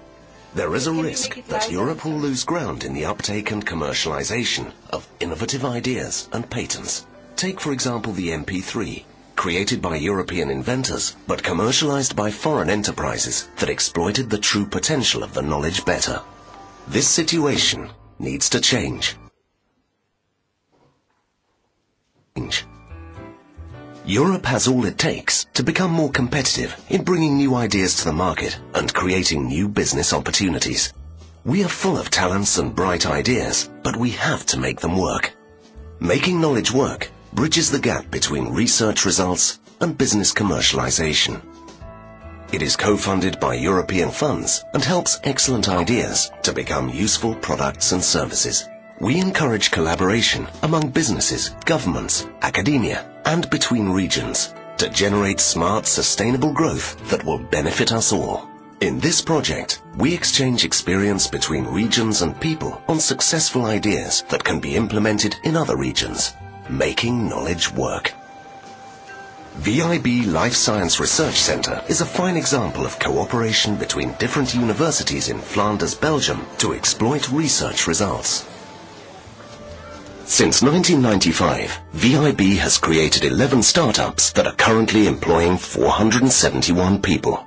There is a risk that Europe will lose ground in the uptake and commercialization of innovative ideas and patents. Take, for example, the MP3, created by European inventors but commercialized by foreign enterprises that exploited the true potential of the knowledge better. This situation needs to change. change. Europe has all it takes to become more competitive in bringing new ideas to the market and creating new business opportunities. We are full of talents and bright ideas, but we have to make them work. Making knowledge work bridges the gap between research results and business commercialization. It is co-funded by European funds and helps excellent ideas to become useful products and services we encourage collaboration among businesses, governments, academia, and between regions to generate smart, sustainable growth that will benefit us all. In this project, we exchange experience between regions and people on successful ideas that can be implemented in other regions, making knowledge work. VIB Life Science Research Center is a fine example of cooperation between different universities in Flanders, Belgium to exploit research results. Since 1995, VIB has created 11 startups that are currently employing 471 people.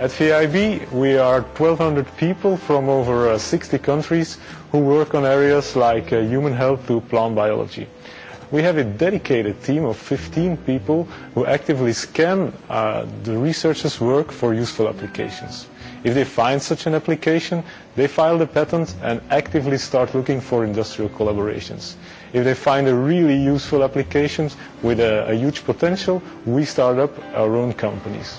At VIB, we are 1,200 people from over uh, 60 countries who work on areas like uh, human health to plant biology. We have a dedicated team of 15 people who actively scan uh, the researchers' work for useful applications. If they find such an application, they file the patent and actively start looking for industrial collaborations. If they find a really useful application with a, a huge potential, we start up our own companies.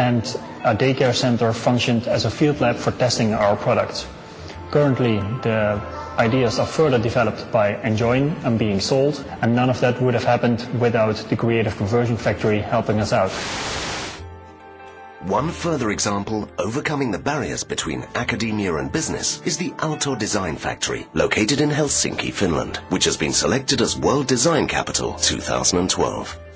and a daycare center functioned as a field lab for testing our products. Currently, the ideas are further developed by enjoying and Being Sold, and none of that would have happened without the Creative Conversion Factory helping us out. One further example overcoming the barriers between academia and business is the Altor Design Factory, located in Helsinki, Finland, which has been selected as World Design Capital 2012.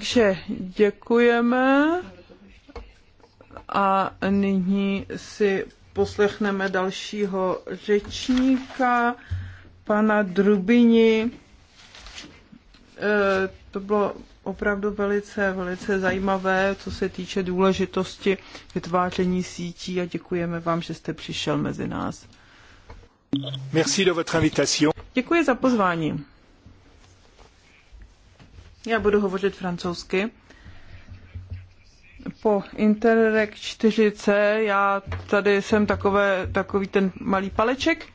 Takže děkujeme a nyní si poslechneme dalšího řečníka, pana Drubini. Eh, to bylo opravdu velice, velice zajímavé, co se týče důležitosti vytváření sítí a děkujeme vám, že jste přišel mezi nás. Merci de votre invitation. Děkuji za pozvání. Já budu hovořit francouzsky. Po Interreg 4C já tady jsem takové, takový ten malý paleček.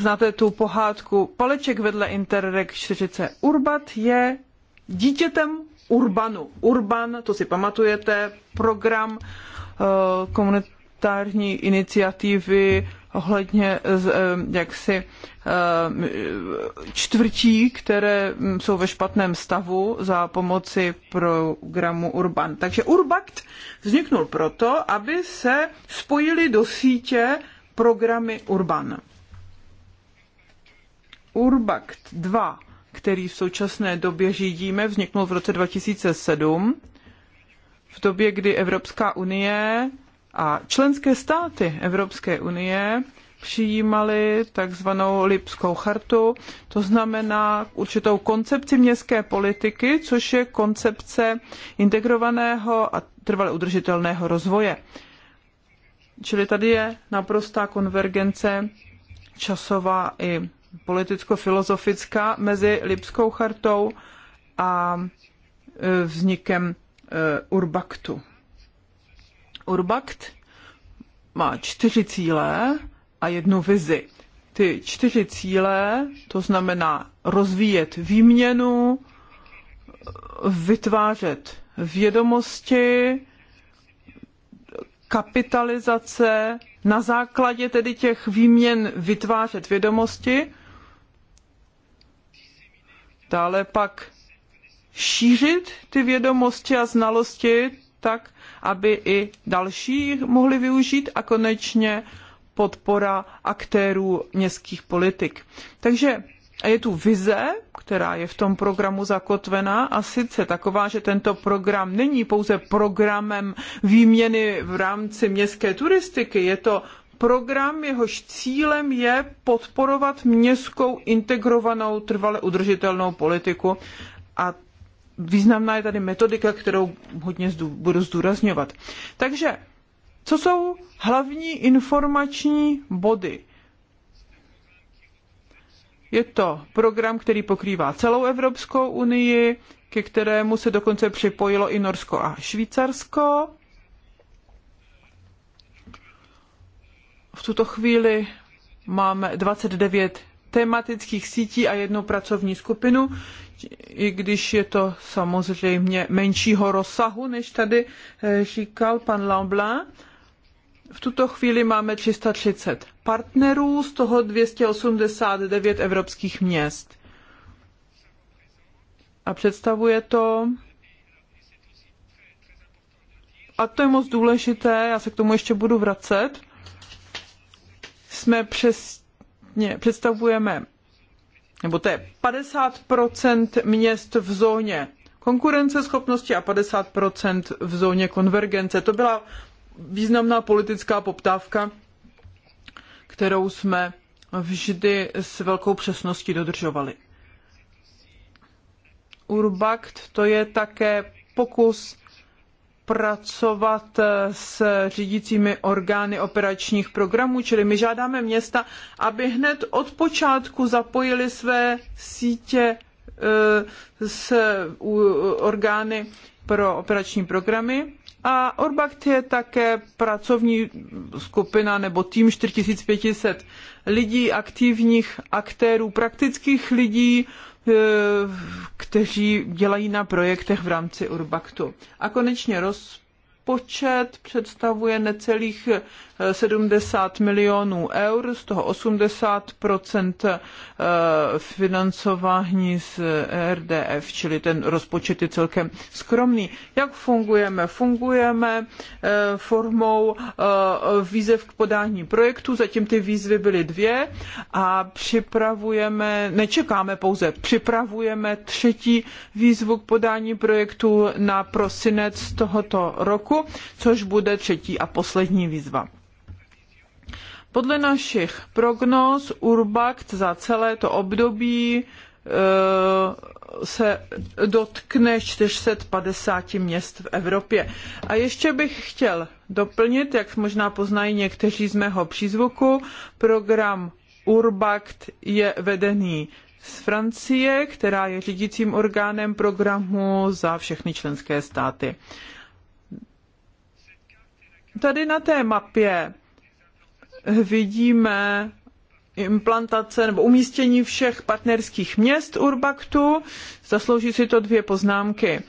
Znáte tu pohádku Paleček vedle Interreg 4C. Urbat je dítětem Urbanu. Urban, to si pamatujete, program eh, komunitární iniciativy ohledně eh, jaksi eh, čtvrtí, které hm, jsou ve špatném stavu za pomoci programu Urban. Takže Urbact vzniknul proto, aby se spojili do sítě programy Urban. Urbact 2, který v současné době řídíme, vzniknul v roce 2007, v době, kdy Evropská unie a členské státy Evropské unie přijímali takzvanou Lipskou chartu, to znamená určitou koncepci městské politiky, což je koncepce integrovaného a trvale udržitelného rozvoje. Čili tady je naprostá konvergence časová i politicko-filozofická mezi Lipskou chartou a e, vznikem e, Urbaktu. Urbakt má čtyři cíle a jednu vizi. Ty čtyři cíle, to znamená rozvíjet výměnu, vytvářet vědomosti, kapitalizace, na základě tedy těch výměn vytvářet vědomosti, dále pak šířit ty vědomosti a znalosti tak, aby i další mohli využít a konečně podpora aktérů městských politik. Takže je tu vize, která je v tom programu zakotvená a sice taková, že tento program není pouze programem výměny v rámci městské turistiky, je to program, jehož cílem je podporovat městskou integrovanou trvale udržitelnou politiku a významná je tady metodika, kterou hodně budu zdůrazňovat. Takže, co jsou hlavní informační body? Je to program, který pokrývá celou Evropskou unii, ke kterému se dokonce připojilo i Norsko a Švýcarsko. V tuto chvíli máme 29 tematických sítí a jednu pracovní skupinu i když je to samozřejmě menšího rozsahu, než tady eh, říkal pan Lamblin. V tuto chvíli máme 330 partnerů, z toho 289 evropských měst. A představuje to a to je moc důležité, já se k tomu ještě budu vracet, jsme přesně, představujeme nebo to je 50 měst v zóně konkurenceschopnosti a 50 v zóně konvergence. To byla významná politická poptávka, kterou jsme vždy s velkou přesností dodržovali. Urbakt to je také pokus pracovat eh, s řídícími orgány operačních programů, čili my žádáme města, aby hned od počátku zapojili své sítě eh, s orgány pro operační programy a Orbakt je také pracovní skupina nebo tým 4500 lidí, aktivních aktérů, praktických lidí, e, kteří dělají na projektech v rámci Urbaktu. A konečně rozpočet představuje necelých 70 milionů eur, z toho 80 eh, financování z RDF, čili ten rozpočet je celkem skromný. Jak fungujeme? Fungujeme eh, formou eh, výzev k podání projektu, zatím ty výzvy byly dvě a připravujeme, nečekáme pouze, připravujeme třetí výzvu k podání projektu na prosinec tohoto roku, což bude třetí a poslední výzva. Podle našich prognóz Urbakt za celé to období eh, se dotkne 450 měst v Evropě. A ještě bych chtěl doplnit, jak možná poznají někteří z mého přízvuku, program Urbakt je vedený z Francie, která je řídícím orgánem programu za všechny členské státy. Tady na té mapě vidíme implantace nebo umístění všech partnerských měst Urbaktu. Zaslouží si to dvě poznámky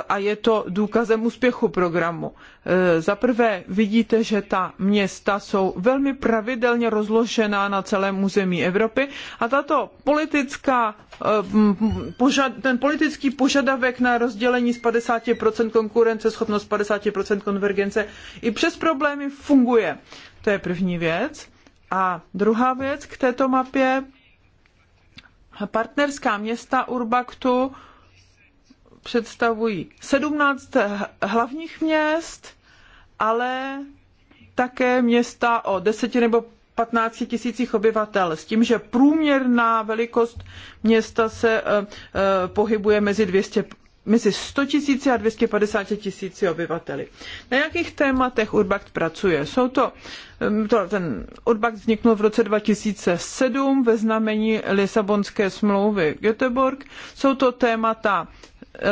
a, je to důkazem úspěchu programu. E, za prvé vidíte, že ta města jsou velmi pravidelně rozložená na celém území Evropy a tato politická, e, ten politický požadavek na rozdělení z 50% konkurence, schopnost 50% konvergence i přes problémy funguje. To je první věc. A druhá věc k této mapě, partnerská města Urbaktu představují 17 hlavních měst, ale také města o 10 nebo 15 tisících obyvatel, s tím, že průměrná velikost města se eh, eh, pohybuje mezi 200 mezi 100 tisíci a 250 tisíci obyvateli. Na jakých tématech Urbact pracuje? Jsou to, hm, to ten Urbact vzniknul v roce 2007 ve znamení Lisabonské smlouvy Göteborg. Jsou to témata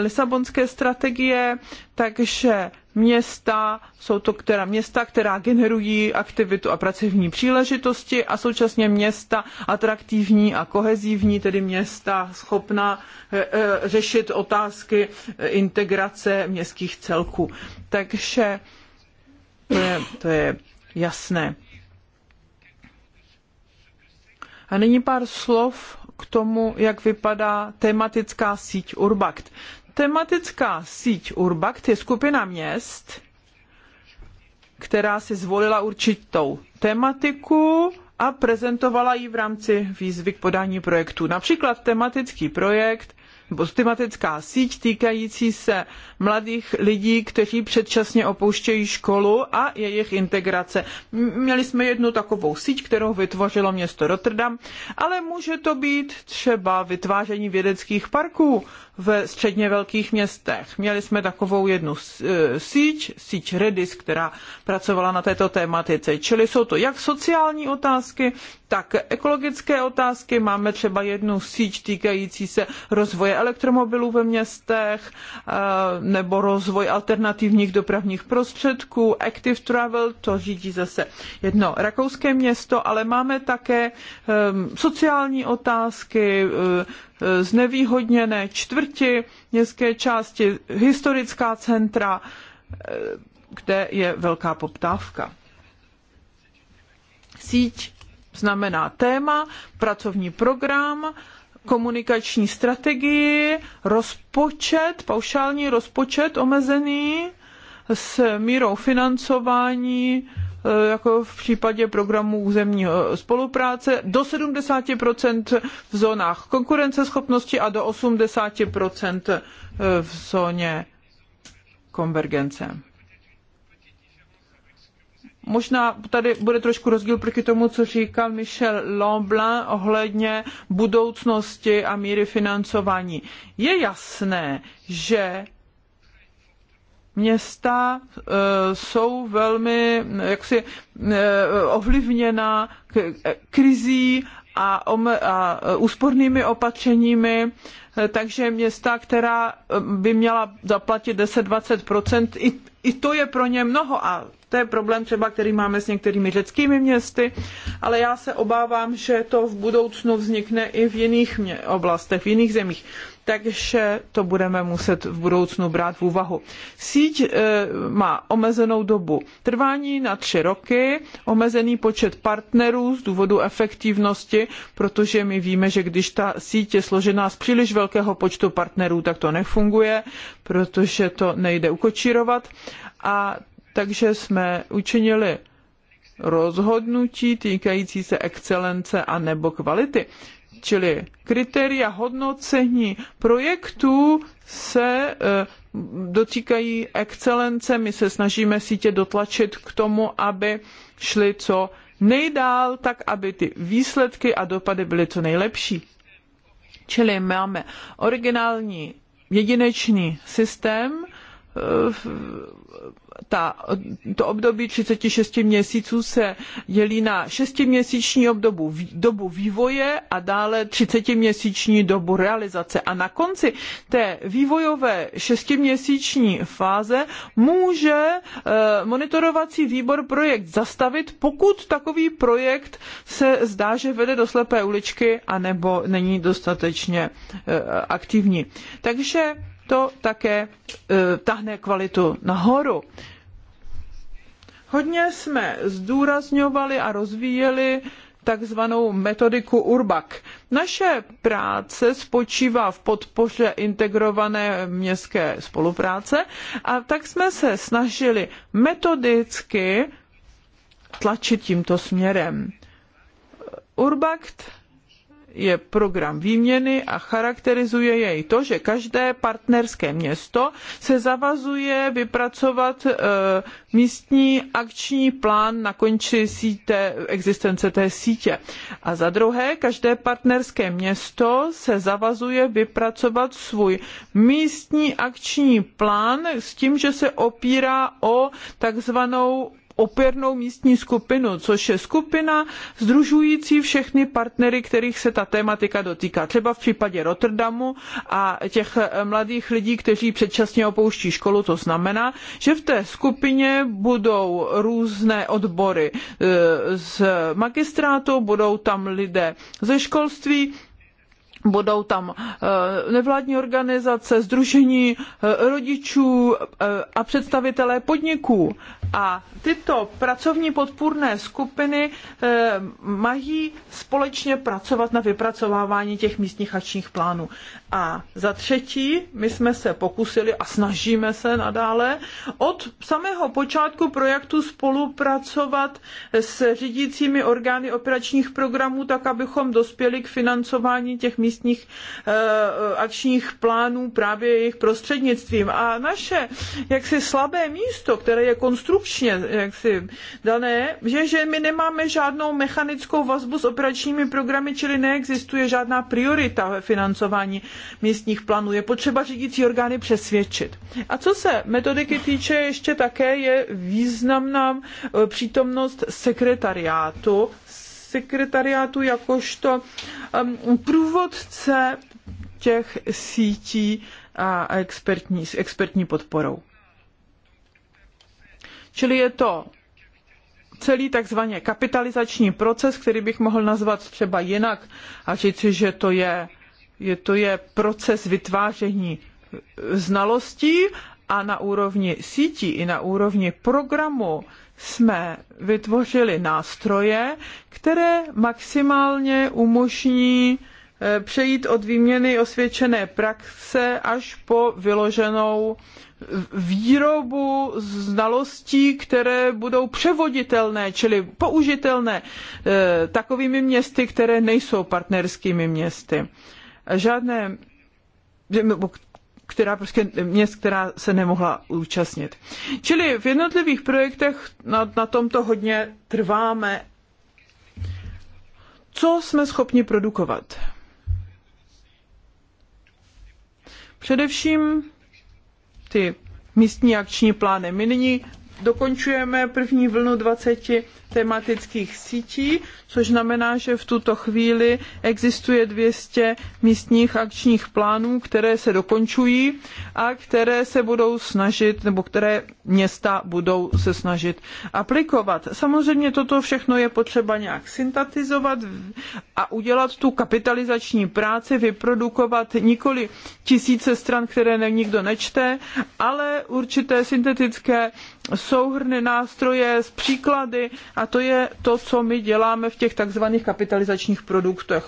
Lisabonské strategie, takže města, jsou to která města, která generují aktivitu a pracovní příležitosti a současně města atraktivní a kohezivní, tedy města schopná eh, eh, řešit otázky eh, integrace městských celků. Takže to je, to je jasné. A nyní pár slov k tomu, jak vypadá tematická síť Urbact. Tematická síť Urbact je skupina měst, která si zvolila určitou tematiku a prezentovala ji v rámci výzvy k podání projektů. Například tematický projekt tematická síť týkající se mladých lidí, kteří předčasně opouštějí školu a jejich integrace. Měli jsme jednu takovou síť, kterou vytvořilo město Rotterdam, ale může to být třeba vytváření vědeckých parků, ve středně velkých městech. Měli jsme takovou jednu eh, síť, síť Redis, která pracovala na této tématice. Čili jsou to jak sociální otázky, tak ekologické otázky. Máme třeba jednu síť týkající se rozvoje elektromobilů ve městech eh, nebo rozvoj alternativních dopravních prostředků. Active Travel, to řídí zase jedno rakouské město, ale máme také eh, sociální otázky, znevýhodněné čtvrti, městské části, historická centra, eh, kde je velká poptávka. Síť znamená téma, pracovní program, komunikační strategii, rozpočet, paušální rozpočet omezený s mírou financování Eh, jako v případě programu územní eh, spolupráce, do 70% v zónách konkurenceschopnosti a do 80% eh, v zóně konvergence. Možná tady bude trošku rozdíl proti tomu, co říkal Michel Lamblin ohledně budoucnosti a míry financování. Je jasné, že města eh, jsou velmi eh, jaksi eh, ovlivněna krizí a, a úspornými opatřeními, takže města, která by měla zaplatit 10-20%, i, i to je pro ně mnoho a to je problém třeba, který máme s některými řeckými městy, ale já se obávám, že to v budoucnu vznikne i v jiných oblastech, v jiných zemích takže to budeme muset v budoucnu brát v úvahu. Síť eh, má omezenou dobu trvání na tři roky, omezený počet partnerů z důvodu efektivnosti, protože my víme, že když ta síť je složená z příliš velkého počtu partnerů, tak to nefunguje, protože to nejde ukočírovat. A takže jsme učinili rozhodnutí týkající se excelence a nebo kvality čili kritéria hodnocení projektů se eh, dotýkají excelence. My se snažíme sítě dotlačit k tomu, aby šly co nejdál, tak aby ty výsledky a dopady byly co nejlepší. Čili máme originální jedinečný systém eh, ta, to období 36 měsíců se dělí na šestiměsíční obdobu, dobu vývoje a dále 30-měsíční dobu realizace. A na konci té vývojové šestiměsíční fáze může eh, monitorovací výbor projekt zastavit, pokud takový projekt se zdá, že vede do slepé uličky nebo není dostatečně eh, aktivní. Takže to také eh, tahne kvalitu nahoru. Hodně jsme zdůrazňovali a rozvíjeli takzvanou metodiku Urbak. Naše práce spočívá v podpoře integrované městské spolupráce a tak jsme se snažili metodicky tlačit tímto směrem. Urbakt je program výměny a charakterizuje jej to, že každé partnerské město se zavazuje vypracovat eh, místní akční plán na konci síte, existence té sítě. A za druhé, každé partnerské město se zavazuje vypracovat svůj místní akční plán s tím, že se opírá o takzvanou opěrnou místní skupinu, což je skupina združující všechny partnery, kterých se ta tématika dotýká. Třeba v případě Rotterdamu a těch eh, mladých lidí, kteří předčasně opouští školu, to znamená, že v té skupině budou různé odbory eh, z magistrátu, budou tam lidé ze školství, Budou tam eh, nevládní organizace, združení eh, rodičů eh, a představitelé podniků. A tyto pracovní podpůrné skupiny mají společně pracovat na vypracovávání těch místních akčních plánů. A za třetí, my jsme se pokusili a snažíme se nadále od samého počátku projektu spolupracovat s řídícími orgány operačních programů, tak abychom dospěli k financování těch místních místních eh, akčních plánů právě jejich prostřednictvím. A naše jaksi slabé místo, které je konstrukčně jaksi dané, je, že my nemáme žádnou mechanickou vazbu s operačními programy, čili neexistuje žádná priorita ve financování místních plánů. Je potřeba řídící orgány přesvědčit. A co se metodiky týče, ještě také je významná eh, přítomnost sekretariátu sekretariátu jakožto um, průvodce těch sítí a expertní, s expertní podporou. Čili je to celý takzvaně kapitalizační proces, který bych mohl nazvat třeba jinak a říci, že to je, je, to je proces vytváření znalostí a na úrovni sítí i na úrovni programu jsme vytvořili nástroje, které maximálně umožní eh, přejít od výměny osvědčené praxe až po vyloženou výrobu znalostí, které budou převoditelné, čili použitelné eh, takovými městy, které nejsou partnerskými městy. Žádné která prostě měst, která se nemohla účastnit. Čili v jednotlivých projektech na, na tomto hodně trváme. Co jsme schopni produkovat? Především ty místní akční plány. My nyní dokončujeme první vlnu 20 tematických sítí, což znamená, že v tuto chvíli existuje 200 místních akčních plánů, které se dokončují a které se budou snažit, nebo které města budou se snažit aplikovat. Samozřejmě toto všechno je potřeba nějak syntetizovat a udělat tu kapitalizační práci, vyprodukovat nikoli tisíce stran, které nikdo nečte, ale určité syntetické souhrny nástroje s příklady a to je to, co my děláme v těch takzvaných kapitalizačních produktech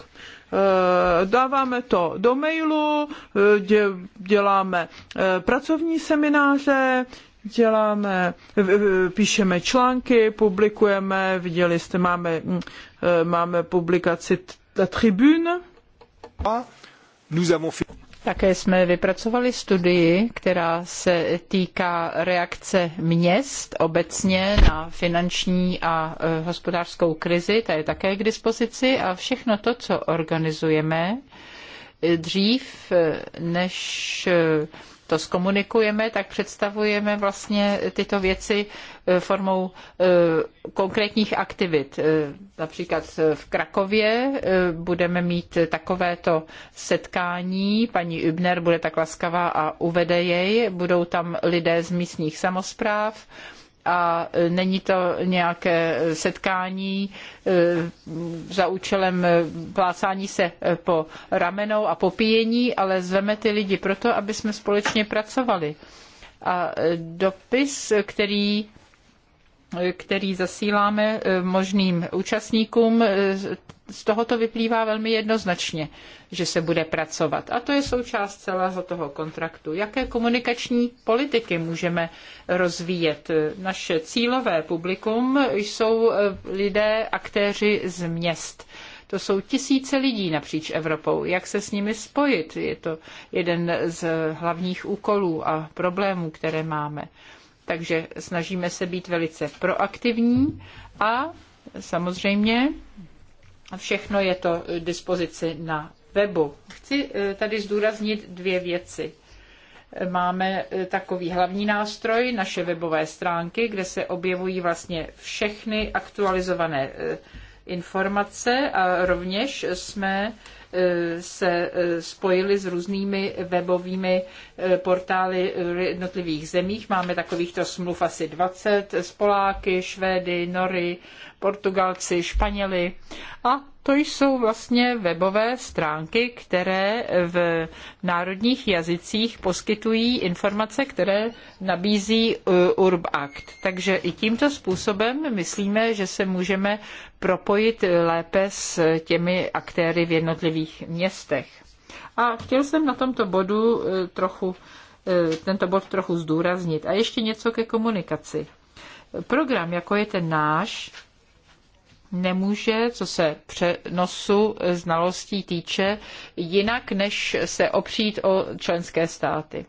eh, dáváme to do mailu, eh, děláme eh, pracovní semináře, děláme, píšeme články, publikujeme, viděli jste, máme, hm, máme publikaci na Tribune. Nous avons fait... Také jsme vypracovali studii, která se týká reakce měst obecně na finanční a e, hospodářskou krizi, ta je také k dispozici a všechno to, co organizujeme, e, dřív e, než to zkomunikujeme, tak představujeme vlastně tyto věci e, formou e, konkrétních aktivit. E, například v Krakově budeme mít takovéto setkání, paní Übner bude tak laskavá a uvede jej, budou tam lidé z místních samospráv, a není to nějaké setkání e, za účelem plácání se po ramenou a popíjení, ale zveme ty lidi proto, aby jsme společně pracovali. A dopis, který který zasíláme e, možným účastníkům e, z tohoto vyplývá velmi jednoznačně, že se bude pracovat. A to je součást celého toho kontraktu. Jaké komunikační politiky můžeme rozvíjet? Naše cílové publikum jsou eh, lidé, aktéři z měst. To jsou tisíce lidí napříč Evropou. Jak se s nimi spojit? Je to jeden z hlavních úkolů a problémů, které máme. Takže snažíme se být velice proaktivní a samozřejmě Všechno je to eh, dispozici na webu. Chci eh, tady zdůraznit dvě věci. Máme eh, takový hlavní nástroj, naše webové stránky, kde se objevují vlastně všechny aktualizované informace a rovněž jsme Eh, se eh, spojili s různými webovými eh, portály v jednotlivých zemích. Máme takovýchto smluv asi 20 s Poláky, Švédy, Nory, Portugalci, Španěli a to jsou vlastně webové stránky, které v národních jazycích poskytují informace, které nabízí e, UrbAct. Takže i tímto způsobem myslíme, že se můžeme propojit lépe s těmi aktéry v jednotlivých městech. A chtěl jsem na tomto bodu e, trochu, e, tento bod trochu zdůraznit. A ještě něco ke komunikaci. Program, jako je ten náš, nemůže, co se přenosu znalostí týče, jinak než se opřít o členské státy.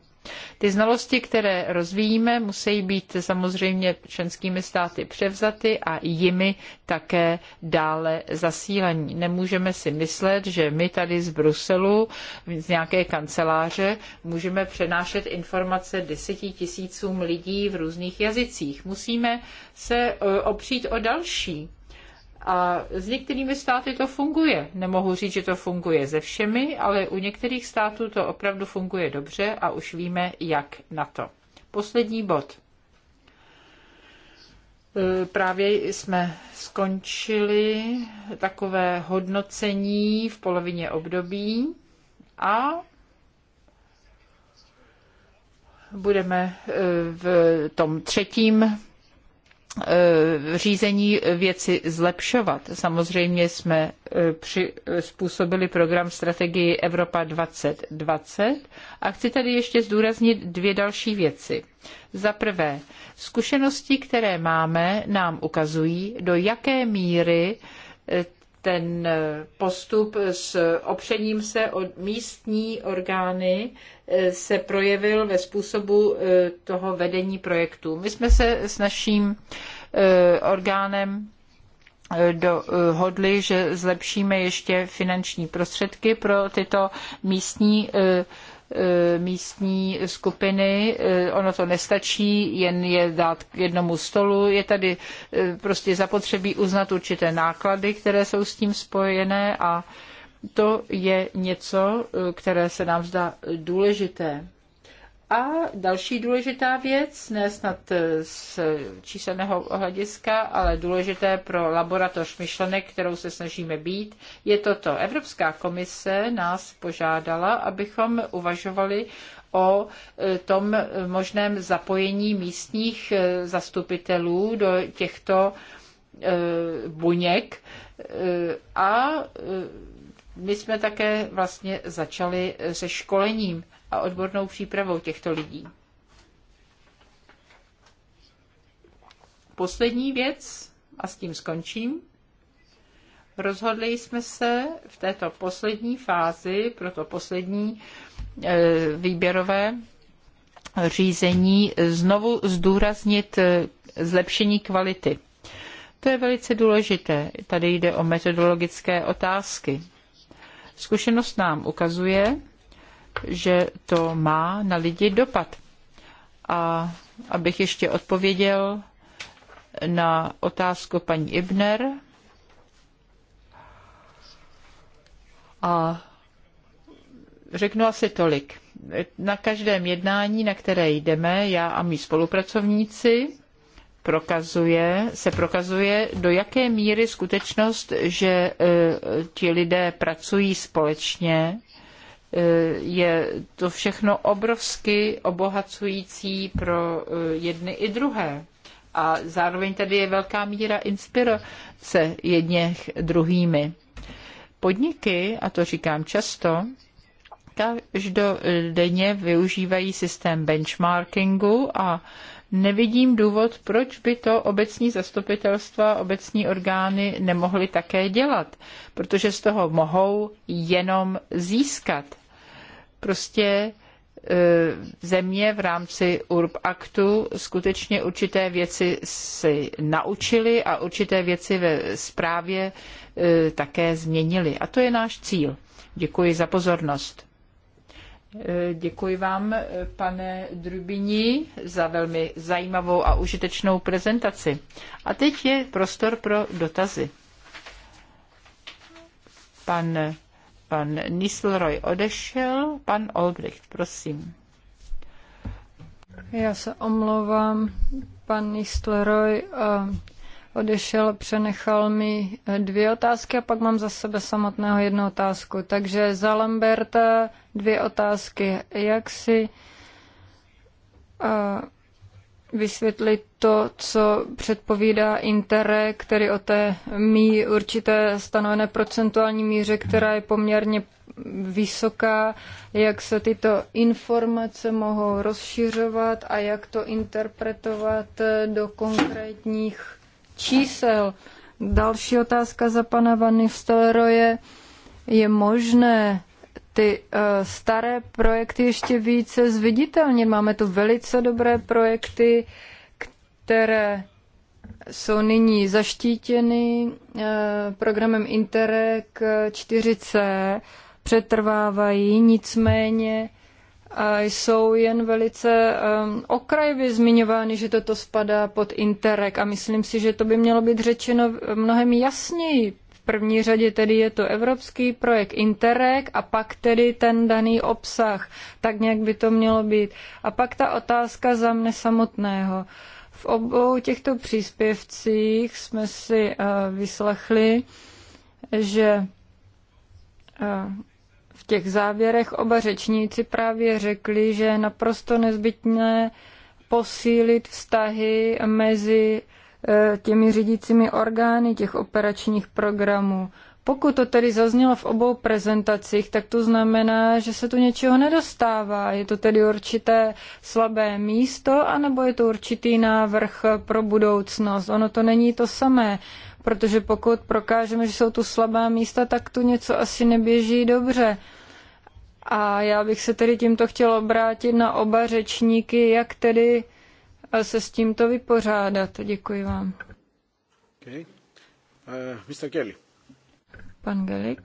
Ty znalosti, které rozvíjíme, musí být samozřejmě členskými státy převzaty a jimi také dále zasílení. Nemůžeme si myslet, že my tady z Bruselu, z nějaké kanceláře, můžeme přenášet informace deseti tisícům lidí v různých jazycích. Musíme se e, opřít o další a s některými státy to funguje. Nemohu říct, že to funguje se všemi, ale u některých států to opravdu funguje dobře a už víme, jak na to. Poslední bod. E, právě jsme skončili takové hodnocení v polovině období a budeme e, v tom třetím Eh, řízení věci zlepšovat. Samozřejmě jsme eh, způsobili program strategii Evropa 2020 a chci tady ještě zdůraznit dvě další věci. Za prvé, zkušenosti, které máme, nám ukazují, do jaké míry eh, ten postup s opřením se o místní orgány eh, se projevil ve způsobu eh, toho vedení projektu. My jsme se s naším eh, orgánem dohodli, že zlepšíme ještě finanční prostředky pro tyto místní Eh, místní skupiny. Eh, ono to nestačí, jen je dát k jednomu stolu. Je tady eh, prostě zapotřebí uznat určité náklady, které jsou s tím spojené a to je něco, které se nám zdá důležité. A další důležitá věc, ne snad eh, z číselného hlediska, ale důležité pro laboratoř myšlenek, kterou se snažíme být, je toto. Evropská komise nás požádala, abychom uvažovali o eh, tom možném zapojení místních eh, zastupitelů do těchto buněk a my jsme také vlastně začali se školením a odbornou přípravou těchto lidí. Poslední věc, a s tím skončím. Rozhodli jsme se v této poslední fázi, pro to poslední e, výběrové řízení, znovu zdůraznit e, zlepšení kvality. To je velice důležité. Tady jde o metodologické otázky. Zkušenost nám ukazuje, že to má na lidi dopad. A abych ještě odpověděl na otázku paní Ibner a řeknu asi tolik. Na každém jednání, na které jdeme, já a mý spolupracovníci, prokazuje, se prokazuje, do jaké míry skutečnost, že e, ti lidé pracují společně, Eh, je to všechno obrovsky obohacující pro eh, jedny i druhé. A zároveň tady je velká míra inspirace jedněch druhými. Podniky, a to říkám často, každodenně využívají systém benchmarkingu a nevidím důvod, proč by to obecní zastupitelstva, obecní orgány nemohly také dělat, protože z toho mohou jenom získat prostě e, země v rámci URB aktu skutečně určité věci si naučili a určité věci ve zprávě e, také změnili. A to je náš cíl. Děkuji za pozornost. E, děkuji vám, pane Drubini, za velmi zajímavou a užitečnou prezentaci. A teď je prostor pro dotazy. Pan Pan Nisleroy odešel, pan Olbricht, prosím. Já se omlouvám, pan Nisleroy eh, odešel, přenechal mi eh, dvě otázky a pak mám za sebe samotného jednu otázku. Takže za Lamberta dvě otázky. Jak si eh, vysvětlit to, co předpovídá Interreg, který o té mí určité stanovené procentuální míře, která je poměrně vysoká, jak se tyto informace mohou rozšiřovat a jak to interpretovat do konkrétních čísel. Další otázka za pana Van Nistelrooye. Je možné ty eh, staré projekty ještě více zviditelnit. Máme tu velice dobré projekty, které jsou nyní zaštítěny eh, programem Interreg 4C, přetrvávají, nicméně a eh, jsou jen velice okrajově zmiňovány, že toto spadá pod Interreg a myslím si, že to by mělo být řečeno mnohem jasněji, první řadě tedy je to evropský projekt Interreg a pak tedy ten daný obsah. Tak nějak by to mělo být. A pak ta otázka za mne samotného. V obou těchto příspěvcích jsme si eh, vyslechli, že eh, v těch závěrech oba řečníci právě řekli, že je naprosto nezbytné posílit vztahy mezi Eh, těmi řídícími orgány těch operačních programů. Pokud to tedy zaznělo v obou prezentacích, tak to znamená, že se tu něčeho nedostává. Je to tedy určité slabé místo, anebo je to určitý návrh pro budoucnost. Ono to není to samé, protože pokud prokážeme, že jsou tu slabá místa, tak tu něco asi neběží dobře. A já bych se tedy tímto chtěl obrátit na oba řečníky, jak tedy se s tímto vypořádat. Děkuji vám. Okay. Uh, Mr. Kelly. Pan Gelik.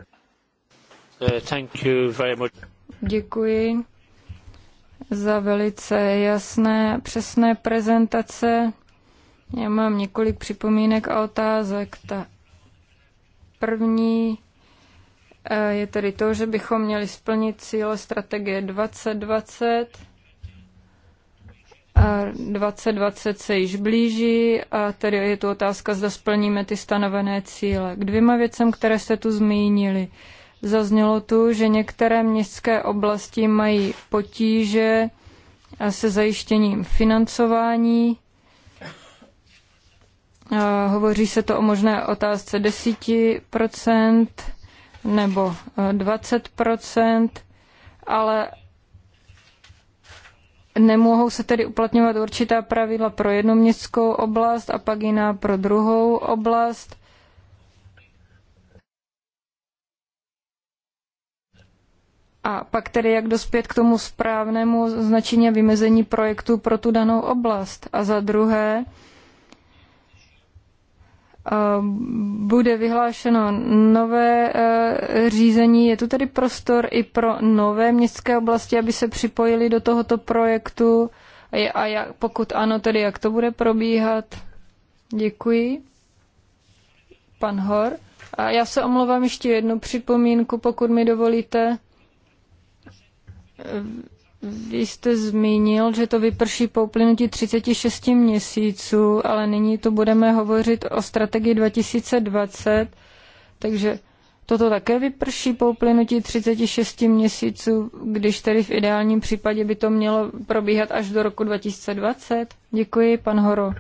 Uh, thank you very much. Děkuji za velice jasné, přesné prezentace. Já mám několik připomínek a otázek. Ta první eh, je tedy to, že bychom měli splnit cíle strategie 2020 2020 se již blíží a tady je tu otázka, zda splníme ty stanovené cíle. K dvěma věcem, které se tu zmínili. Zaznělo tu, že některé městské oblasti mají potíže se zajištěním financování. Hovoří se to o možné otázce 10% nebo 20%, ale Nemohou se tedy uplatňovat určitá pravidla pro jednu městskou oblast a pak jiná pro druhou oblast. A pak tedy jak dospět k tomu správnému značení a vymezení projektu pro tu danou oblast. A za druhé, bude vyhlášeno nové e, řízení. Je tu tedy prostor i pro nové městské oblasti, aby se připojili do tohoto projektu? A jak, pokud ano, tedy jak to bude probíhat? Děkuji. Pan Hor. A já se omlouvám ještě jednu připomínku, pokud mi dovolíte. Vy jste zmínil, že to vyprší po uplynutí 36 měsíců, ale nyní to budeme hovořit o strategii 2020, takže toto také vyprší po uplynutí 36 měsíců, když tedy v ideálním případě by to mělo probíhat až do roku 2020? Děkuji, pan Horo.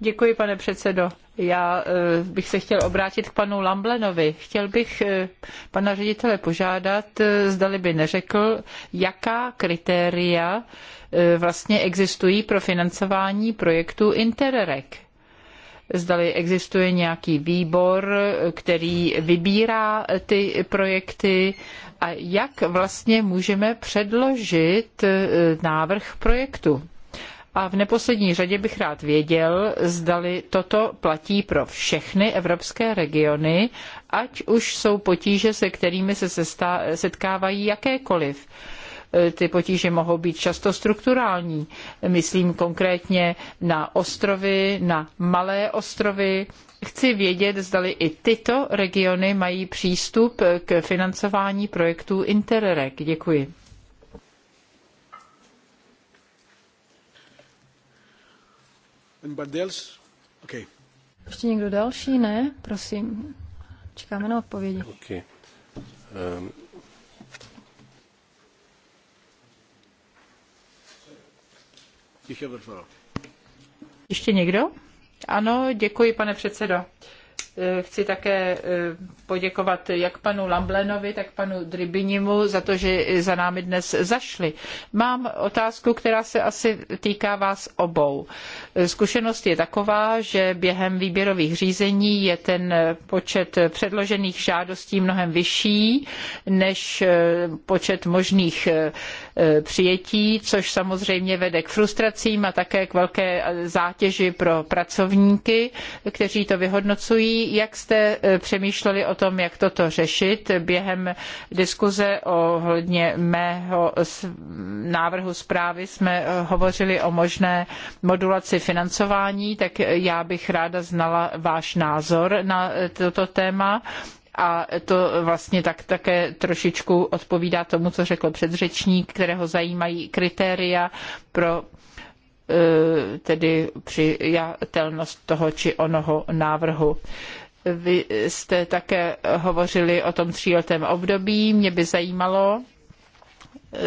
Děkuji, pane předsedo. Já eh, bych se chtěl obrátit k panu Lamblenovi. Chtěl bych eh, pana ředitele požádat, eh, zdali by neřekl, jaká kritéria vlastně existují pro financování projektu Interreg. Zdali existuje nějaký výbor, který vybírá ty projekty a jak vlastně můžeme předložit návrh projektu. A v neposlední řadě bych rád věděl, zdali toto platí pro všechny evropské regiony, ať už jsou potíže, se kterými se setkávají jakékoliv e, ty potíže mohou být často strukturální. Myslím konkrétně na ostrovy, na malé ostrovy. Chci vědět, zdali i tyto regiony mají přístup k financování projektů Interreg. Děkuji. Ještě někdo další? Ne, prosím. Čekáme na odpovědi. Okay. Um. Ještě někdo? Ano, děkuji, pane předsedo. Eh, chci také eh, poděkovat jak panu Lamblenovi, tak panu Dribinimu za to, že za námi dnes zašli. Mám otázku, která se asi týká vás obou. Zkušenost je taková, že během výběrových řízení je ten počet předložených žádostí mnohem vyšší než počet možných eh, přijetí, což samozřejmě vede k frustracím a také k velké zátěži pro pracovníky, kteří to vyhodnocují. Jak jste eh, přemýšleli o o tom, jak toto řešit během diskuze ohledně mého návrhu zprávy jsme hovořili o možné modulaci financování, tak já bych ráda znala váš názor na toto téma a to vlastně tak také trošičku odpovídá tomu, co řekl předřečník, kterého zajímají kritéria pro e, tedy přijatelnost toho či onoho návrhu. Vy jste také hovořili o tom tříletém období. Mě by zajímalo,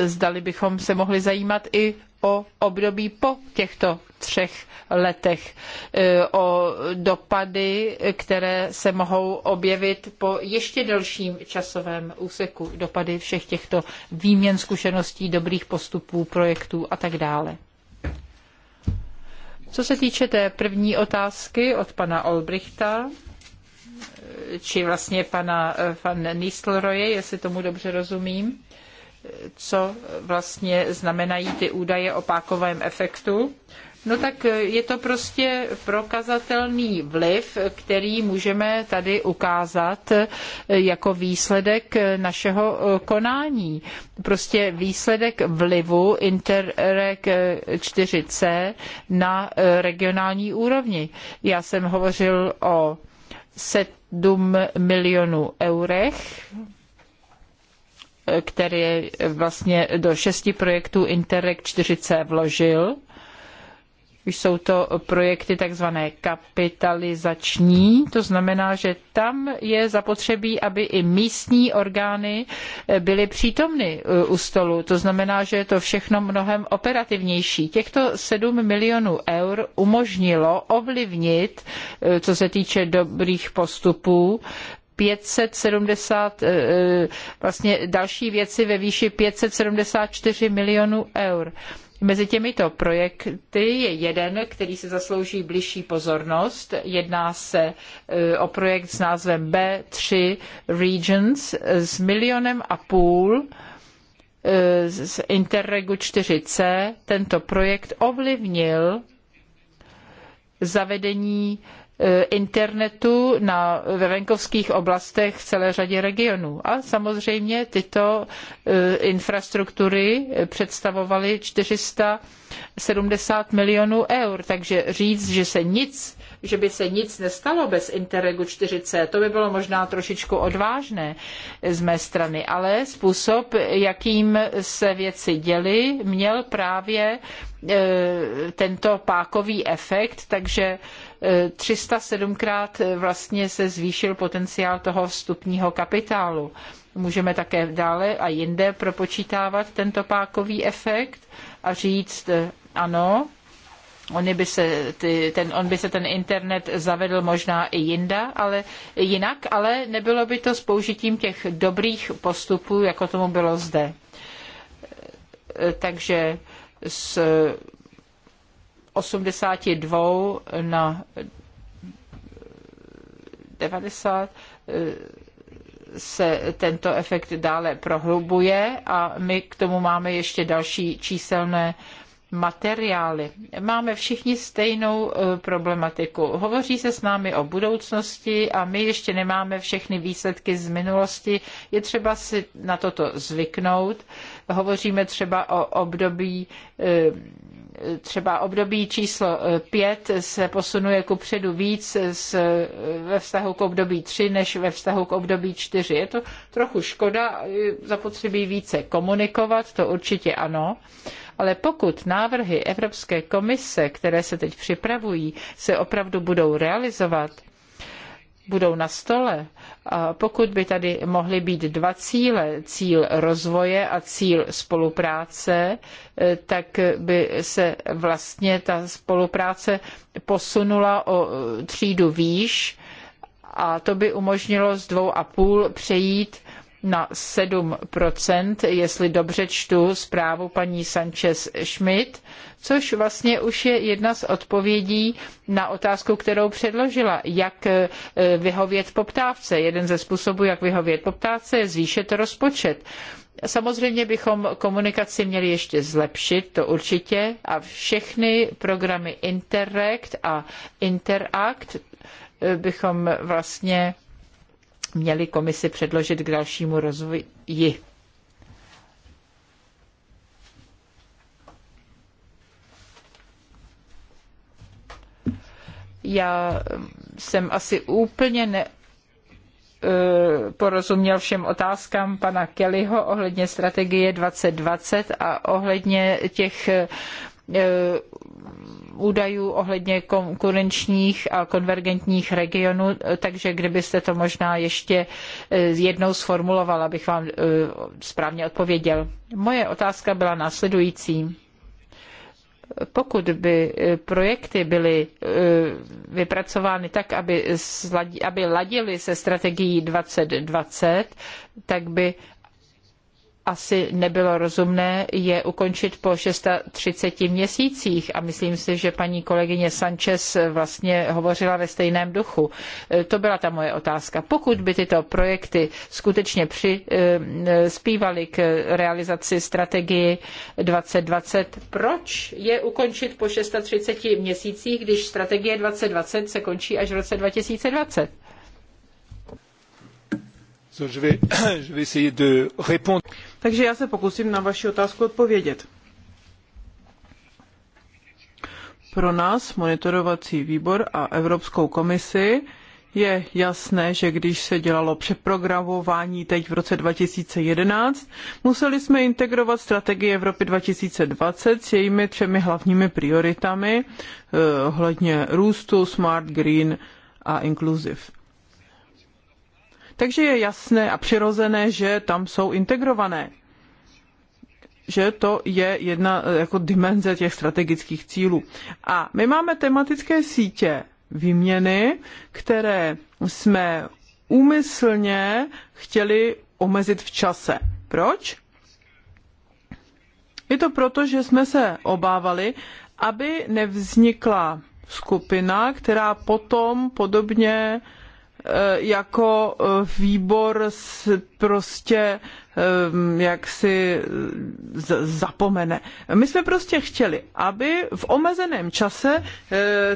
zdali bychom se mohli zajímat i o období po těchto třech letech, e, o dopady, které se mohou objevit po ještě delším časovém úseku, dopady všech těchto výměn zkušeností, dobrých postupů, projektů a tak dále. Co se týče té první otázky od pana Olbrichta, či vlastně pana eh, van Nistelroje, jestli tomu dobře rozumím, co vlastně znamenají ty údaje o pákovém efektu. No tak eh, je to prostě prokazatelný vliv, který můžeme tady ukázat eh, jako výsledek našeho konání. Prostě výsledek vlivu Interreg 4C na regionální úrovni. Já jsem hovořil o 7 milionů eurech, které vlastně do šesti projektů Interreg 4C vložil jsou to projekty takzvané kapitalizační, to znamená, že tam je zapotřebí, aby i místní orgány eh, byly přítomny eh, u stolu. To znamená, že je to všechno mnohem operativnější. Těchto 7 milionů eur umožnilo ovlivnit, eh, co se týče dobrých postupů, 570, vlastně další věci ve výši 574 milionů eur. Mezi těmito projekty je jeden, který se zaslouží bližší pozornost. Jedná se e, o projekt s názvem B3 Regions s milionem a půl e, z Interregu 4C. Tento projekt ovlivnil zavedení E, internetu na, ve venkovských oblastech v celé řadě regionů. A samozřejmě tyto e, infrastruktury představovaly 470 milionů eur, takže říct, že se nic že by se nic nestalo bez Interregu 4C, to by bylo možná trošičku odvážné z mé strany, ale způsob, jakým se věci děly, měl právě e, tento pákový efekt, takže 307krát e, vlastně se zvýšil potenciál toho vstupního kapitálu. Můžeme také dále a jinde propočítávat tento pákový efekt a říct, e, ano, by se ty, ten, on by se ten internet zavedl možná i jinda, ale jinak, ale nebylo by to s použitím těch dobrých postupů, jako tomu bylo zde. Takže z 82 na 90 eh, se tento efekt dále prohlubuje a my k tomu máme ještě další číselné materiály. Máme všichni stejnou e, problematiku. Hovoří se s námi o budoucnosti a my ještě nemáme všechny výsledky z minulosti. Je třeba si na toto zvyknout. Hovoříme třeba o období e, třeba období číslo 5 e, se posunuje ku předu víc s, e, ve vztahu k období 3 než ve vztahu k období 4. Je to trochu škoda, e, zapotřebí více komunikovat, to určitě ano. Ale pokud návrhy Evropské komise, které se teď připravují, se opravdu budou realizovat, budou na stole, a pokud by tady mohly být dva cíle, cíl rozvoje a cíl spolupráce, eh, tak by se vlastně ta spolupráce posunula o eh, třídu výš a to by umožnilo z dvou a půl přejít na 7%, jestli dobře čtu zprávu paní Sanchez Schmidt, což vlastně už je jedna z odpovědí na otázku, kterou předložila, jak eh, vyhovět poptávce. Jeden ze způsobů, jak vyhovět poptávce, je zvýšit rozpočet. Samozřejmě bychom komunikaci měli ještě zlepšit, to určitě, a všechny programy Interact a Interact eh, bychom vlastně měli komisi předložit k dalšímu rozvoji. Já jsem asi úplně ne, eh, porozuměl všem otázkám pana Kellyho ohledně strategie 2020 a ohledně těch E, údajů ohledně konkurenčních a konvergentních regionů, takže kdybyste to možná ještě e, jednou sformuloval, abych vám e, správně odpověděl. Moje otázka byla následující pokud by projekty byly vypracovány tak, aby, sladí, aby ladily se strategií 2020, tak by asi nebylo rozumné je ukončit po 630 měsících a myslím si, že paní kolegyně Sanchez vlastně hovořila ve stejném duchu. E, to byla ta moje otázka. Pokud by tyto projekty skutečně přispívaly e, k realizaci strategii 2020, proč je ukončit po 630 měsících, když strategie 2020 se končí až v roce 2020? So, je vais, je vais takže já se pokusím na vaši otázku odpovědět. Pro nás, monitorovací výbor a Evropskou komisi, je jasné, že když se dělalo přeprogramování teď v roce 2011, museli jsme integrovat strategii Evropy 2020 s jejími třemi hlavními prioritami eh, ohledně růstu, smart, green a inclusive. Takže je jasné a přirozené, že tam jsou integrované že to je jedna eh, jako dimenze těch strategických cílů. A my máme tematické sítě výměny, které jsme úmyslně chtěli omezit v čase. Proč? Je to proto, že jsme se obávali, aby nevznikla skupina, která potom podobně Eh, jako eh, výbor prostě eh, jak si zapomene. My jsme prostě chtěli, aby v omezeném čase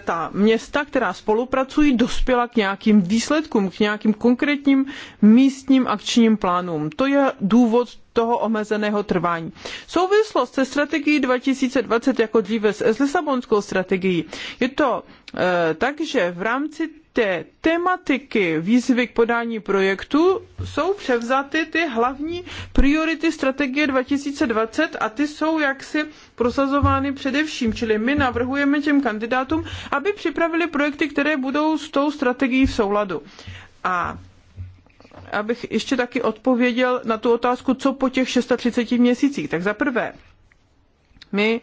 ta města, která spolupracují, dospěla k nějakým výsledkům, k nějakým konkrétním místním akčním plánům. To je důvod toho omezeného trvání. Souvislost se strategií 2020 jako dříve s Lisabonskou strategií je to e, tak, že v rámci té tematiky výzvy k podání projektu jsou převzaty ty hlavní priority strategie 2020 a ty jsou jaksi prosazovány především. Čili my navrhujeme těm kandidátům, aby připravili projekty, které budou s tou strategií v souladu. A abych ještě taky odpověděl na tu otázku, co po těch 630 měsících. Tak za prvé, my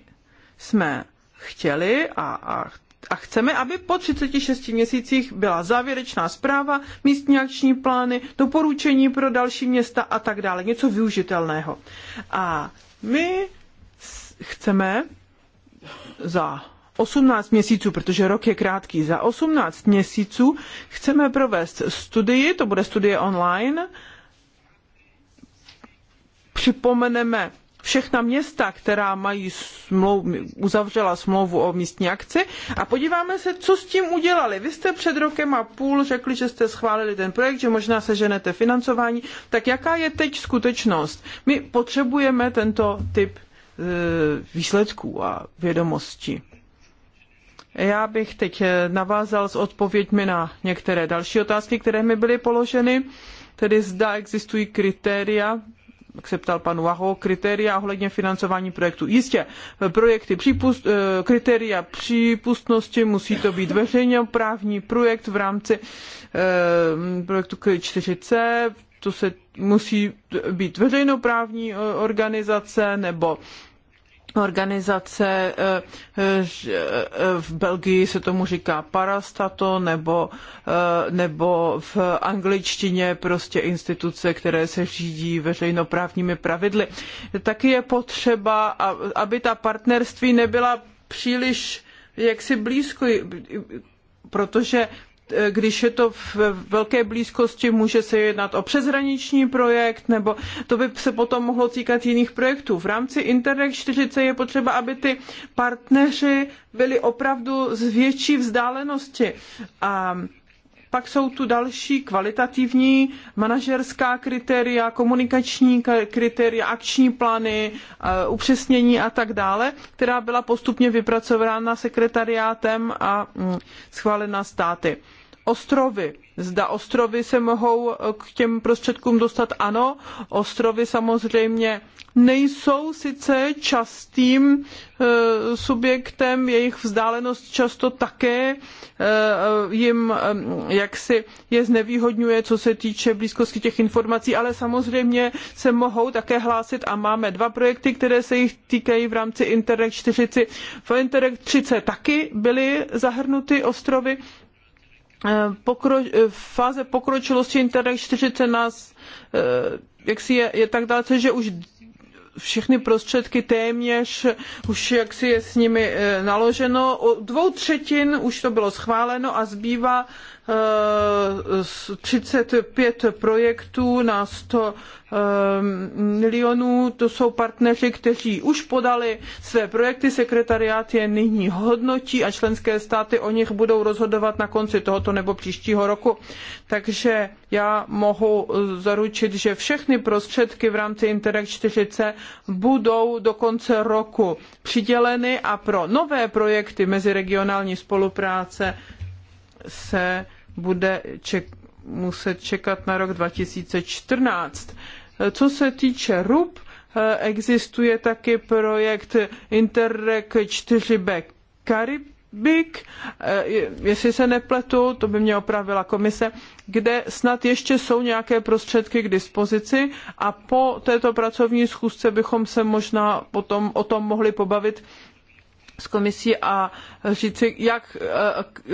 jsme chtěli a, a a chceme, aby po 36 měsících byla závěrečná zpráva, místní akční plány, doporučení pro další města a tak dále, něco využitelného. A my chceme za 18 měsíců, protože rok je krátký. Za 18 měsíců chceme provést studii, to bude studie online. Připomeneme všechna města, která mají smlouv, uzavřela smlouvu o místní akci a podíváme se, co s tím udělali. Vy jste před rokem a půl řekli, že jste schválili ten projekt, že možná se ženete financování, tak jaká je teď skutečnost? My potřebujeme tento typ e, výsledků a vědomostí. Já bych teď eh, navázal s odpověďmi na některé další otázky, které mi byly položeny. Tedy zda existují kritéria jak se ptal pan Waho, kritéria ohledně financování projektu. Jistě, projekty přípust, eh, kritéria přípustnosti musí to být veřejně právní projekt v rámci eh, projektu 4C, to se musí být veřejnoprávní organizace nebo organizace eh, eh, eh, v Belgii se tomu říká parastato nebo, nebo v angličtině prostě instituce, které se řídí veřejnoprávními pravidly. Taky je potřeba, aby ta partnerství nebyla příliš jaksi blízko, protože Eh, když je to v velké blízkosti, může se jednat o přeshraniční projekt, nebo to by se potom mohlo týkat jiných projektů. V rámci Interreg 40 je potřeba, aby ty partneři byli opravdu z větší vzdálenosti. A pak jsou tu další kvalitativní manažerská kritéria, komunikační kritéria, akční plány, eh, upřesnění a tak dále, která byla postupně vypracována sekretariátem a mm, schválena státy ostrovy. Zda ostrovy se mohou eh, k těm prostředkům dostat? Ano, ostrovy samozřejmě nejsou sice častým eh, subjektem, jejich vzdálenost často také eh, jim jaksi je znevýhodňuje, co se týče blízkosti těch informací, ale samozřejmě se mohou také hlásit a máme dva projekty, které se jich týkají v rámci Interreg 40. V Interreg 30 taky byly zahrnuty ostrovy, Eh, pokro, eh, fáze pokročilosti Internet 40 nás eh, jak si je, je tak dalece, že už všechny prostředky téměř už jak si je s nimi naloženo. O dvou třetin už to bylo schváleno a zbývá 35 eh, projektů na 100 eh, milionů. To jsou partneři, kteří už podali své projekty, sekretariát je nyní hodnotí a členské státy o nich budou rozhodovat na konci tohoto nebo příštího roku. Takže já mohu eh, zaručit, že všechny prostředky v rámci Interreg 4C budou do konce roku přiděleny a pro nové projekty meziregionální spolupráce se bude ček, muset čekat na rok 2014. Co se týče RUP, existuje taky projekt Interreg 4B Karibik, eh, jestli se nepletu, to by mě opravila komise, kde snad ještě jsou nějaké prostředky k dispozici a po této pracovní schůzce bychom se možná potom o tom mohli pobavit, s komisí a říci, jak eh,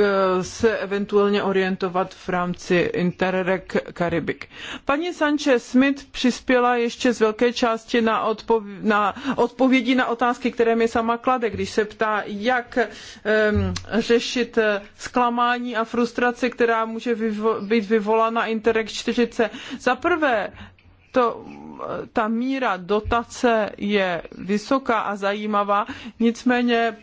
eh, se eventuálně orientovat v rámci Interreg Karibik. Paní Sanchez Smith přispěla ještě z velké části na, odpov- na odpovědi na otázky, které mi sama klade, když se ptá, jak um, řešit eh, zklamání a frustraci, která může vyvo- být vyvolána Interreg 4. Za prvé, to, ta míra dotace je vysoká a zajímavá, nicméně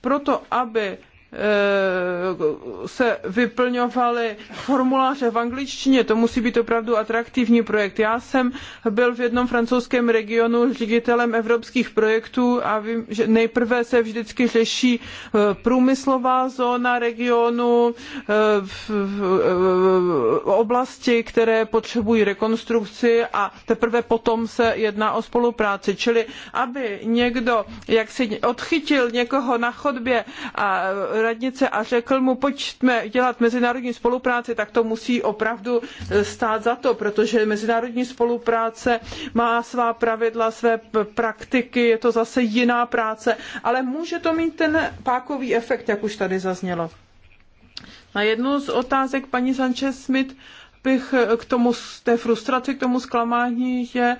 proto, aby Eh, se vyplňovaly formuláře v angličtině. To musí být opravdu atraktivní projekt. Já jsem byl v jednom francouzském regionu ředitelem evropských projektů a vím, že nejprve se vždycky řeší eh, průmyslová zóna regionu, eh, v oblasti, které potřebují rekonstrukci a teprve potom se jedná o spolupráci. Čili aby někdo, jak si odchytil někoho na chodbě a radnice a řekl mu, pojďme dělat mezinárodní spolupráci, tak to musí opravdu e, stát za to, protože mezinárodní spolupráce má svá pravidla, své praktiky, je to zase jiná práce, ale může to mít ten pákový efekt, jak už tady zaznělo. Na jednu z otázek paní Sanchez Smith bych e, k tomu, té frustraci, k tomu zklamání, že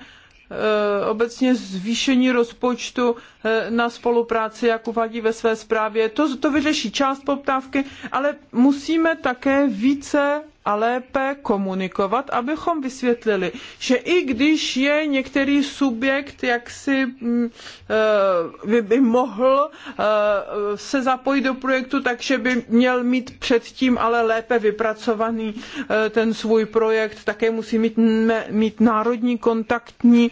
Eh, obecně zvýšení rozpočtu eh, na spolupráci, jak uvádí ve své zprávě. To, to vyřeší část poptávky, ale musíme také více a lépe komunikovat, abychom vysvětlili, že i když je některý subjekt jaksi mm, eh, by, by mohl eh, se zapojit do projektu, takže by měl mít předtím ale lépe vypracovaný eh, ten svůj projekt, také musí mít, mít národní kontaktní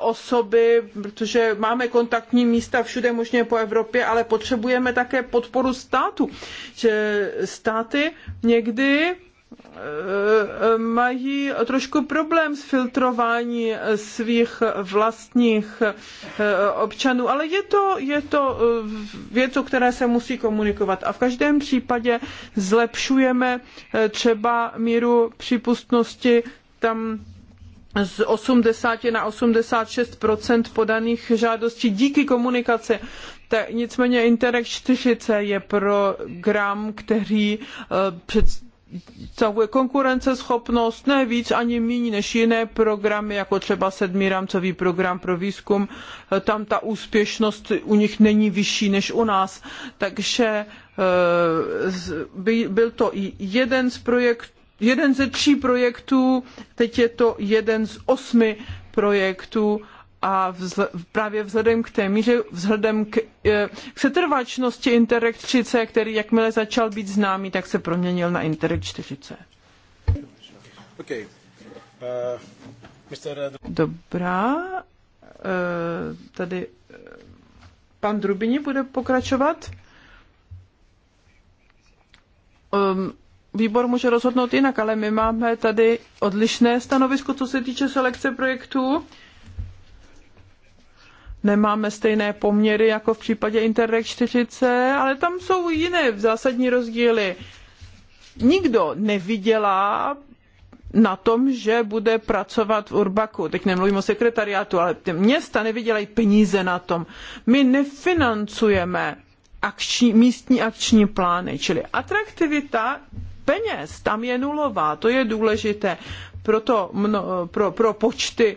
osoby, protože máme kontaktní místa všude možně po Evropě, ale potřebujeme také podporu státu. Že státy někdy mají trošku problém s filtrováním svých vlastních eh, občanů, ale je to, je to eh, věc, o které se musí komunikovat. A v každém případě zlepšujeme eh, třeba míru přípustnosti tam z 80 na 86 podaných žádostí díky komunikaci. Te, nicméně Interreg 4 je program, který před celou konkurenceschopnost, ne víc ani méně než jiné programy, jako třeba sedmý rámcový program pro výzkum. Tam ta úspěšnost u nich není vyšší než u nás. Takže eh, byl to jeden z projektů, jeden ze tří projektů, teď je to jeden z osmi projektů a právě vzhledem k té míře, vzhledem k, e, k setrvačnosti Interreg 3C, který jakmile začal být známý, tak se proměnil na Interreg 4C. Okay. Uh, Mr. Dobrá. E, tady e, pan Drubini bude pokračovat. Um, výbor může rozhodnout jinak, ale my máme tady odlišné stanovisko, co se týče selekce projektů nemáme stejné poměry jako v případě Interreg 4C, ale tam jsou jiné zásadní rozdíly. Nikdo nevydělá na tom, že bude pracovat v Urbaku. Teď nemluvím o sekretariátu, ale ty města nevydělají peníze na tom. My nefinancujeme akční, místní akční plány, čili atraktivita peněz tam je nulová, to je důležité proto mno, pro, pro počty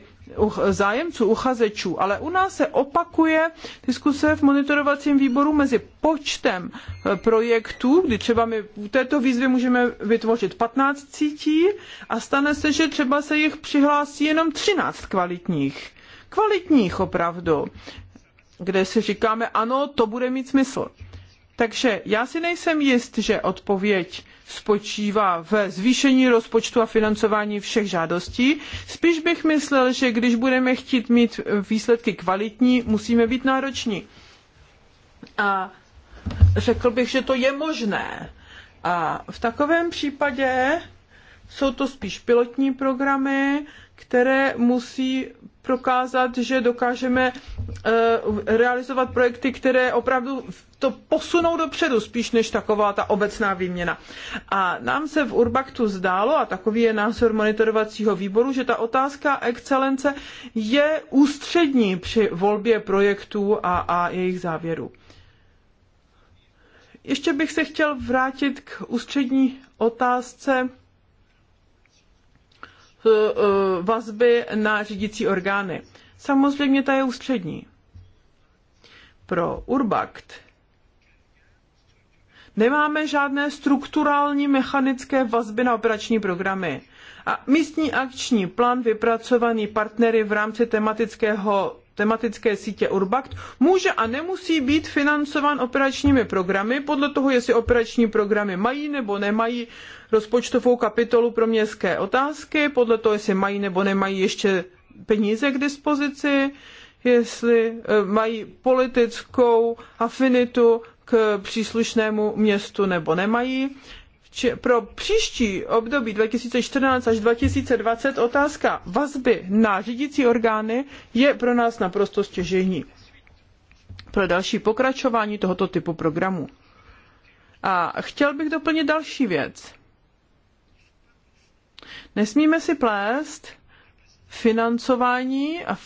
zájemců, uchazečů, ale u nás se opakuje diskuse v monitorovacím výboru mezi počtem eh, projektů, kdy třeba my u této výzvy můžeme vytvořit 15 sítí a stane se, že třeba se jich přihlásí jenom 13 kvalitních. Kvalitních opravdu, kde si říkáme, ano, to bude mít smysl. Takže já si nejsem jist, že odpověď spočívá ve zvýšení rozpočtu a financování všech žádostí. Spíš bych myslel, že když budeme chtít mít výsledky kvalitní, musíme být nároční. A řekl bych, že to je možné. A v takovém případě jsou to spíš pilotní programy, které musí prokázat, že dokážeme eh, realizovat projekty, které opravdu to posunou dopředu, spíš než taková ta obecná výměna. A nám se v Urbaktu zdálo, a takový je názor monitorovacího výboru, že ta otázka excelence je ústřední při volbě projektů a, a jejich závěrů. Ještě bych se chtěl vrátit k ústřední otázce eh, eh, vazby na řídící orgány. Samozřejmě ta je ústřední. Pro Urbakt Nemáme žádné strukturální mechanické vazby na operační programy. A místní akční plán vypracovaný partnery v rámci tematického tematické sítě Urbact může a nemusí být financován operačními programy podle toho, jestli operační programy mají nebo nemají rozpočtovou kapitolu pro městské otázky, podle toho, jestli mají nebo nemají ještě peníze k dispozici, jestli eh, mají politickou afinitu k příslušnému městu nebo nemají. Či pro příští období 2014 až 2020 otázka vazby na řídící orgány je pro nás naprosto stěžejní pro další pokračování tohoto typu programu. A chtěl bych doplnit další věc. Nesmíme si plést financování a,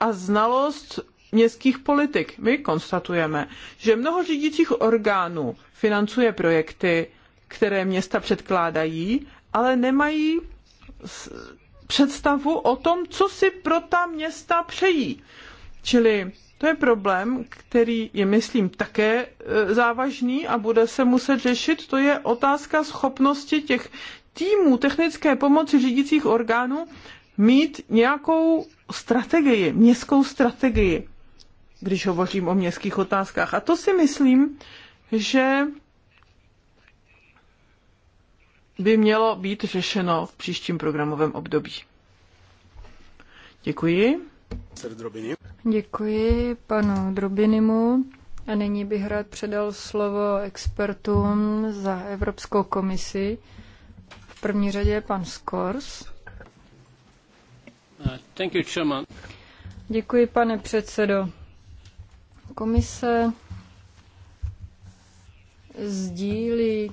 a znalost městských politik. My konstatujeme, že mnoho řídících orgánů financuje projekty, které města předkládají, ale nemají představu o tom, co si pro ta města přejí. Čili to je problém, který je, myslím, také e, závažný a bude se muset řešit. To je otázka schopnosti těch týmů technické pomoci řídících orgánů mít nějakou strategii, městskou strategii když hovořím o městských otázkách. A to si myslím, že by mělo být řešeno v příštím programovém období. Děkuji. Děkuji panu Drobinimu. A nyní bych rád předal slovo expertům za Evropskou komisi. V první řadě pan Skors. Uh, thank you, Chairman. Děkuji, pane předsedo. Komise sdílí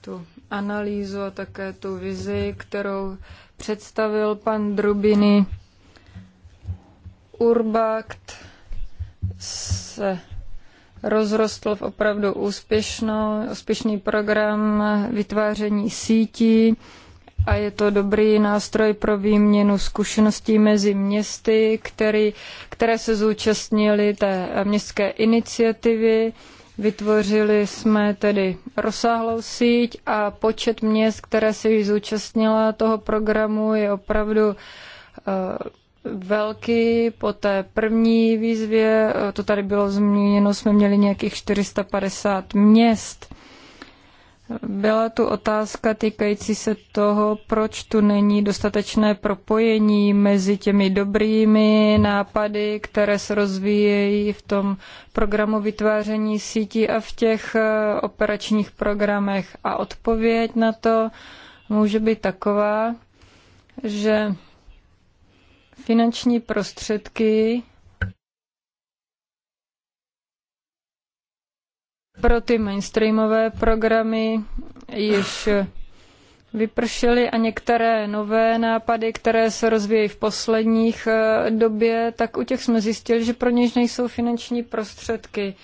tu analýzu a také tu vizi, kterou představil pan Drubiny. Urbakt se rozrostl v opravdu úspěšnou, úspěšný program vytváření sítí a je to dobrý nástroj pro výměnu zkušeností mezi městy, který, které se zúčastnily té městské iniciativy. Vytvořili jsme tedy rozsáhlou síť a počet měst, které se již zúčastnila toho programu, je opravdu eh, velký. Po té první výzvě, eh, to tady bylo zmíněno, jsme měli nějakých 450 měst. Byla tu otázka týkající se toho, proč tu není dostatečné propojení mezi těmi dobrými nápady, které se rozvíjejí v tom programu vytváření sítí a v těch eh, operačních programech. A odpověď na to může být taková, že finanční prostředky pro ty mainstreamové programy již vypršely a některé nové nápady, které se rozvíjejí v posledních eh, době, tak u těch jsme zjistili, že pro něž nejsou finanční prostředky.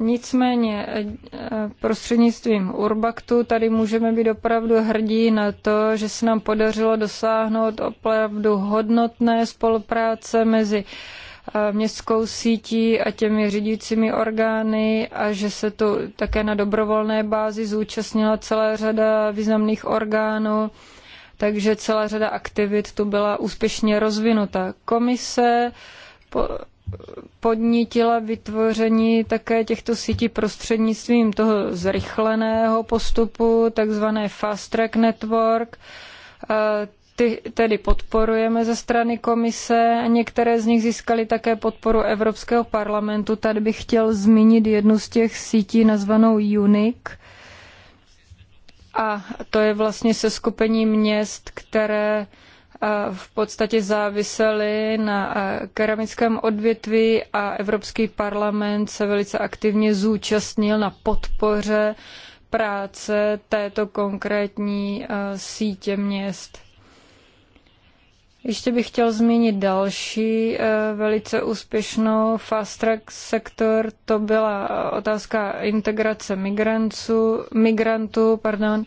Nicméně eh, eh, prostřednictvím Urbaktu tady můžeme být opravdu hrdí na to, že se nám podařilo dosáhnout opravdu hodnotné spolupráce mezi uh, Eh, městskou sítí a těmi řídícími orgány a že se to také na dobrovolné bázi zúčastnila celá řada významných orgánů, takže celá řada aktivit tu byla úspěšně rozvinuta. Komise po podnítila vytvoření také těchto sítí prostřednictvím toho zrychleného postupu, takzvané fast track network, eh, ty tedy podporujeme ze strany komise, některé z nich získaly také podporu Evropského parlamentu. Tady bych chtěl zmínit jednu z těch sítí nazvanou UNIC. A to je vlastně seskupení měst, které eh, v podstatě závisely na eh, keramickém odvětví a Evropský parlament se velice aktivně zúčastnil na podpoře práce této konkrétní eh, sítě měst. Ještě bych chtěl zmínit další eh, velice úspěšnou fast track sektor. To byla eh, otázka integrace migrantů, migrantů pardon,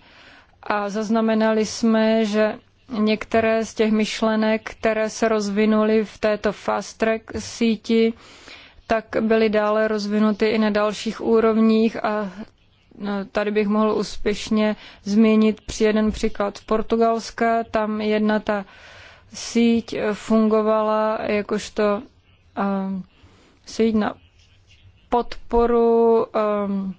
a zaznamenali jsme, že některé z těch myšlenek, které se rozvinuly v této fast track síti, tak byly dále rozvinuty i na dalších úrovních a no, tady bych mohl úspěšně zmínit při jeden příklad Portugalska. Tam jedna ta síť fungovala jakožto um, síť na podporu um,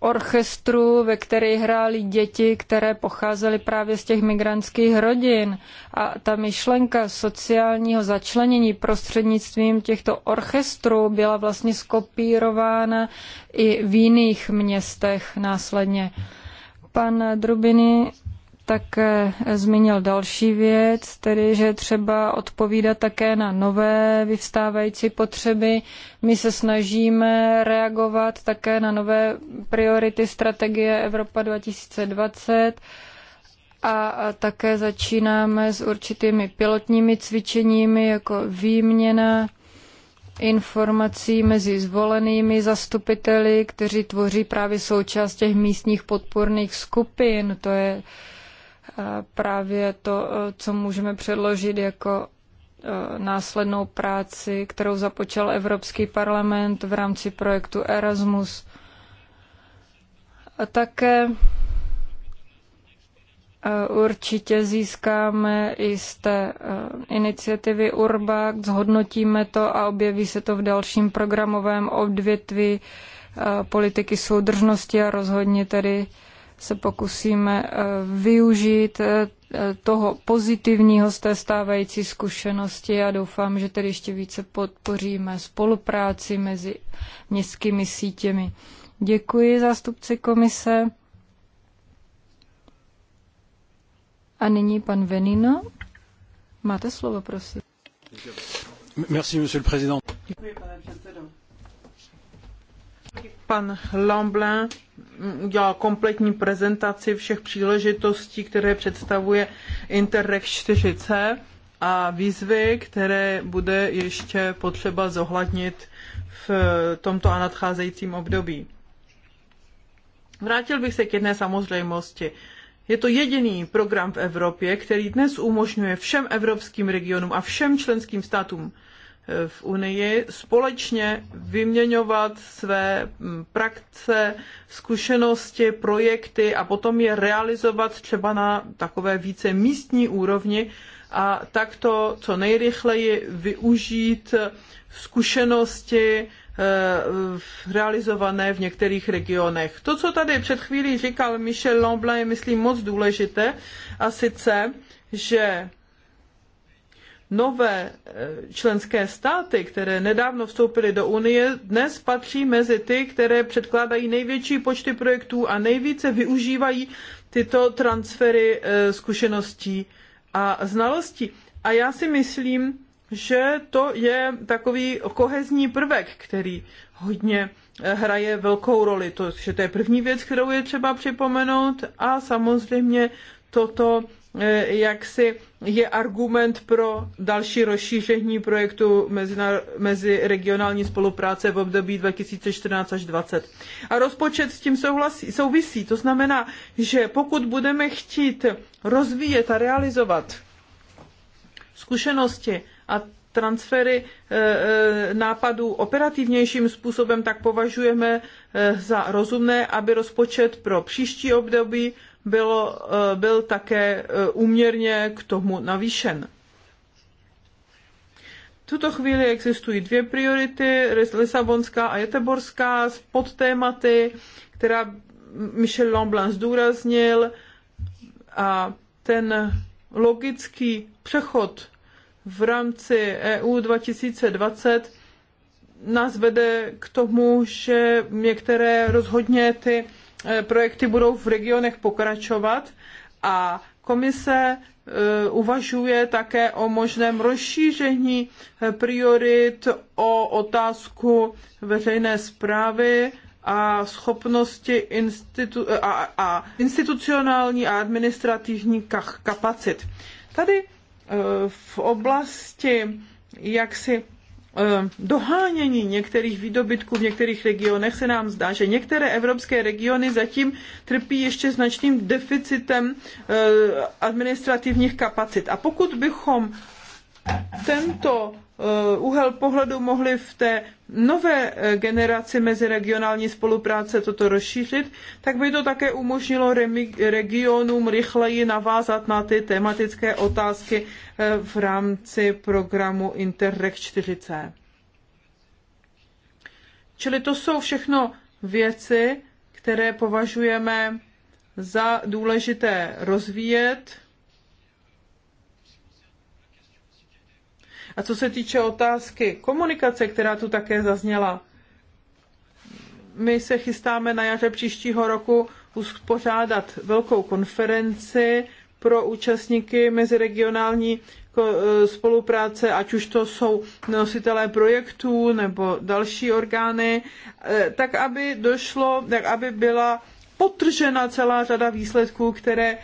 orchestru, ve které hráli děti, které pocházely právě z těch migrantských rodin. A ta myšlenka sociálního začlenění prostřednictvím těchto orchestrů byla vlastně skopírována i v jiných městech následně. Pan Drubiny také eh, zmínil další věc, tedy že třeba odpovídat také na nové vyvstávající potřeby. My se snažíme reagovat také na nové priority strategie Evropa 2020 a také začínáme s určitými pilotními cvičeními jako výměna informací mezi zvolenými zastupiteli, kteří tvoří právě součást těch místních podporných skupin. To je uh, právě to, e, co můžeme předložit jako e, následnou práci, kterou započal Evropský parlament v rámci projektu Erasmus. A také e, určitě získáme i z té iniciativy Urbakt, zhodnotíme to a objeví se to v dalším programovém odvětví politiky soudržnosti a rozhodně tedy se pokusíme eh, využít eh, toho pozitivního z té stávající zkušenosti a doufám, že tedy ještě více podpoříme spolupráci mezi městskými sítěmi. Děkuji zástupci komise. A nyní pan Venino. Máte slovo, prosím. Merci, monsieur le président. Děkuji, pane předsedo. Pan Lamblin udělal kompletní prezentaci všech příležitostí, které představuje Interreg 4C a výzvy, které bude ještě potřeba zohlednit v tomto a nadcházejícím období. Vrátil bych se k jedné samozřejmosti. Je to jediný program v Evropě, který dnes umožňuje všem evropským regionům a všem členským státům v Unii společně vyměňovat své mm, praxe, zkušenosti, projekty a potom je realizovat třeba na takové více místní úrovni a takto co nejrychleji využít zkušenosti eh, realizované v některých regionech. To, co tady před chvílí říkal Michel Lamblin, je myslím moc důležité a sice, že nové eh, členské státy, které nedávno vstoupily do Unie, dnes patří mezi ty, které předkládají největší počty projektů a nejvíce využívají tyto transfery eh, zkušeností a znalostí. A já si myslím, že to je takový kohezní prvek, který hodně eh, hraje velkou roli. To, že to je první věc, kterou je třeba připomenout a samozřejmě toto Eh, jaksi je argument pro další rozšíření projektu mezina, mezi regionální spolupráce v období 2014 až 2020. A rozpočet s tím souhlasí, souvisí. To znamená, že pokud budeme chtít rozvíjet a realizovat zkušenosti a transfery eh, eh, nápadů operativnějším způsobem, tak považujeme za rozumné, aby rozpočet pro příští období bylo, eh, byl také eh, úměrně k tomu navýšen. V tuto chvíli existují dvě priority, Lisabonská a Jeteborská, s podtématy, která Michel Lamblin zdůraznil a ten logický přechod v rámci EU 2020 nás vede k tomu, že některé rozhodně ty Eh, projekty budou v regionech pokračovat a komise eh, uvažuje také o možném rozšíření eh, priorit o otázku veřejné zprávy a schopnosti institu- a, a institucionální a administrativní kapacit. Tady v oblasti jaksi Eh, dohánění některých výdobytků v některých regionech se nám zdá, že některé evropské regiony zatím trpí ještě značným deficitem eh, administrativních kapacit. A pokud bychom tento eh, úhel pohledu mohli v té nové eh, generaci meziregionální spolupráce toto rozšířit, tak by to také umožnilo regionům rychleji navázat na ty tematické otázky eh, v rámci programu Interreg 4C. Čili to jsou všechno věci, které považujeme za důležité rozvíjet A co se týče otázky komunikace, která tu také zazněla, my se chystáme na jaře příštího roku uspořádat velkou konferenci pro účastníky meziregionální spolupráce, ať už to jsou nositelé projektů nebo další orgány, eh, tak aby došlo, tak aby byla potržena celá řada výsledků, které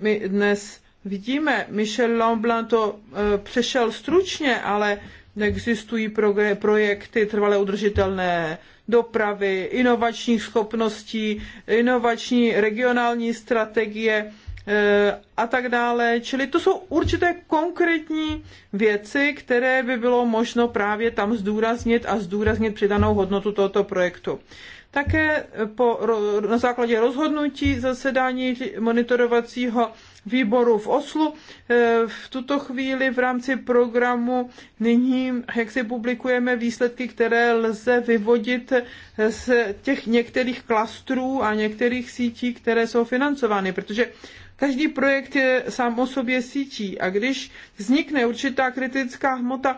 my dnes vidíme. Michel Lamblin to e, přešel stručně, ale existují projekty trvale udržitelné dopravy, inovačních schopností, inovační regionální strategie e, a tak dále. Čili to jsou určité konkrétní věci, které by bylo možno právě tam zdůraznit a zdůraznit přidanou hodnotu tohoto projektu. Také po, na základě rozhodnutí zasedání monitorovacího výboru v Oslu. Eh, v tuto chvíli v rámci programu nyní, jak si publikujeme výsledky, které lze vyvodit eh, z těch některých klastrů a některých sítí, které jsou financovány, protože Každý projekt je sám o sobě sítí a když vznikne určitá kritická hmota,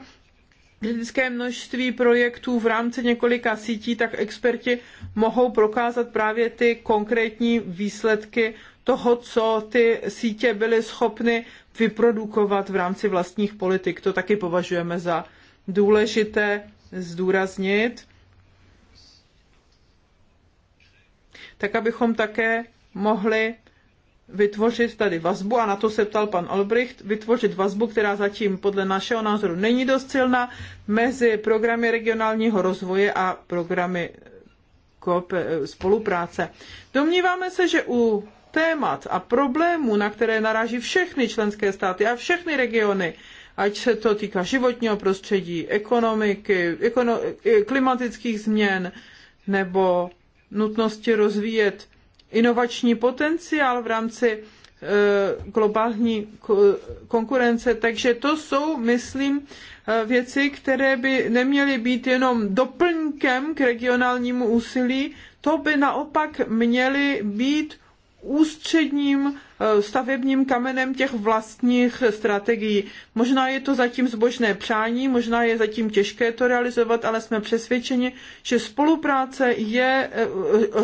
kritické množství projektů v rámci několika sítí, tak experti mohou prokázat právě ty konkrétní výsledky toho, co ty sítě byly schopny vyprodukovat v rámci vlastních politik. To taky považujeme za důležité zdůraznit. Tak abychom také mohli vytvořit tady vazbu, a na to se ptal pan Olbricht, vytvořit vazbu, která zatím podle našeho názoru není dost silná, mezi programy regionálního rozvoje a programy spolupráce. Domníváme se, že u témat a problémů, na které naráží všechny členské státy a všechny regiony, ať se to týká životního prostředí, ekonomiky, ekono- klimatických změn nebo nutnosti rozvíjet inovační potenciál v rámci e, globální konkurence. Takže to jsou, myslím, e, věci, které by neměly být jenom doplňkem k regionálnímu úsilí, to by naopak měly být ústředním eh, stavebním kamenem těch vlastních strategií. Možná je to zatím zbožné přání, možná je zatím těžké to realizovat, ale jsme přesvědčeni, že spolupráce je eh,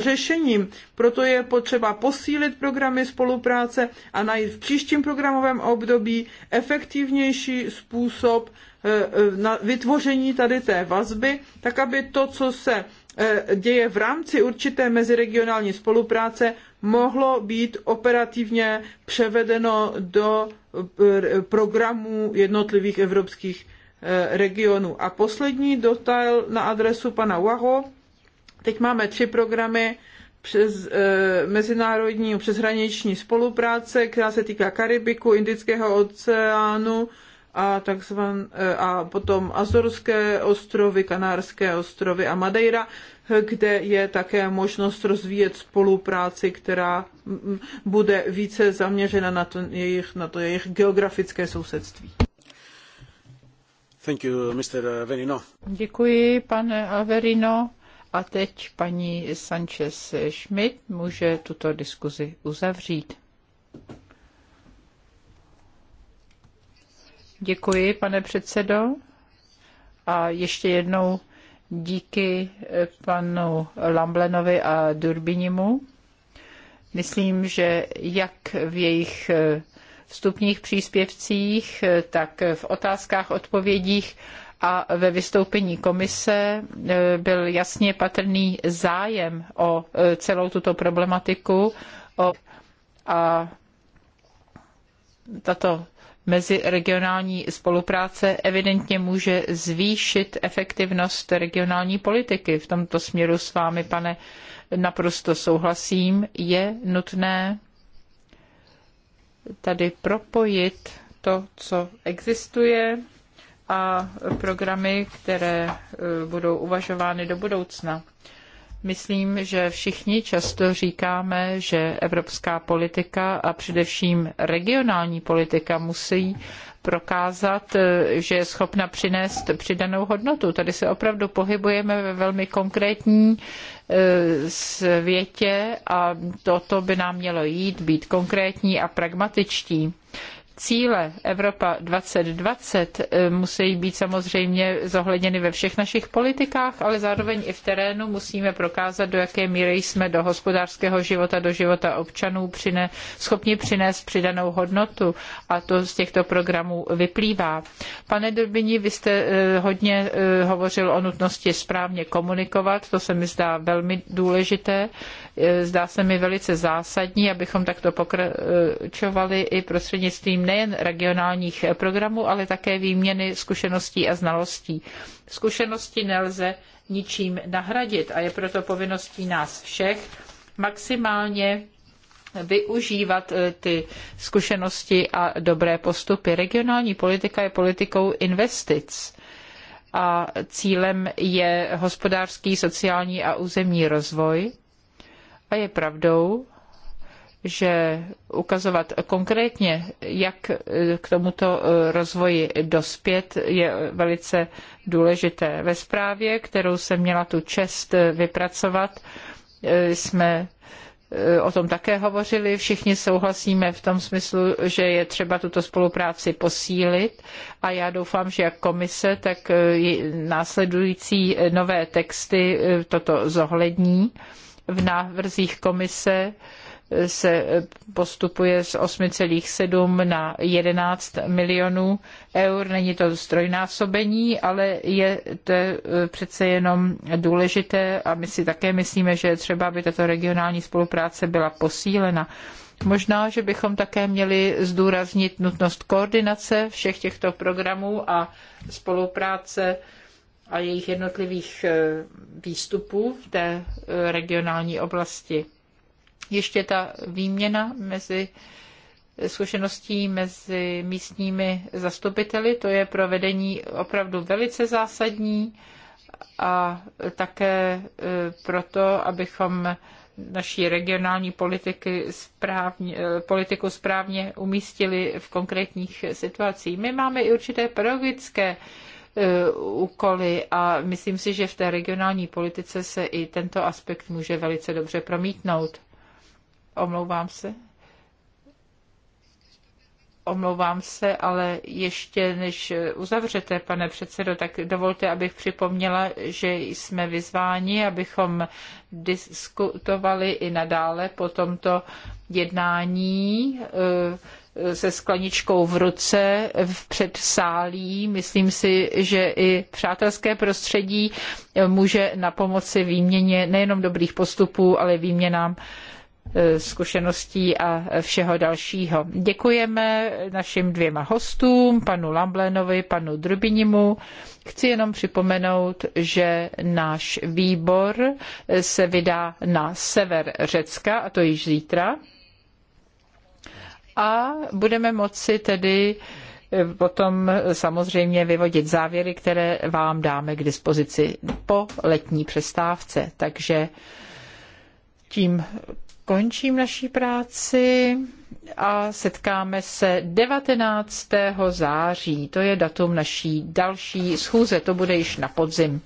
řešením. Proto je potřeba posílit programy spolupráce a najít v příštím programovém období efektivnější způsob eh, na vytvoření tady té vazby, tak aby to, co se Eh, děje v rámci určité meziregionální spolupráce mohlo být operativně převedeno do eh, programů jednotlivých evropských eh, regionů. A poslední detail na adresu pana Waho. Teď máme tři programy přes mezinárodní přeshraniční spolupráce, která se týká Karibiku, Indického oceánu a, takzvan, e, a potom Azorské ostrovy, Kanárské ostrovy a Madeira, kde je také možnost rozvíjet spolupráci, která bude více zaměřena na to jejich, na to jejich geografické sousedství. Thank you, Mr. Děkuji, pane Averino. A teď paní Sanchez Schmidt může tuto diskuzi uzavřít. Děkuji, pane předsedo. A ještě jednou díky eh, panu Lamblenovi a Durbinimu. Myslím, že jak v jejich eh, vstupních příspěvcích, eh, tak v otázkách, odpovědích a ve vystoupení komise byl jasně patrný zájem o celou tuto problematiku o a tato meziregionální spolupráce evidentně může zvýšit efektivnost regionální politiky. V tomto směru s vámi, pane, naprosto souhlasím. Je nutné tady propojit to, co existuje a programy, které eh, budou uvažovány do budoucna. Myslím, že všichni často říkáme, že evropská politika a především regionální politika musí prokázat, že je schopna přinést přidanou hodnotu. Tady se opravdu pohybujeme ve velmi konkrétní e, světě a toto by nám mělo jít, být konkrétní a pragmatičtí cíle Evropa 2020 eh, musí být samozřejmě zohledněny ve všech našich politikách, ale zároveň i v terénu musíme prokázat, do jaké míry jsme do hospodářského života, do života občanů přine, schopni přinést přidanou hodnotu a to z těchto programů vyplývá. Pane Dobini, vy jste eh, hodně eh, hovořil o nutnosti správně komunikovat, to se mi zdá velmi důležité, zdá se mi velice zásadní, abychom takto pokračovali i prostřednictvím nejen regionálních programů, ale také výměny zkušeností a znalostí. Zkušenosti nelze ničím nahradit a je proto povinností nás všech maximálně využívat eh, ty zkušenosti a dobré postupy. Regionální politika je politikou investic a cílem je hospodářský, sociální a územní rozvoj. A je pravdou, že ukazovat konkrétně, jak eh, k tomuto eh, rozvoji dospět, je velice důležité. Ve zprávě, kterou jsem měla tu čest eh, vypracovat, jsme o tom také hovořili. Všichni souhlasíme v tom smyslu, že je třeba tuto spolupráci posílit a já doufám, že jak komise, tak následující nové texty toto zohlední v návrzích komise se postupuje z 8,7 na 11 milionů eur. Není to strojnásobení, ale je to přece jenom důležité a my si také myslíme, že třeba by tato regionální spolupráce byla posílena. Možná, že bychom také měli zdůraznit nutnost koordinace všech těchto programů a spolupráce a jejich jednotlivých eh, výstupů v té eh, regionální oblasti ještě ta výměna mezi zkušeností mezi místními zastupiteli, to je pro vedení opravdu velice zásadní a také e, proto, abychom naší regionální politiky správně, e, politiku správně umístili v konkrétních situacích. My máme i určité pedagogické e, úkoly a myslím si, že v té regionální politice se i tento aspekt může velice dobře promítnout. Omlouvám se. Omlouvám se, ale ještě než uzavřete, pane předsedo, tak dovolte, abych připomněla, že jsme vyzváni, abychom diskutovali i nadále po tomto jednání eh, se skleničkou v ruce v předsálí. Myslím si, že i přátelské prostředí může na pomoci výměně nejenom dobrých postupů, ale výměnám E, zkušeností a všeho dalšího. Děkujeme našim dvěma hostům, panu Lamblenovi, panu Drubinimu. Chci jenom připomenout, že náš výbor se vydá na sever Řecka, a to již zítra. A budeme moci tedy e, potom samozřejmě vyvodit závěry, které vám dáme k dispozici po letní přestávce. Takže tím končím naší práci a setkáme se 19. září. To je datum naší další schůze, to bude již na podzim.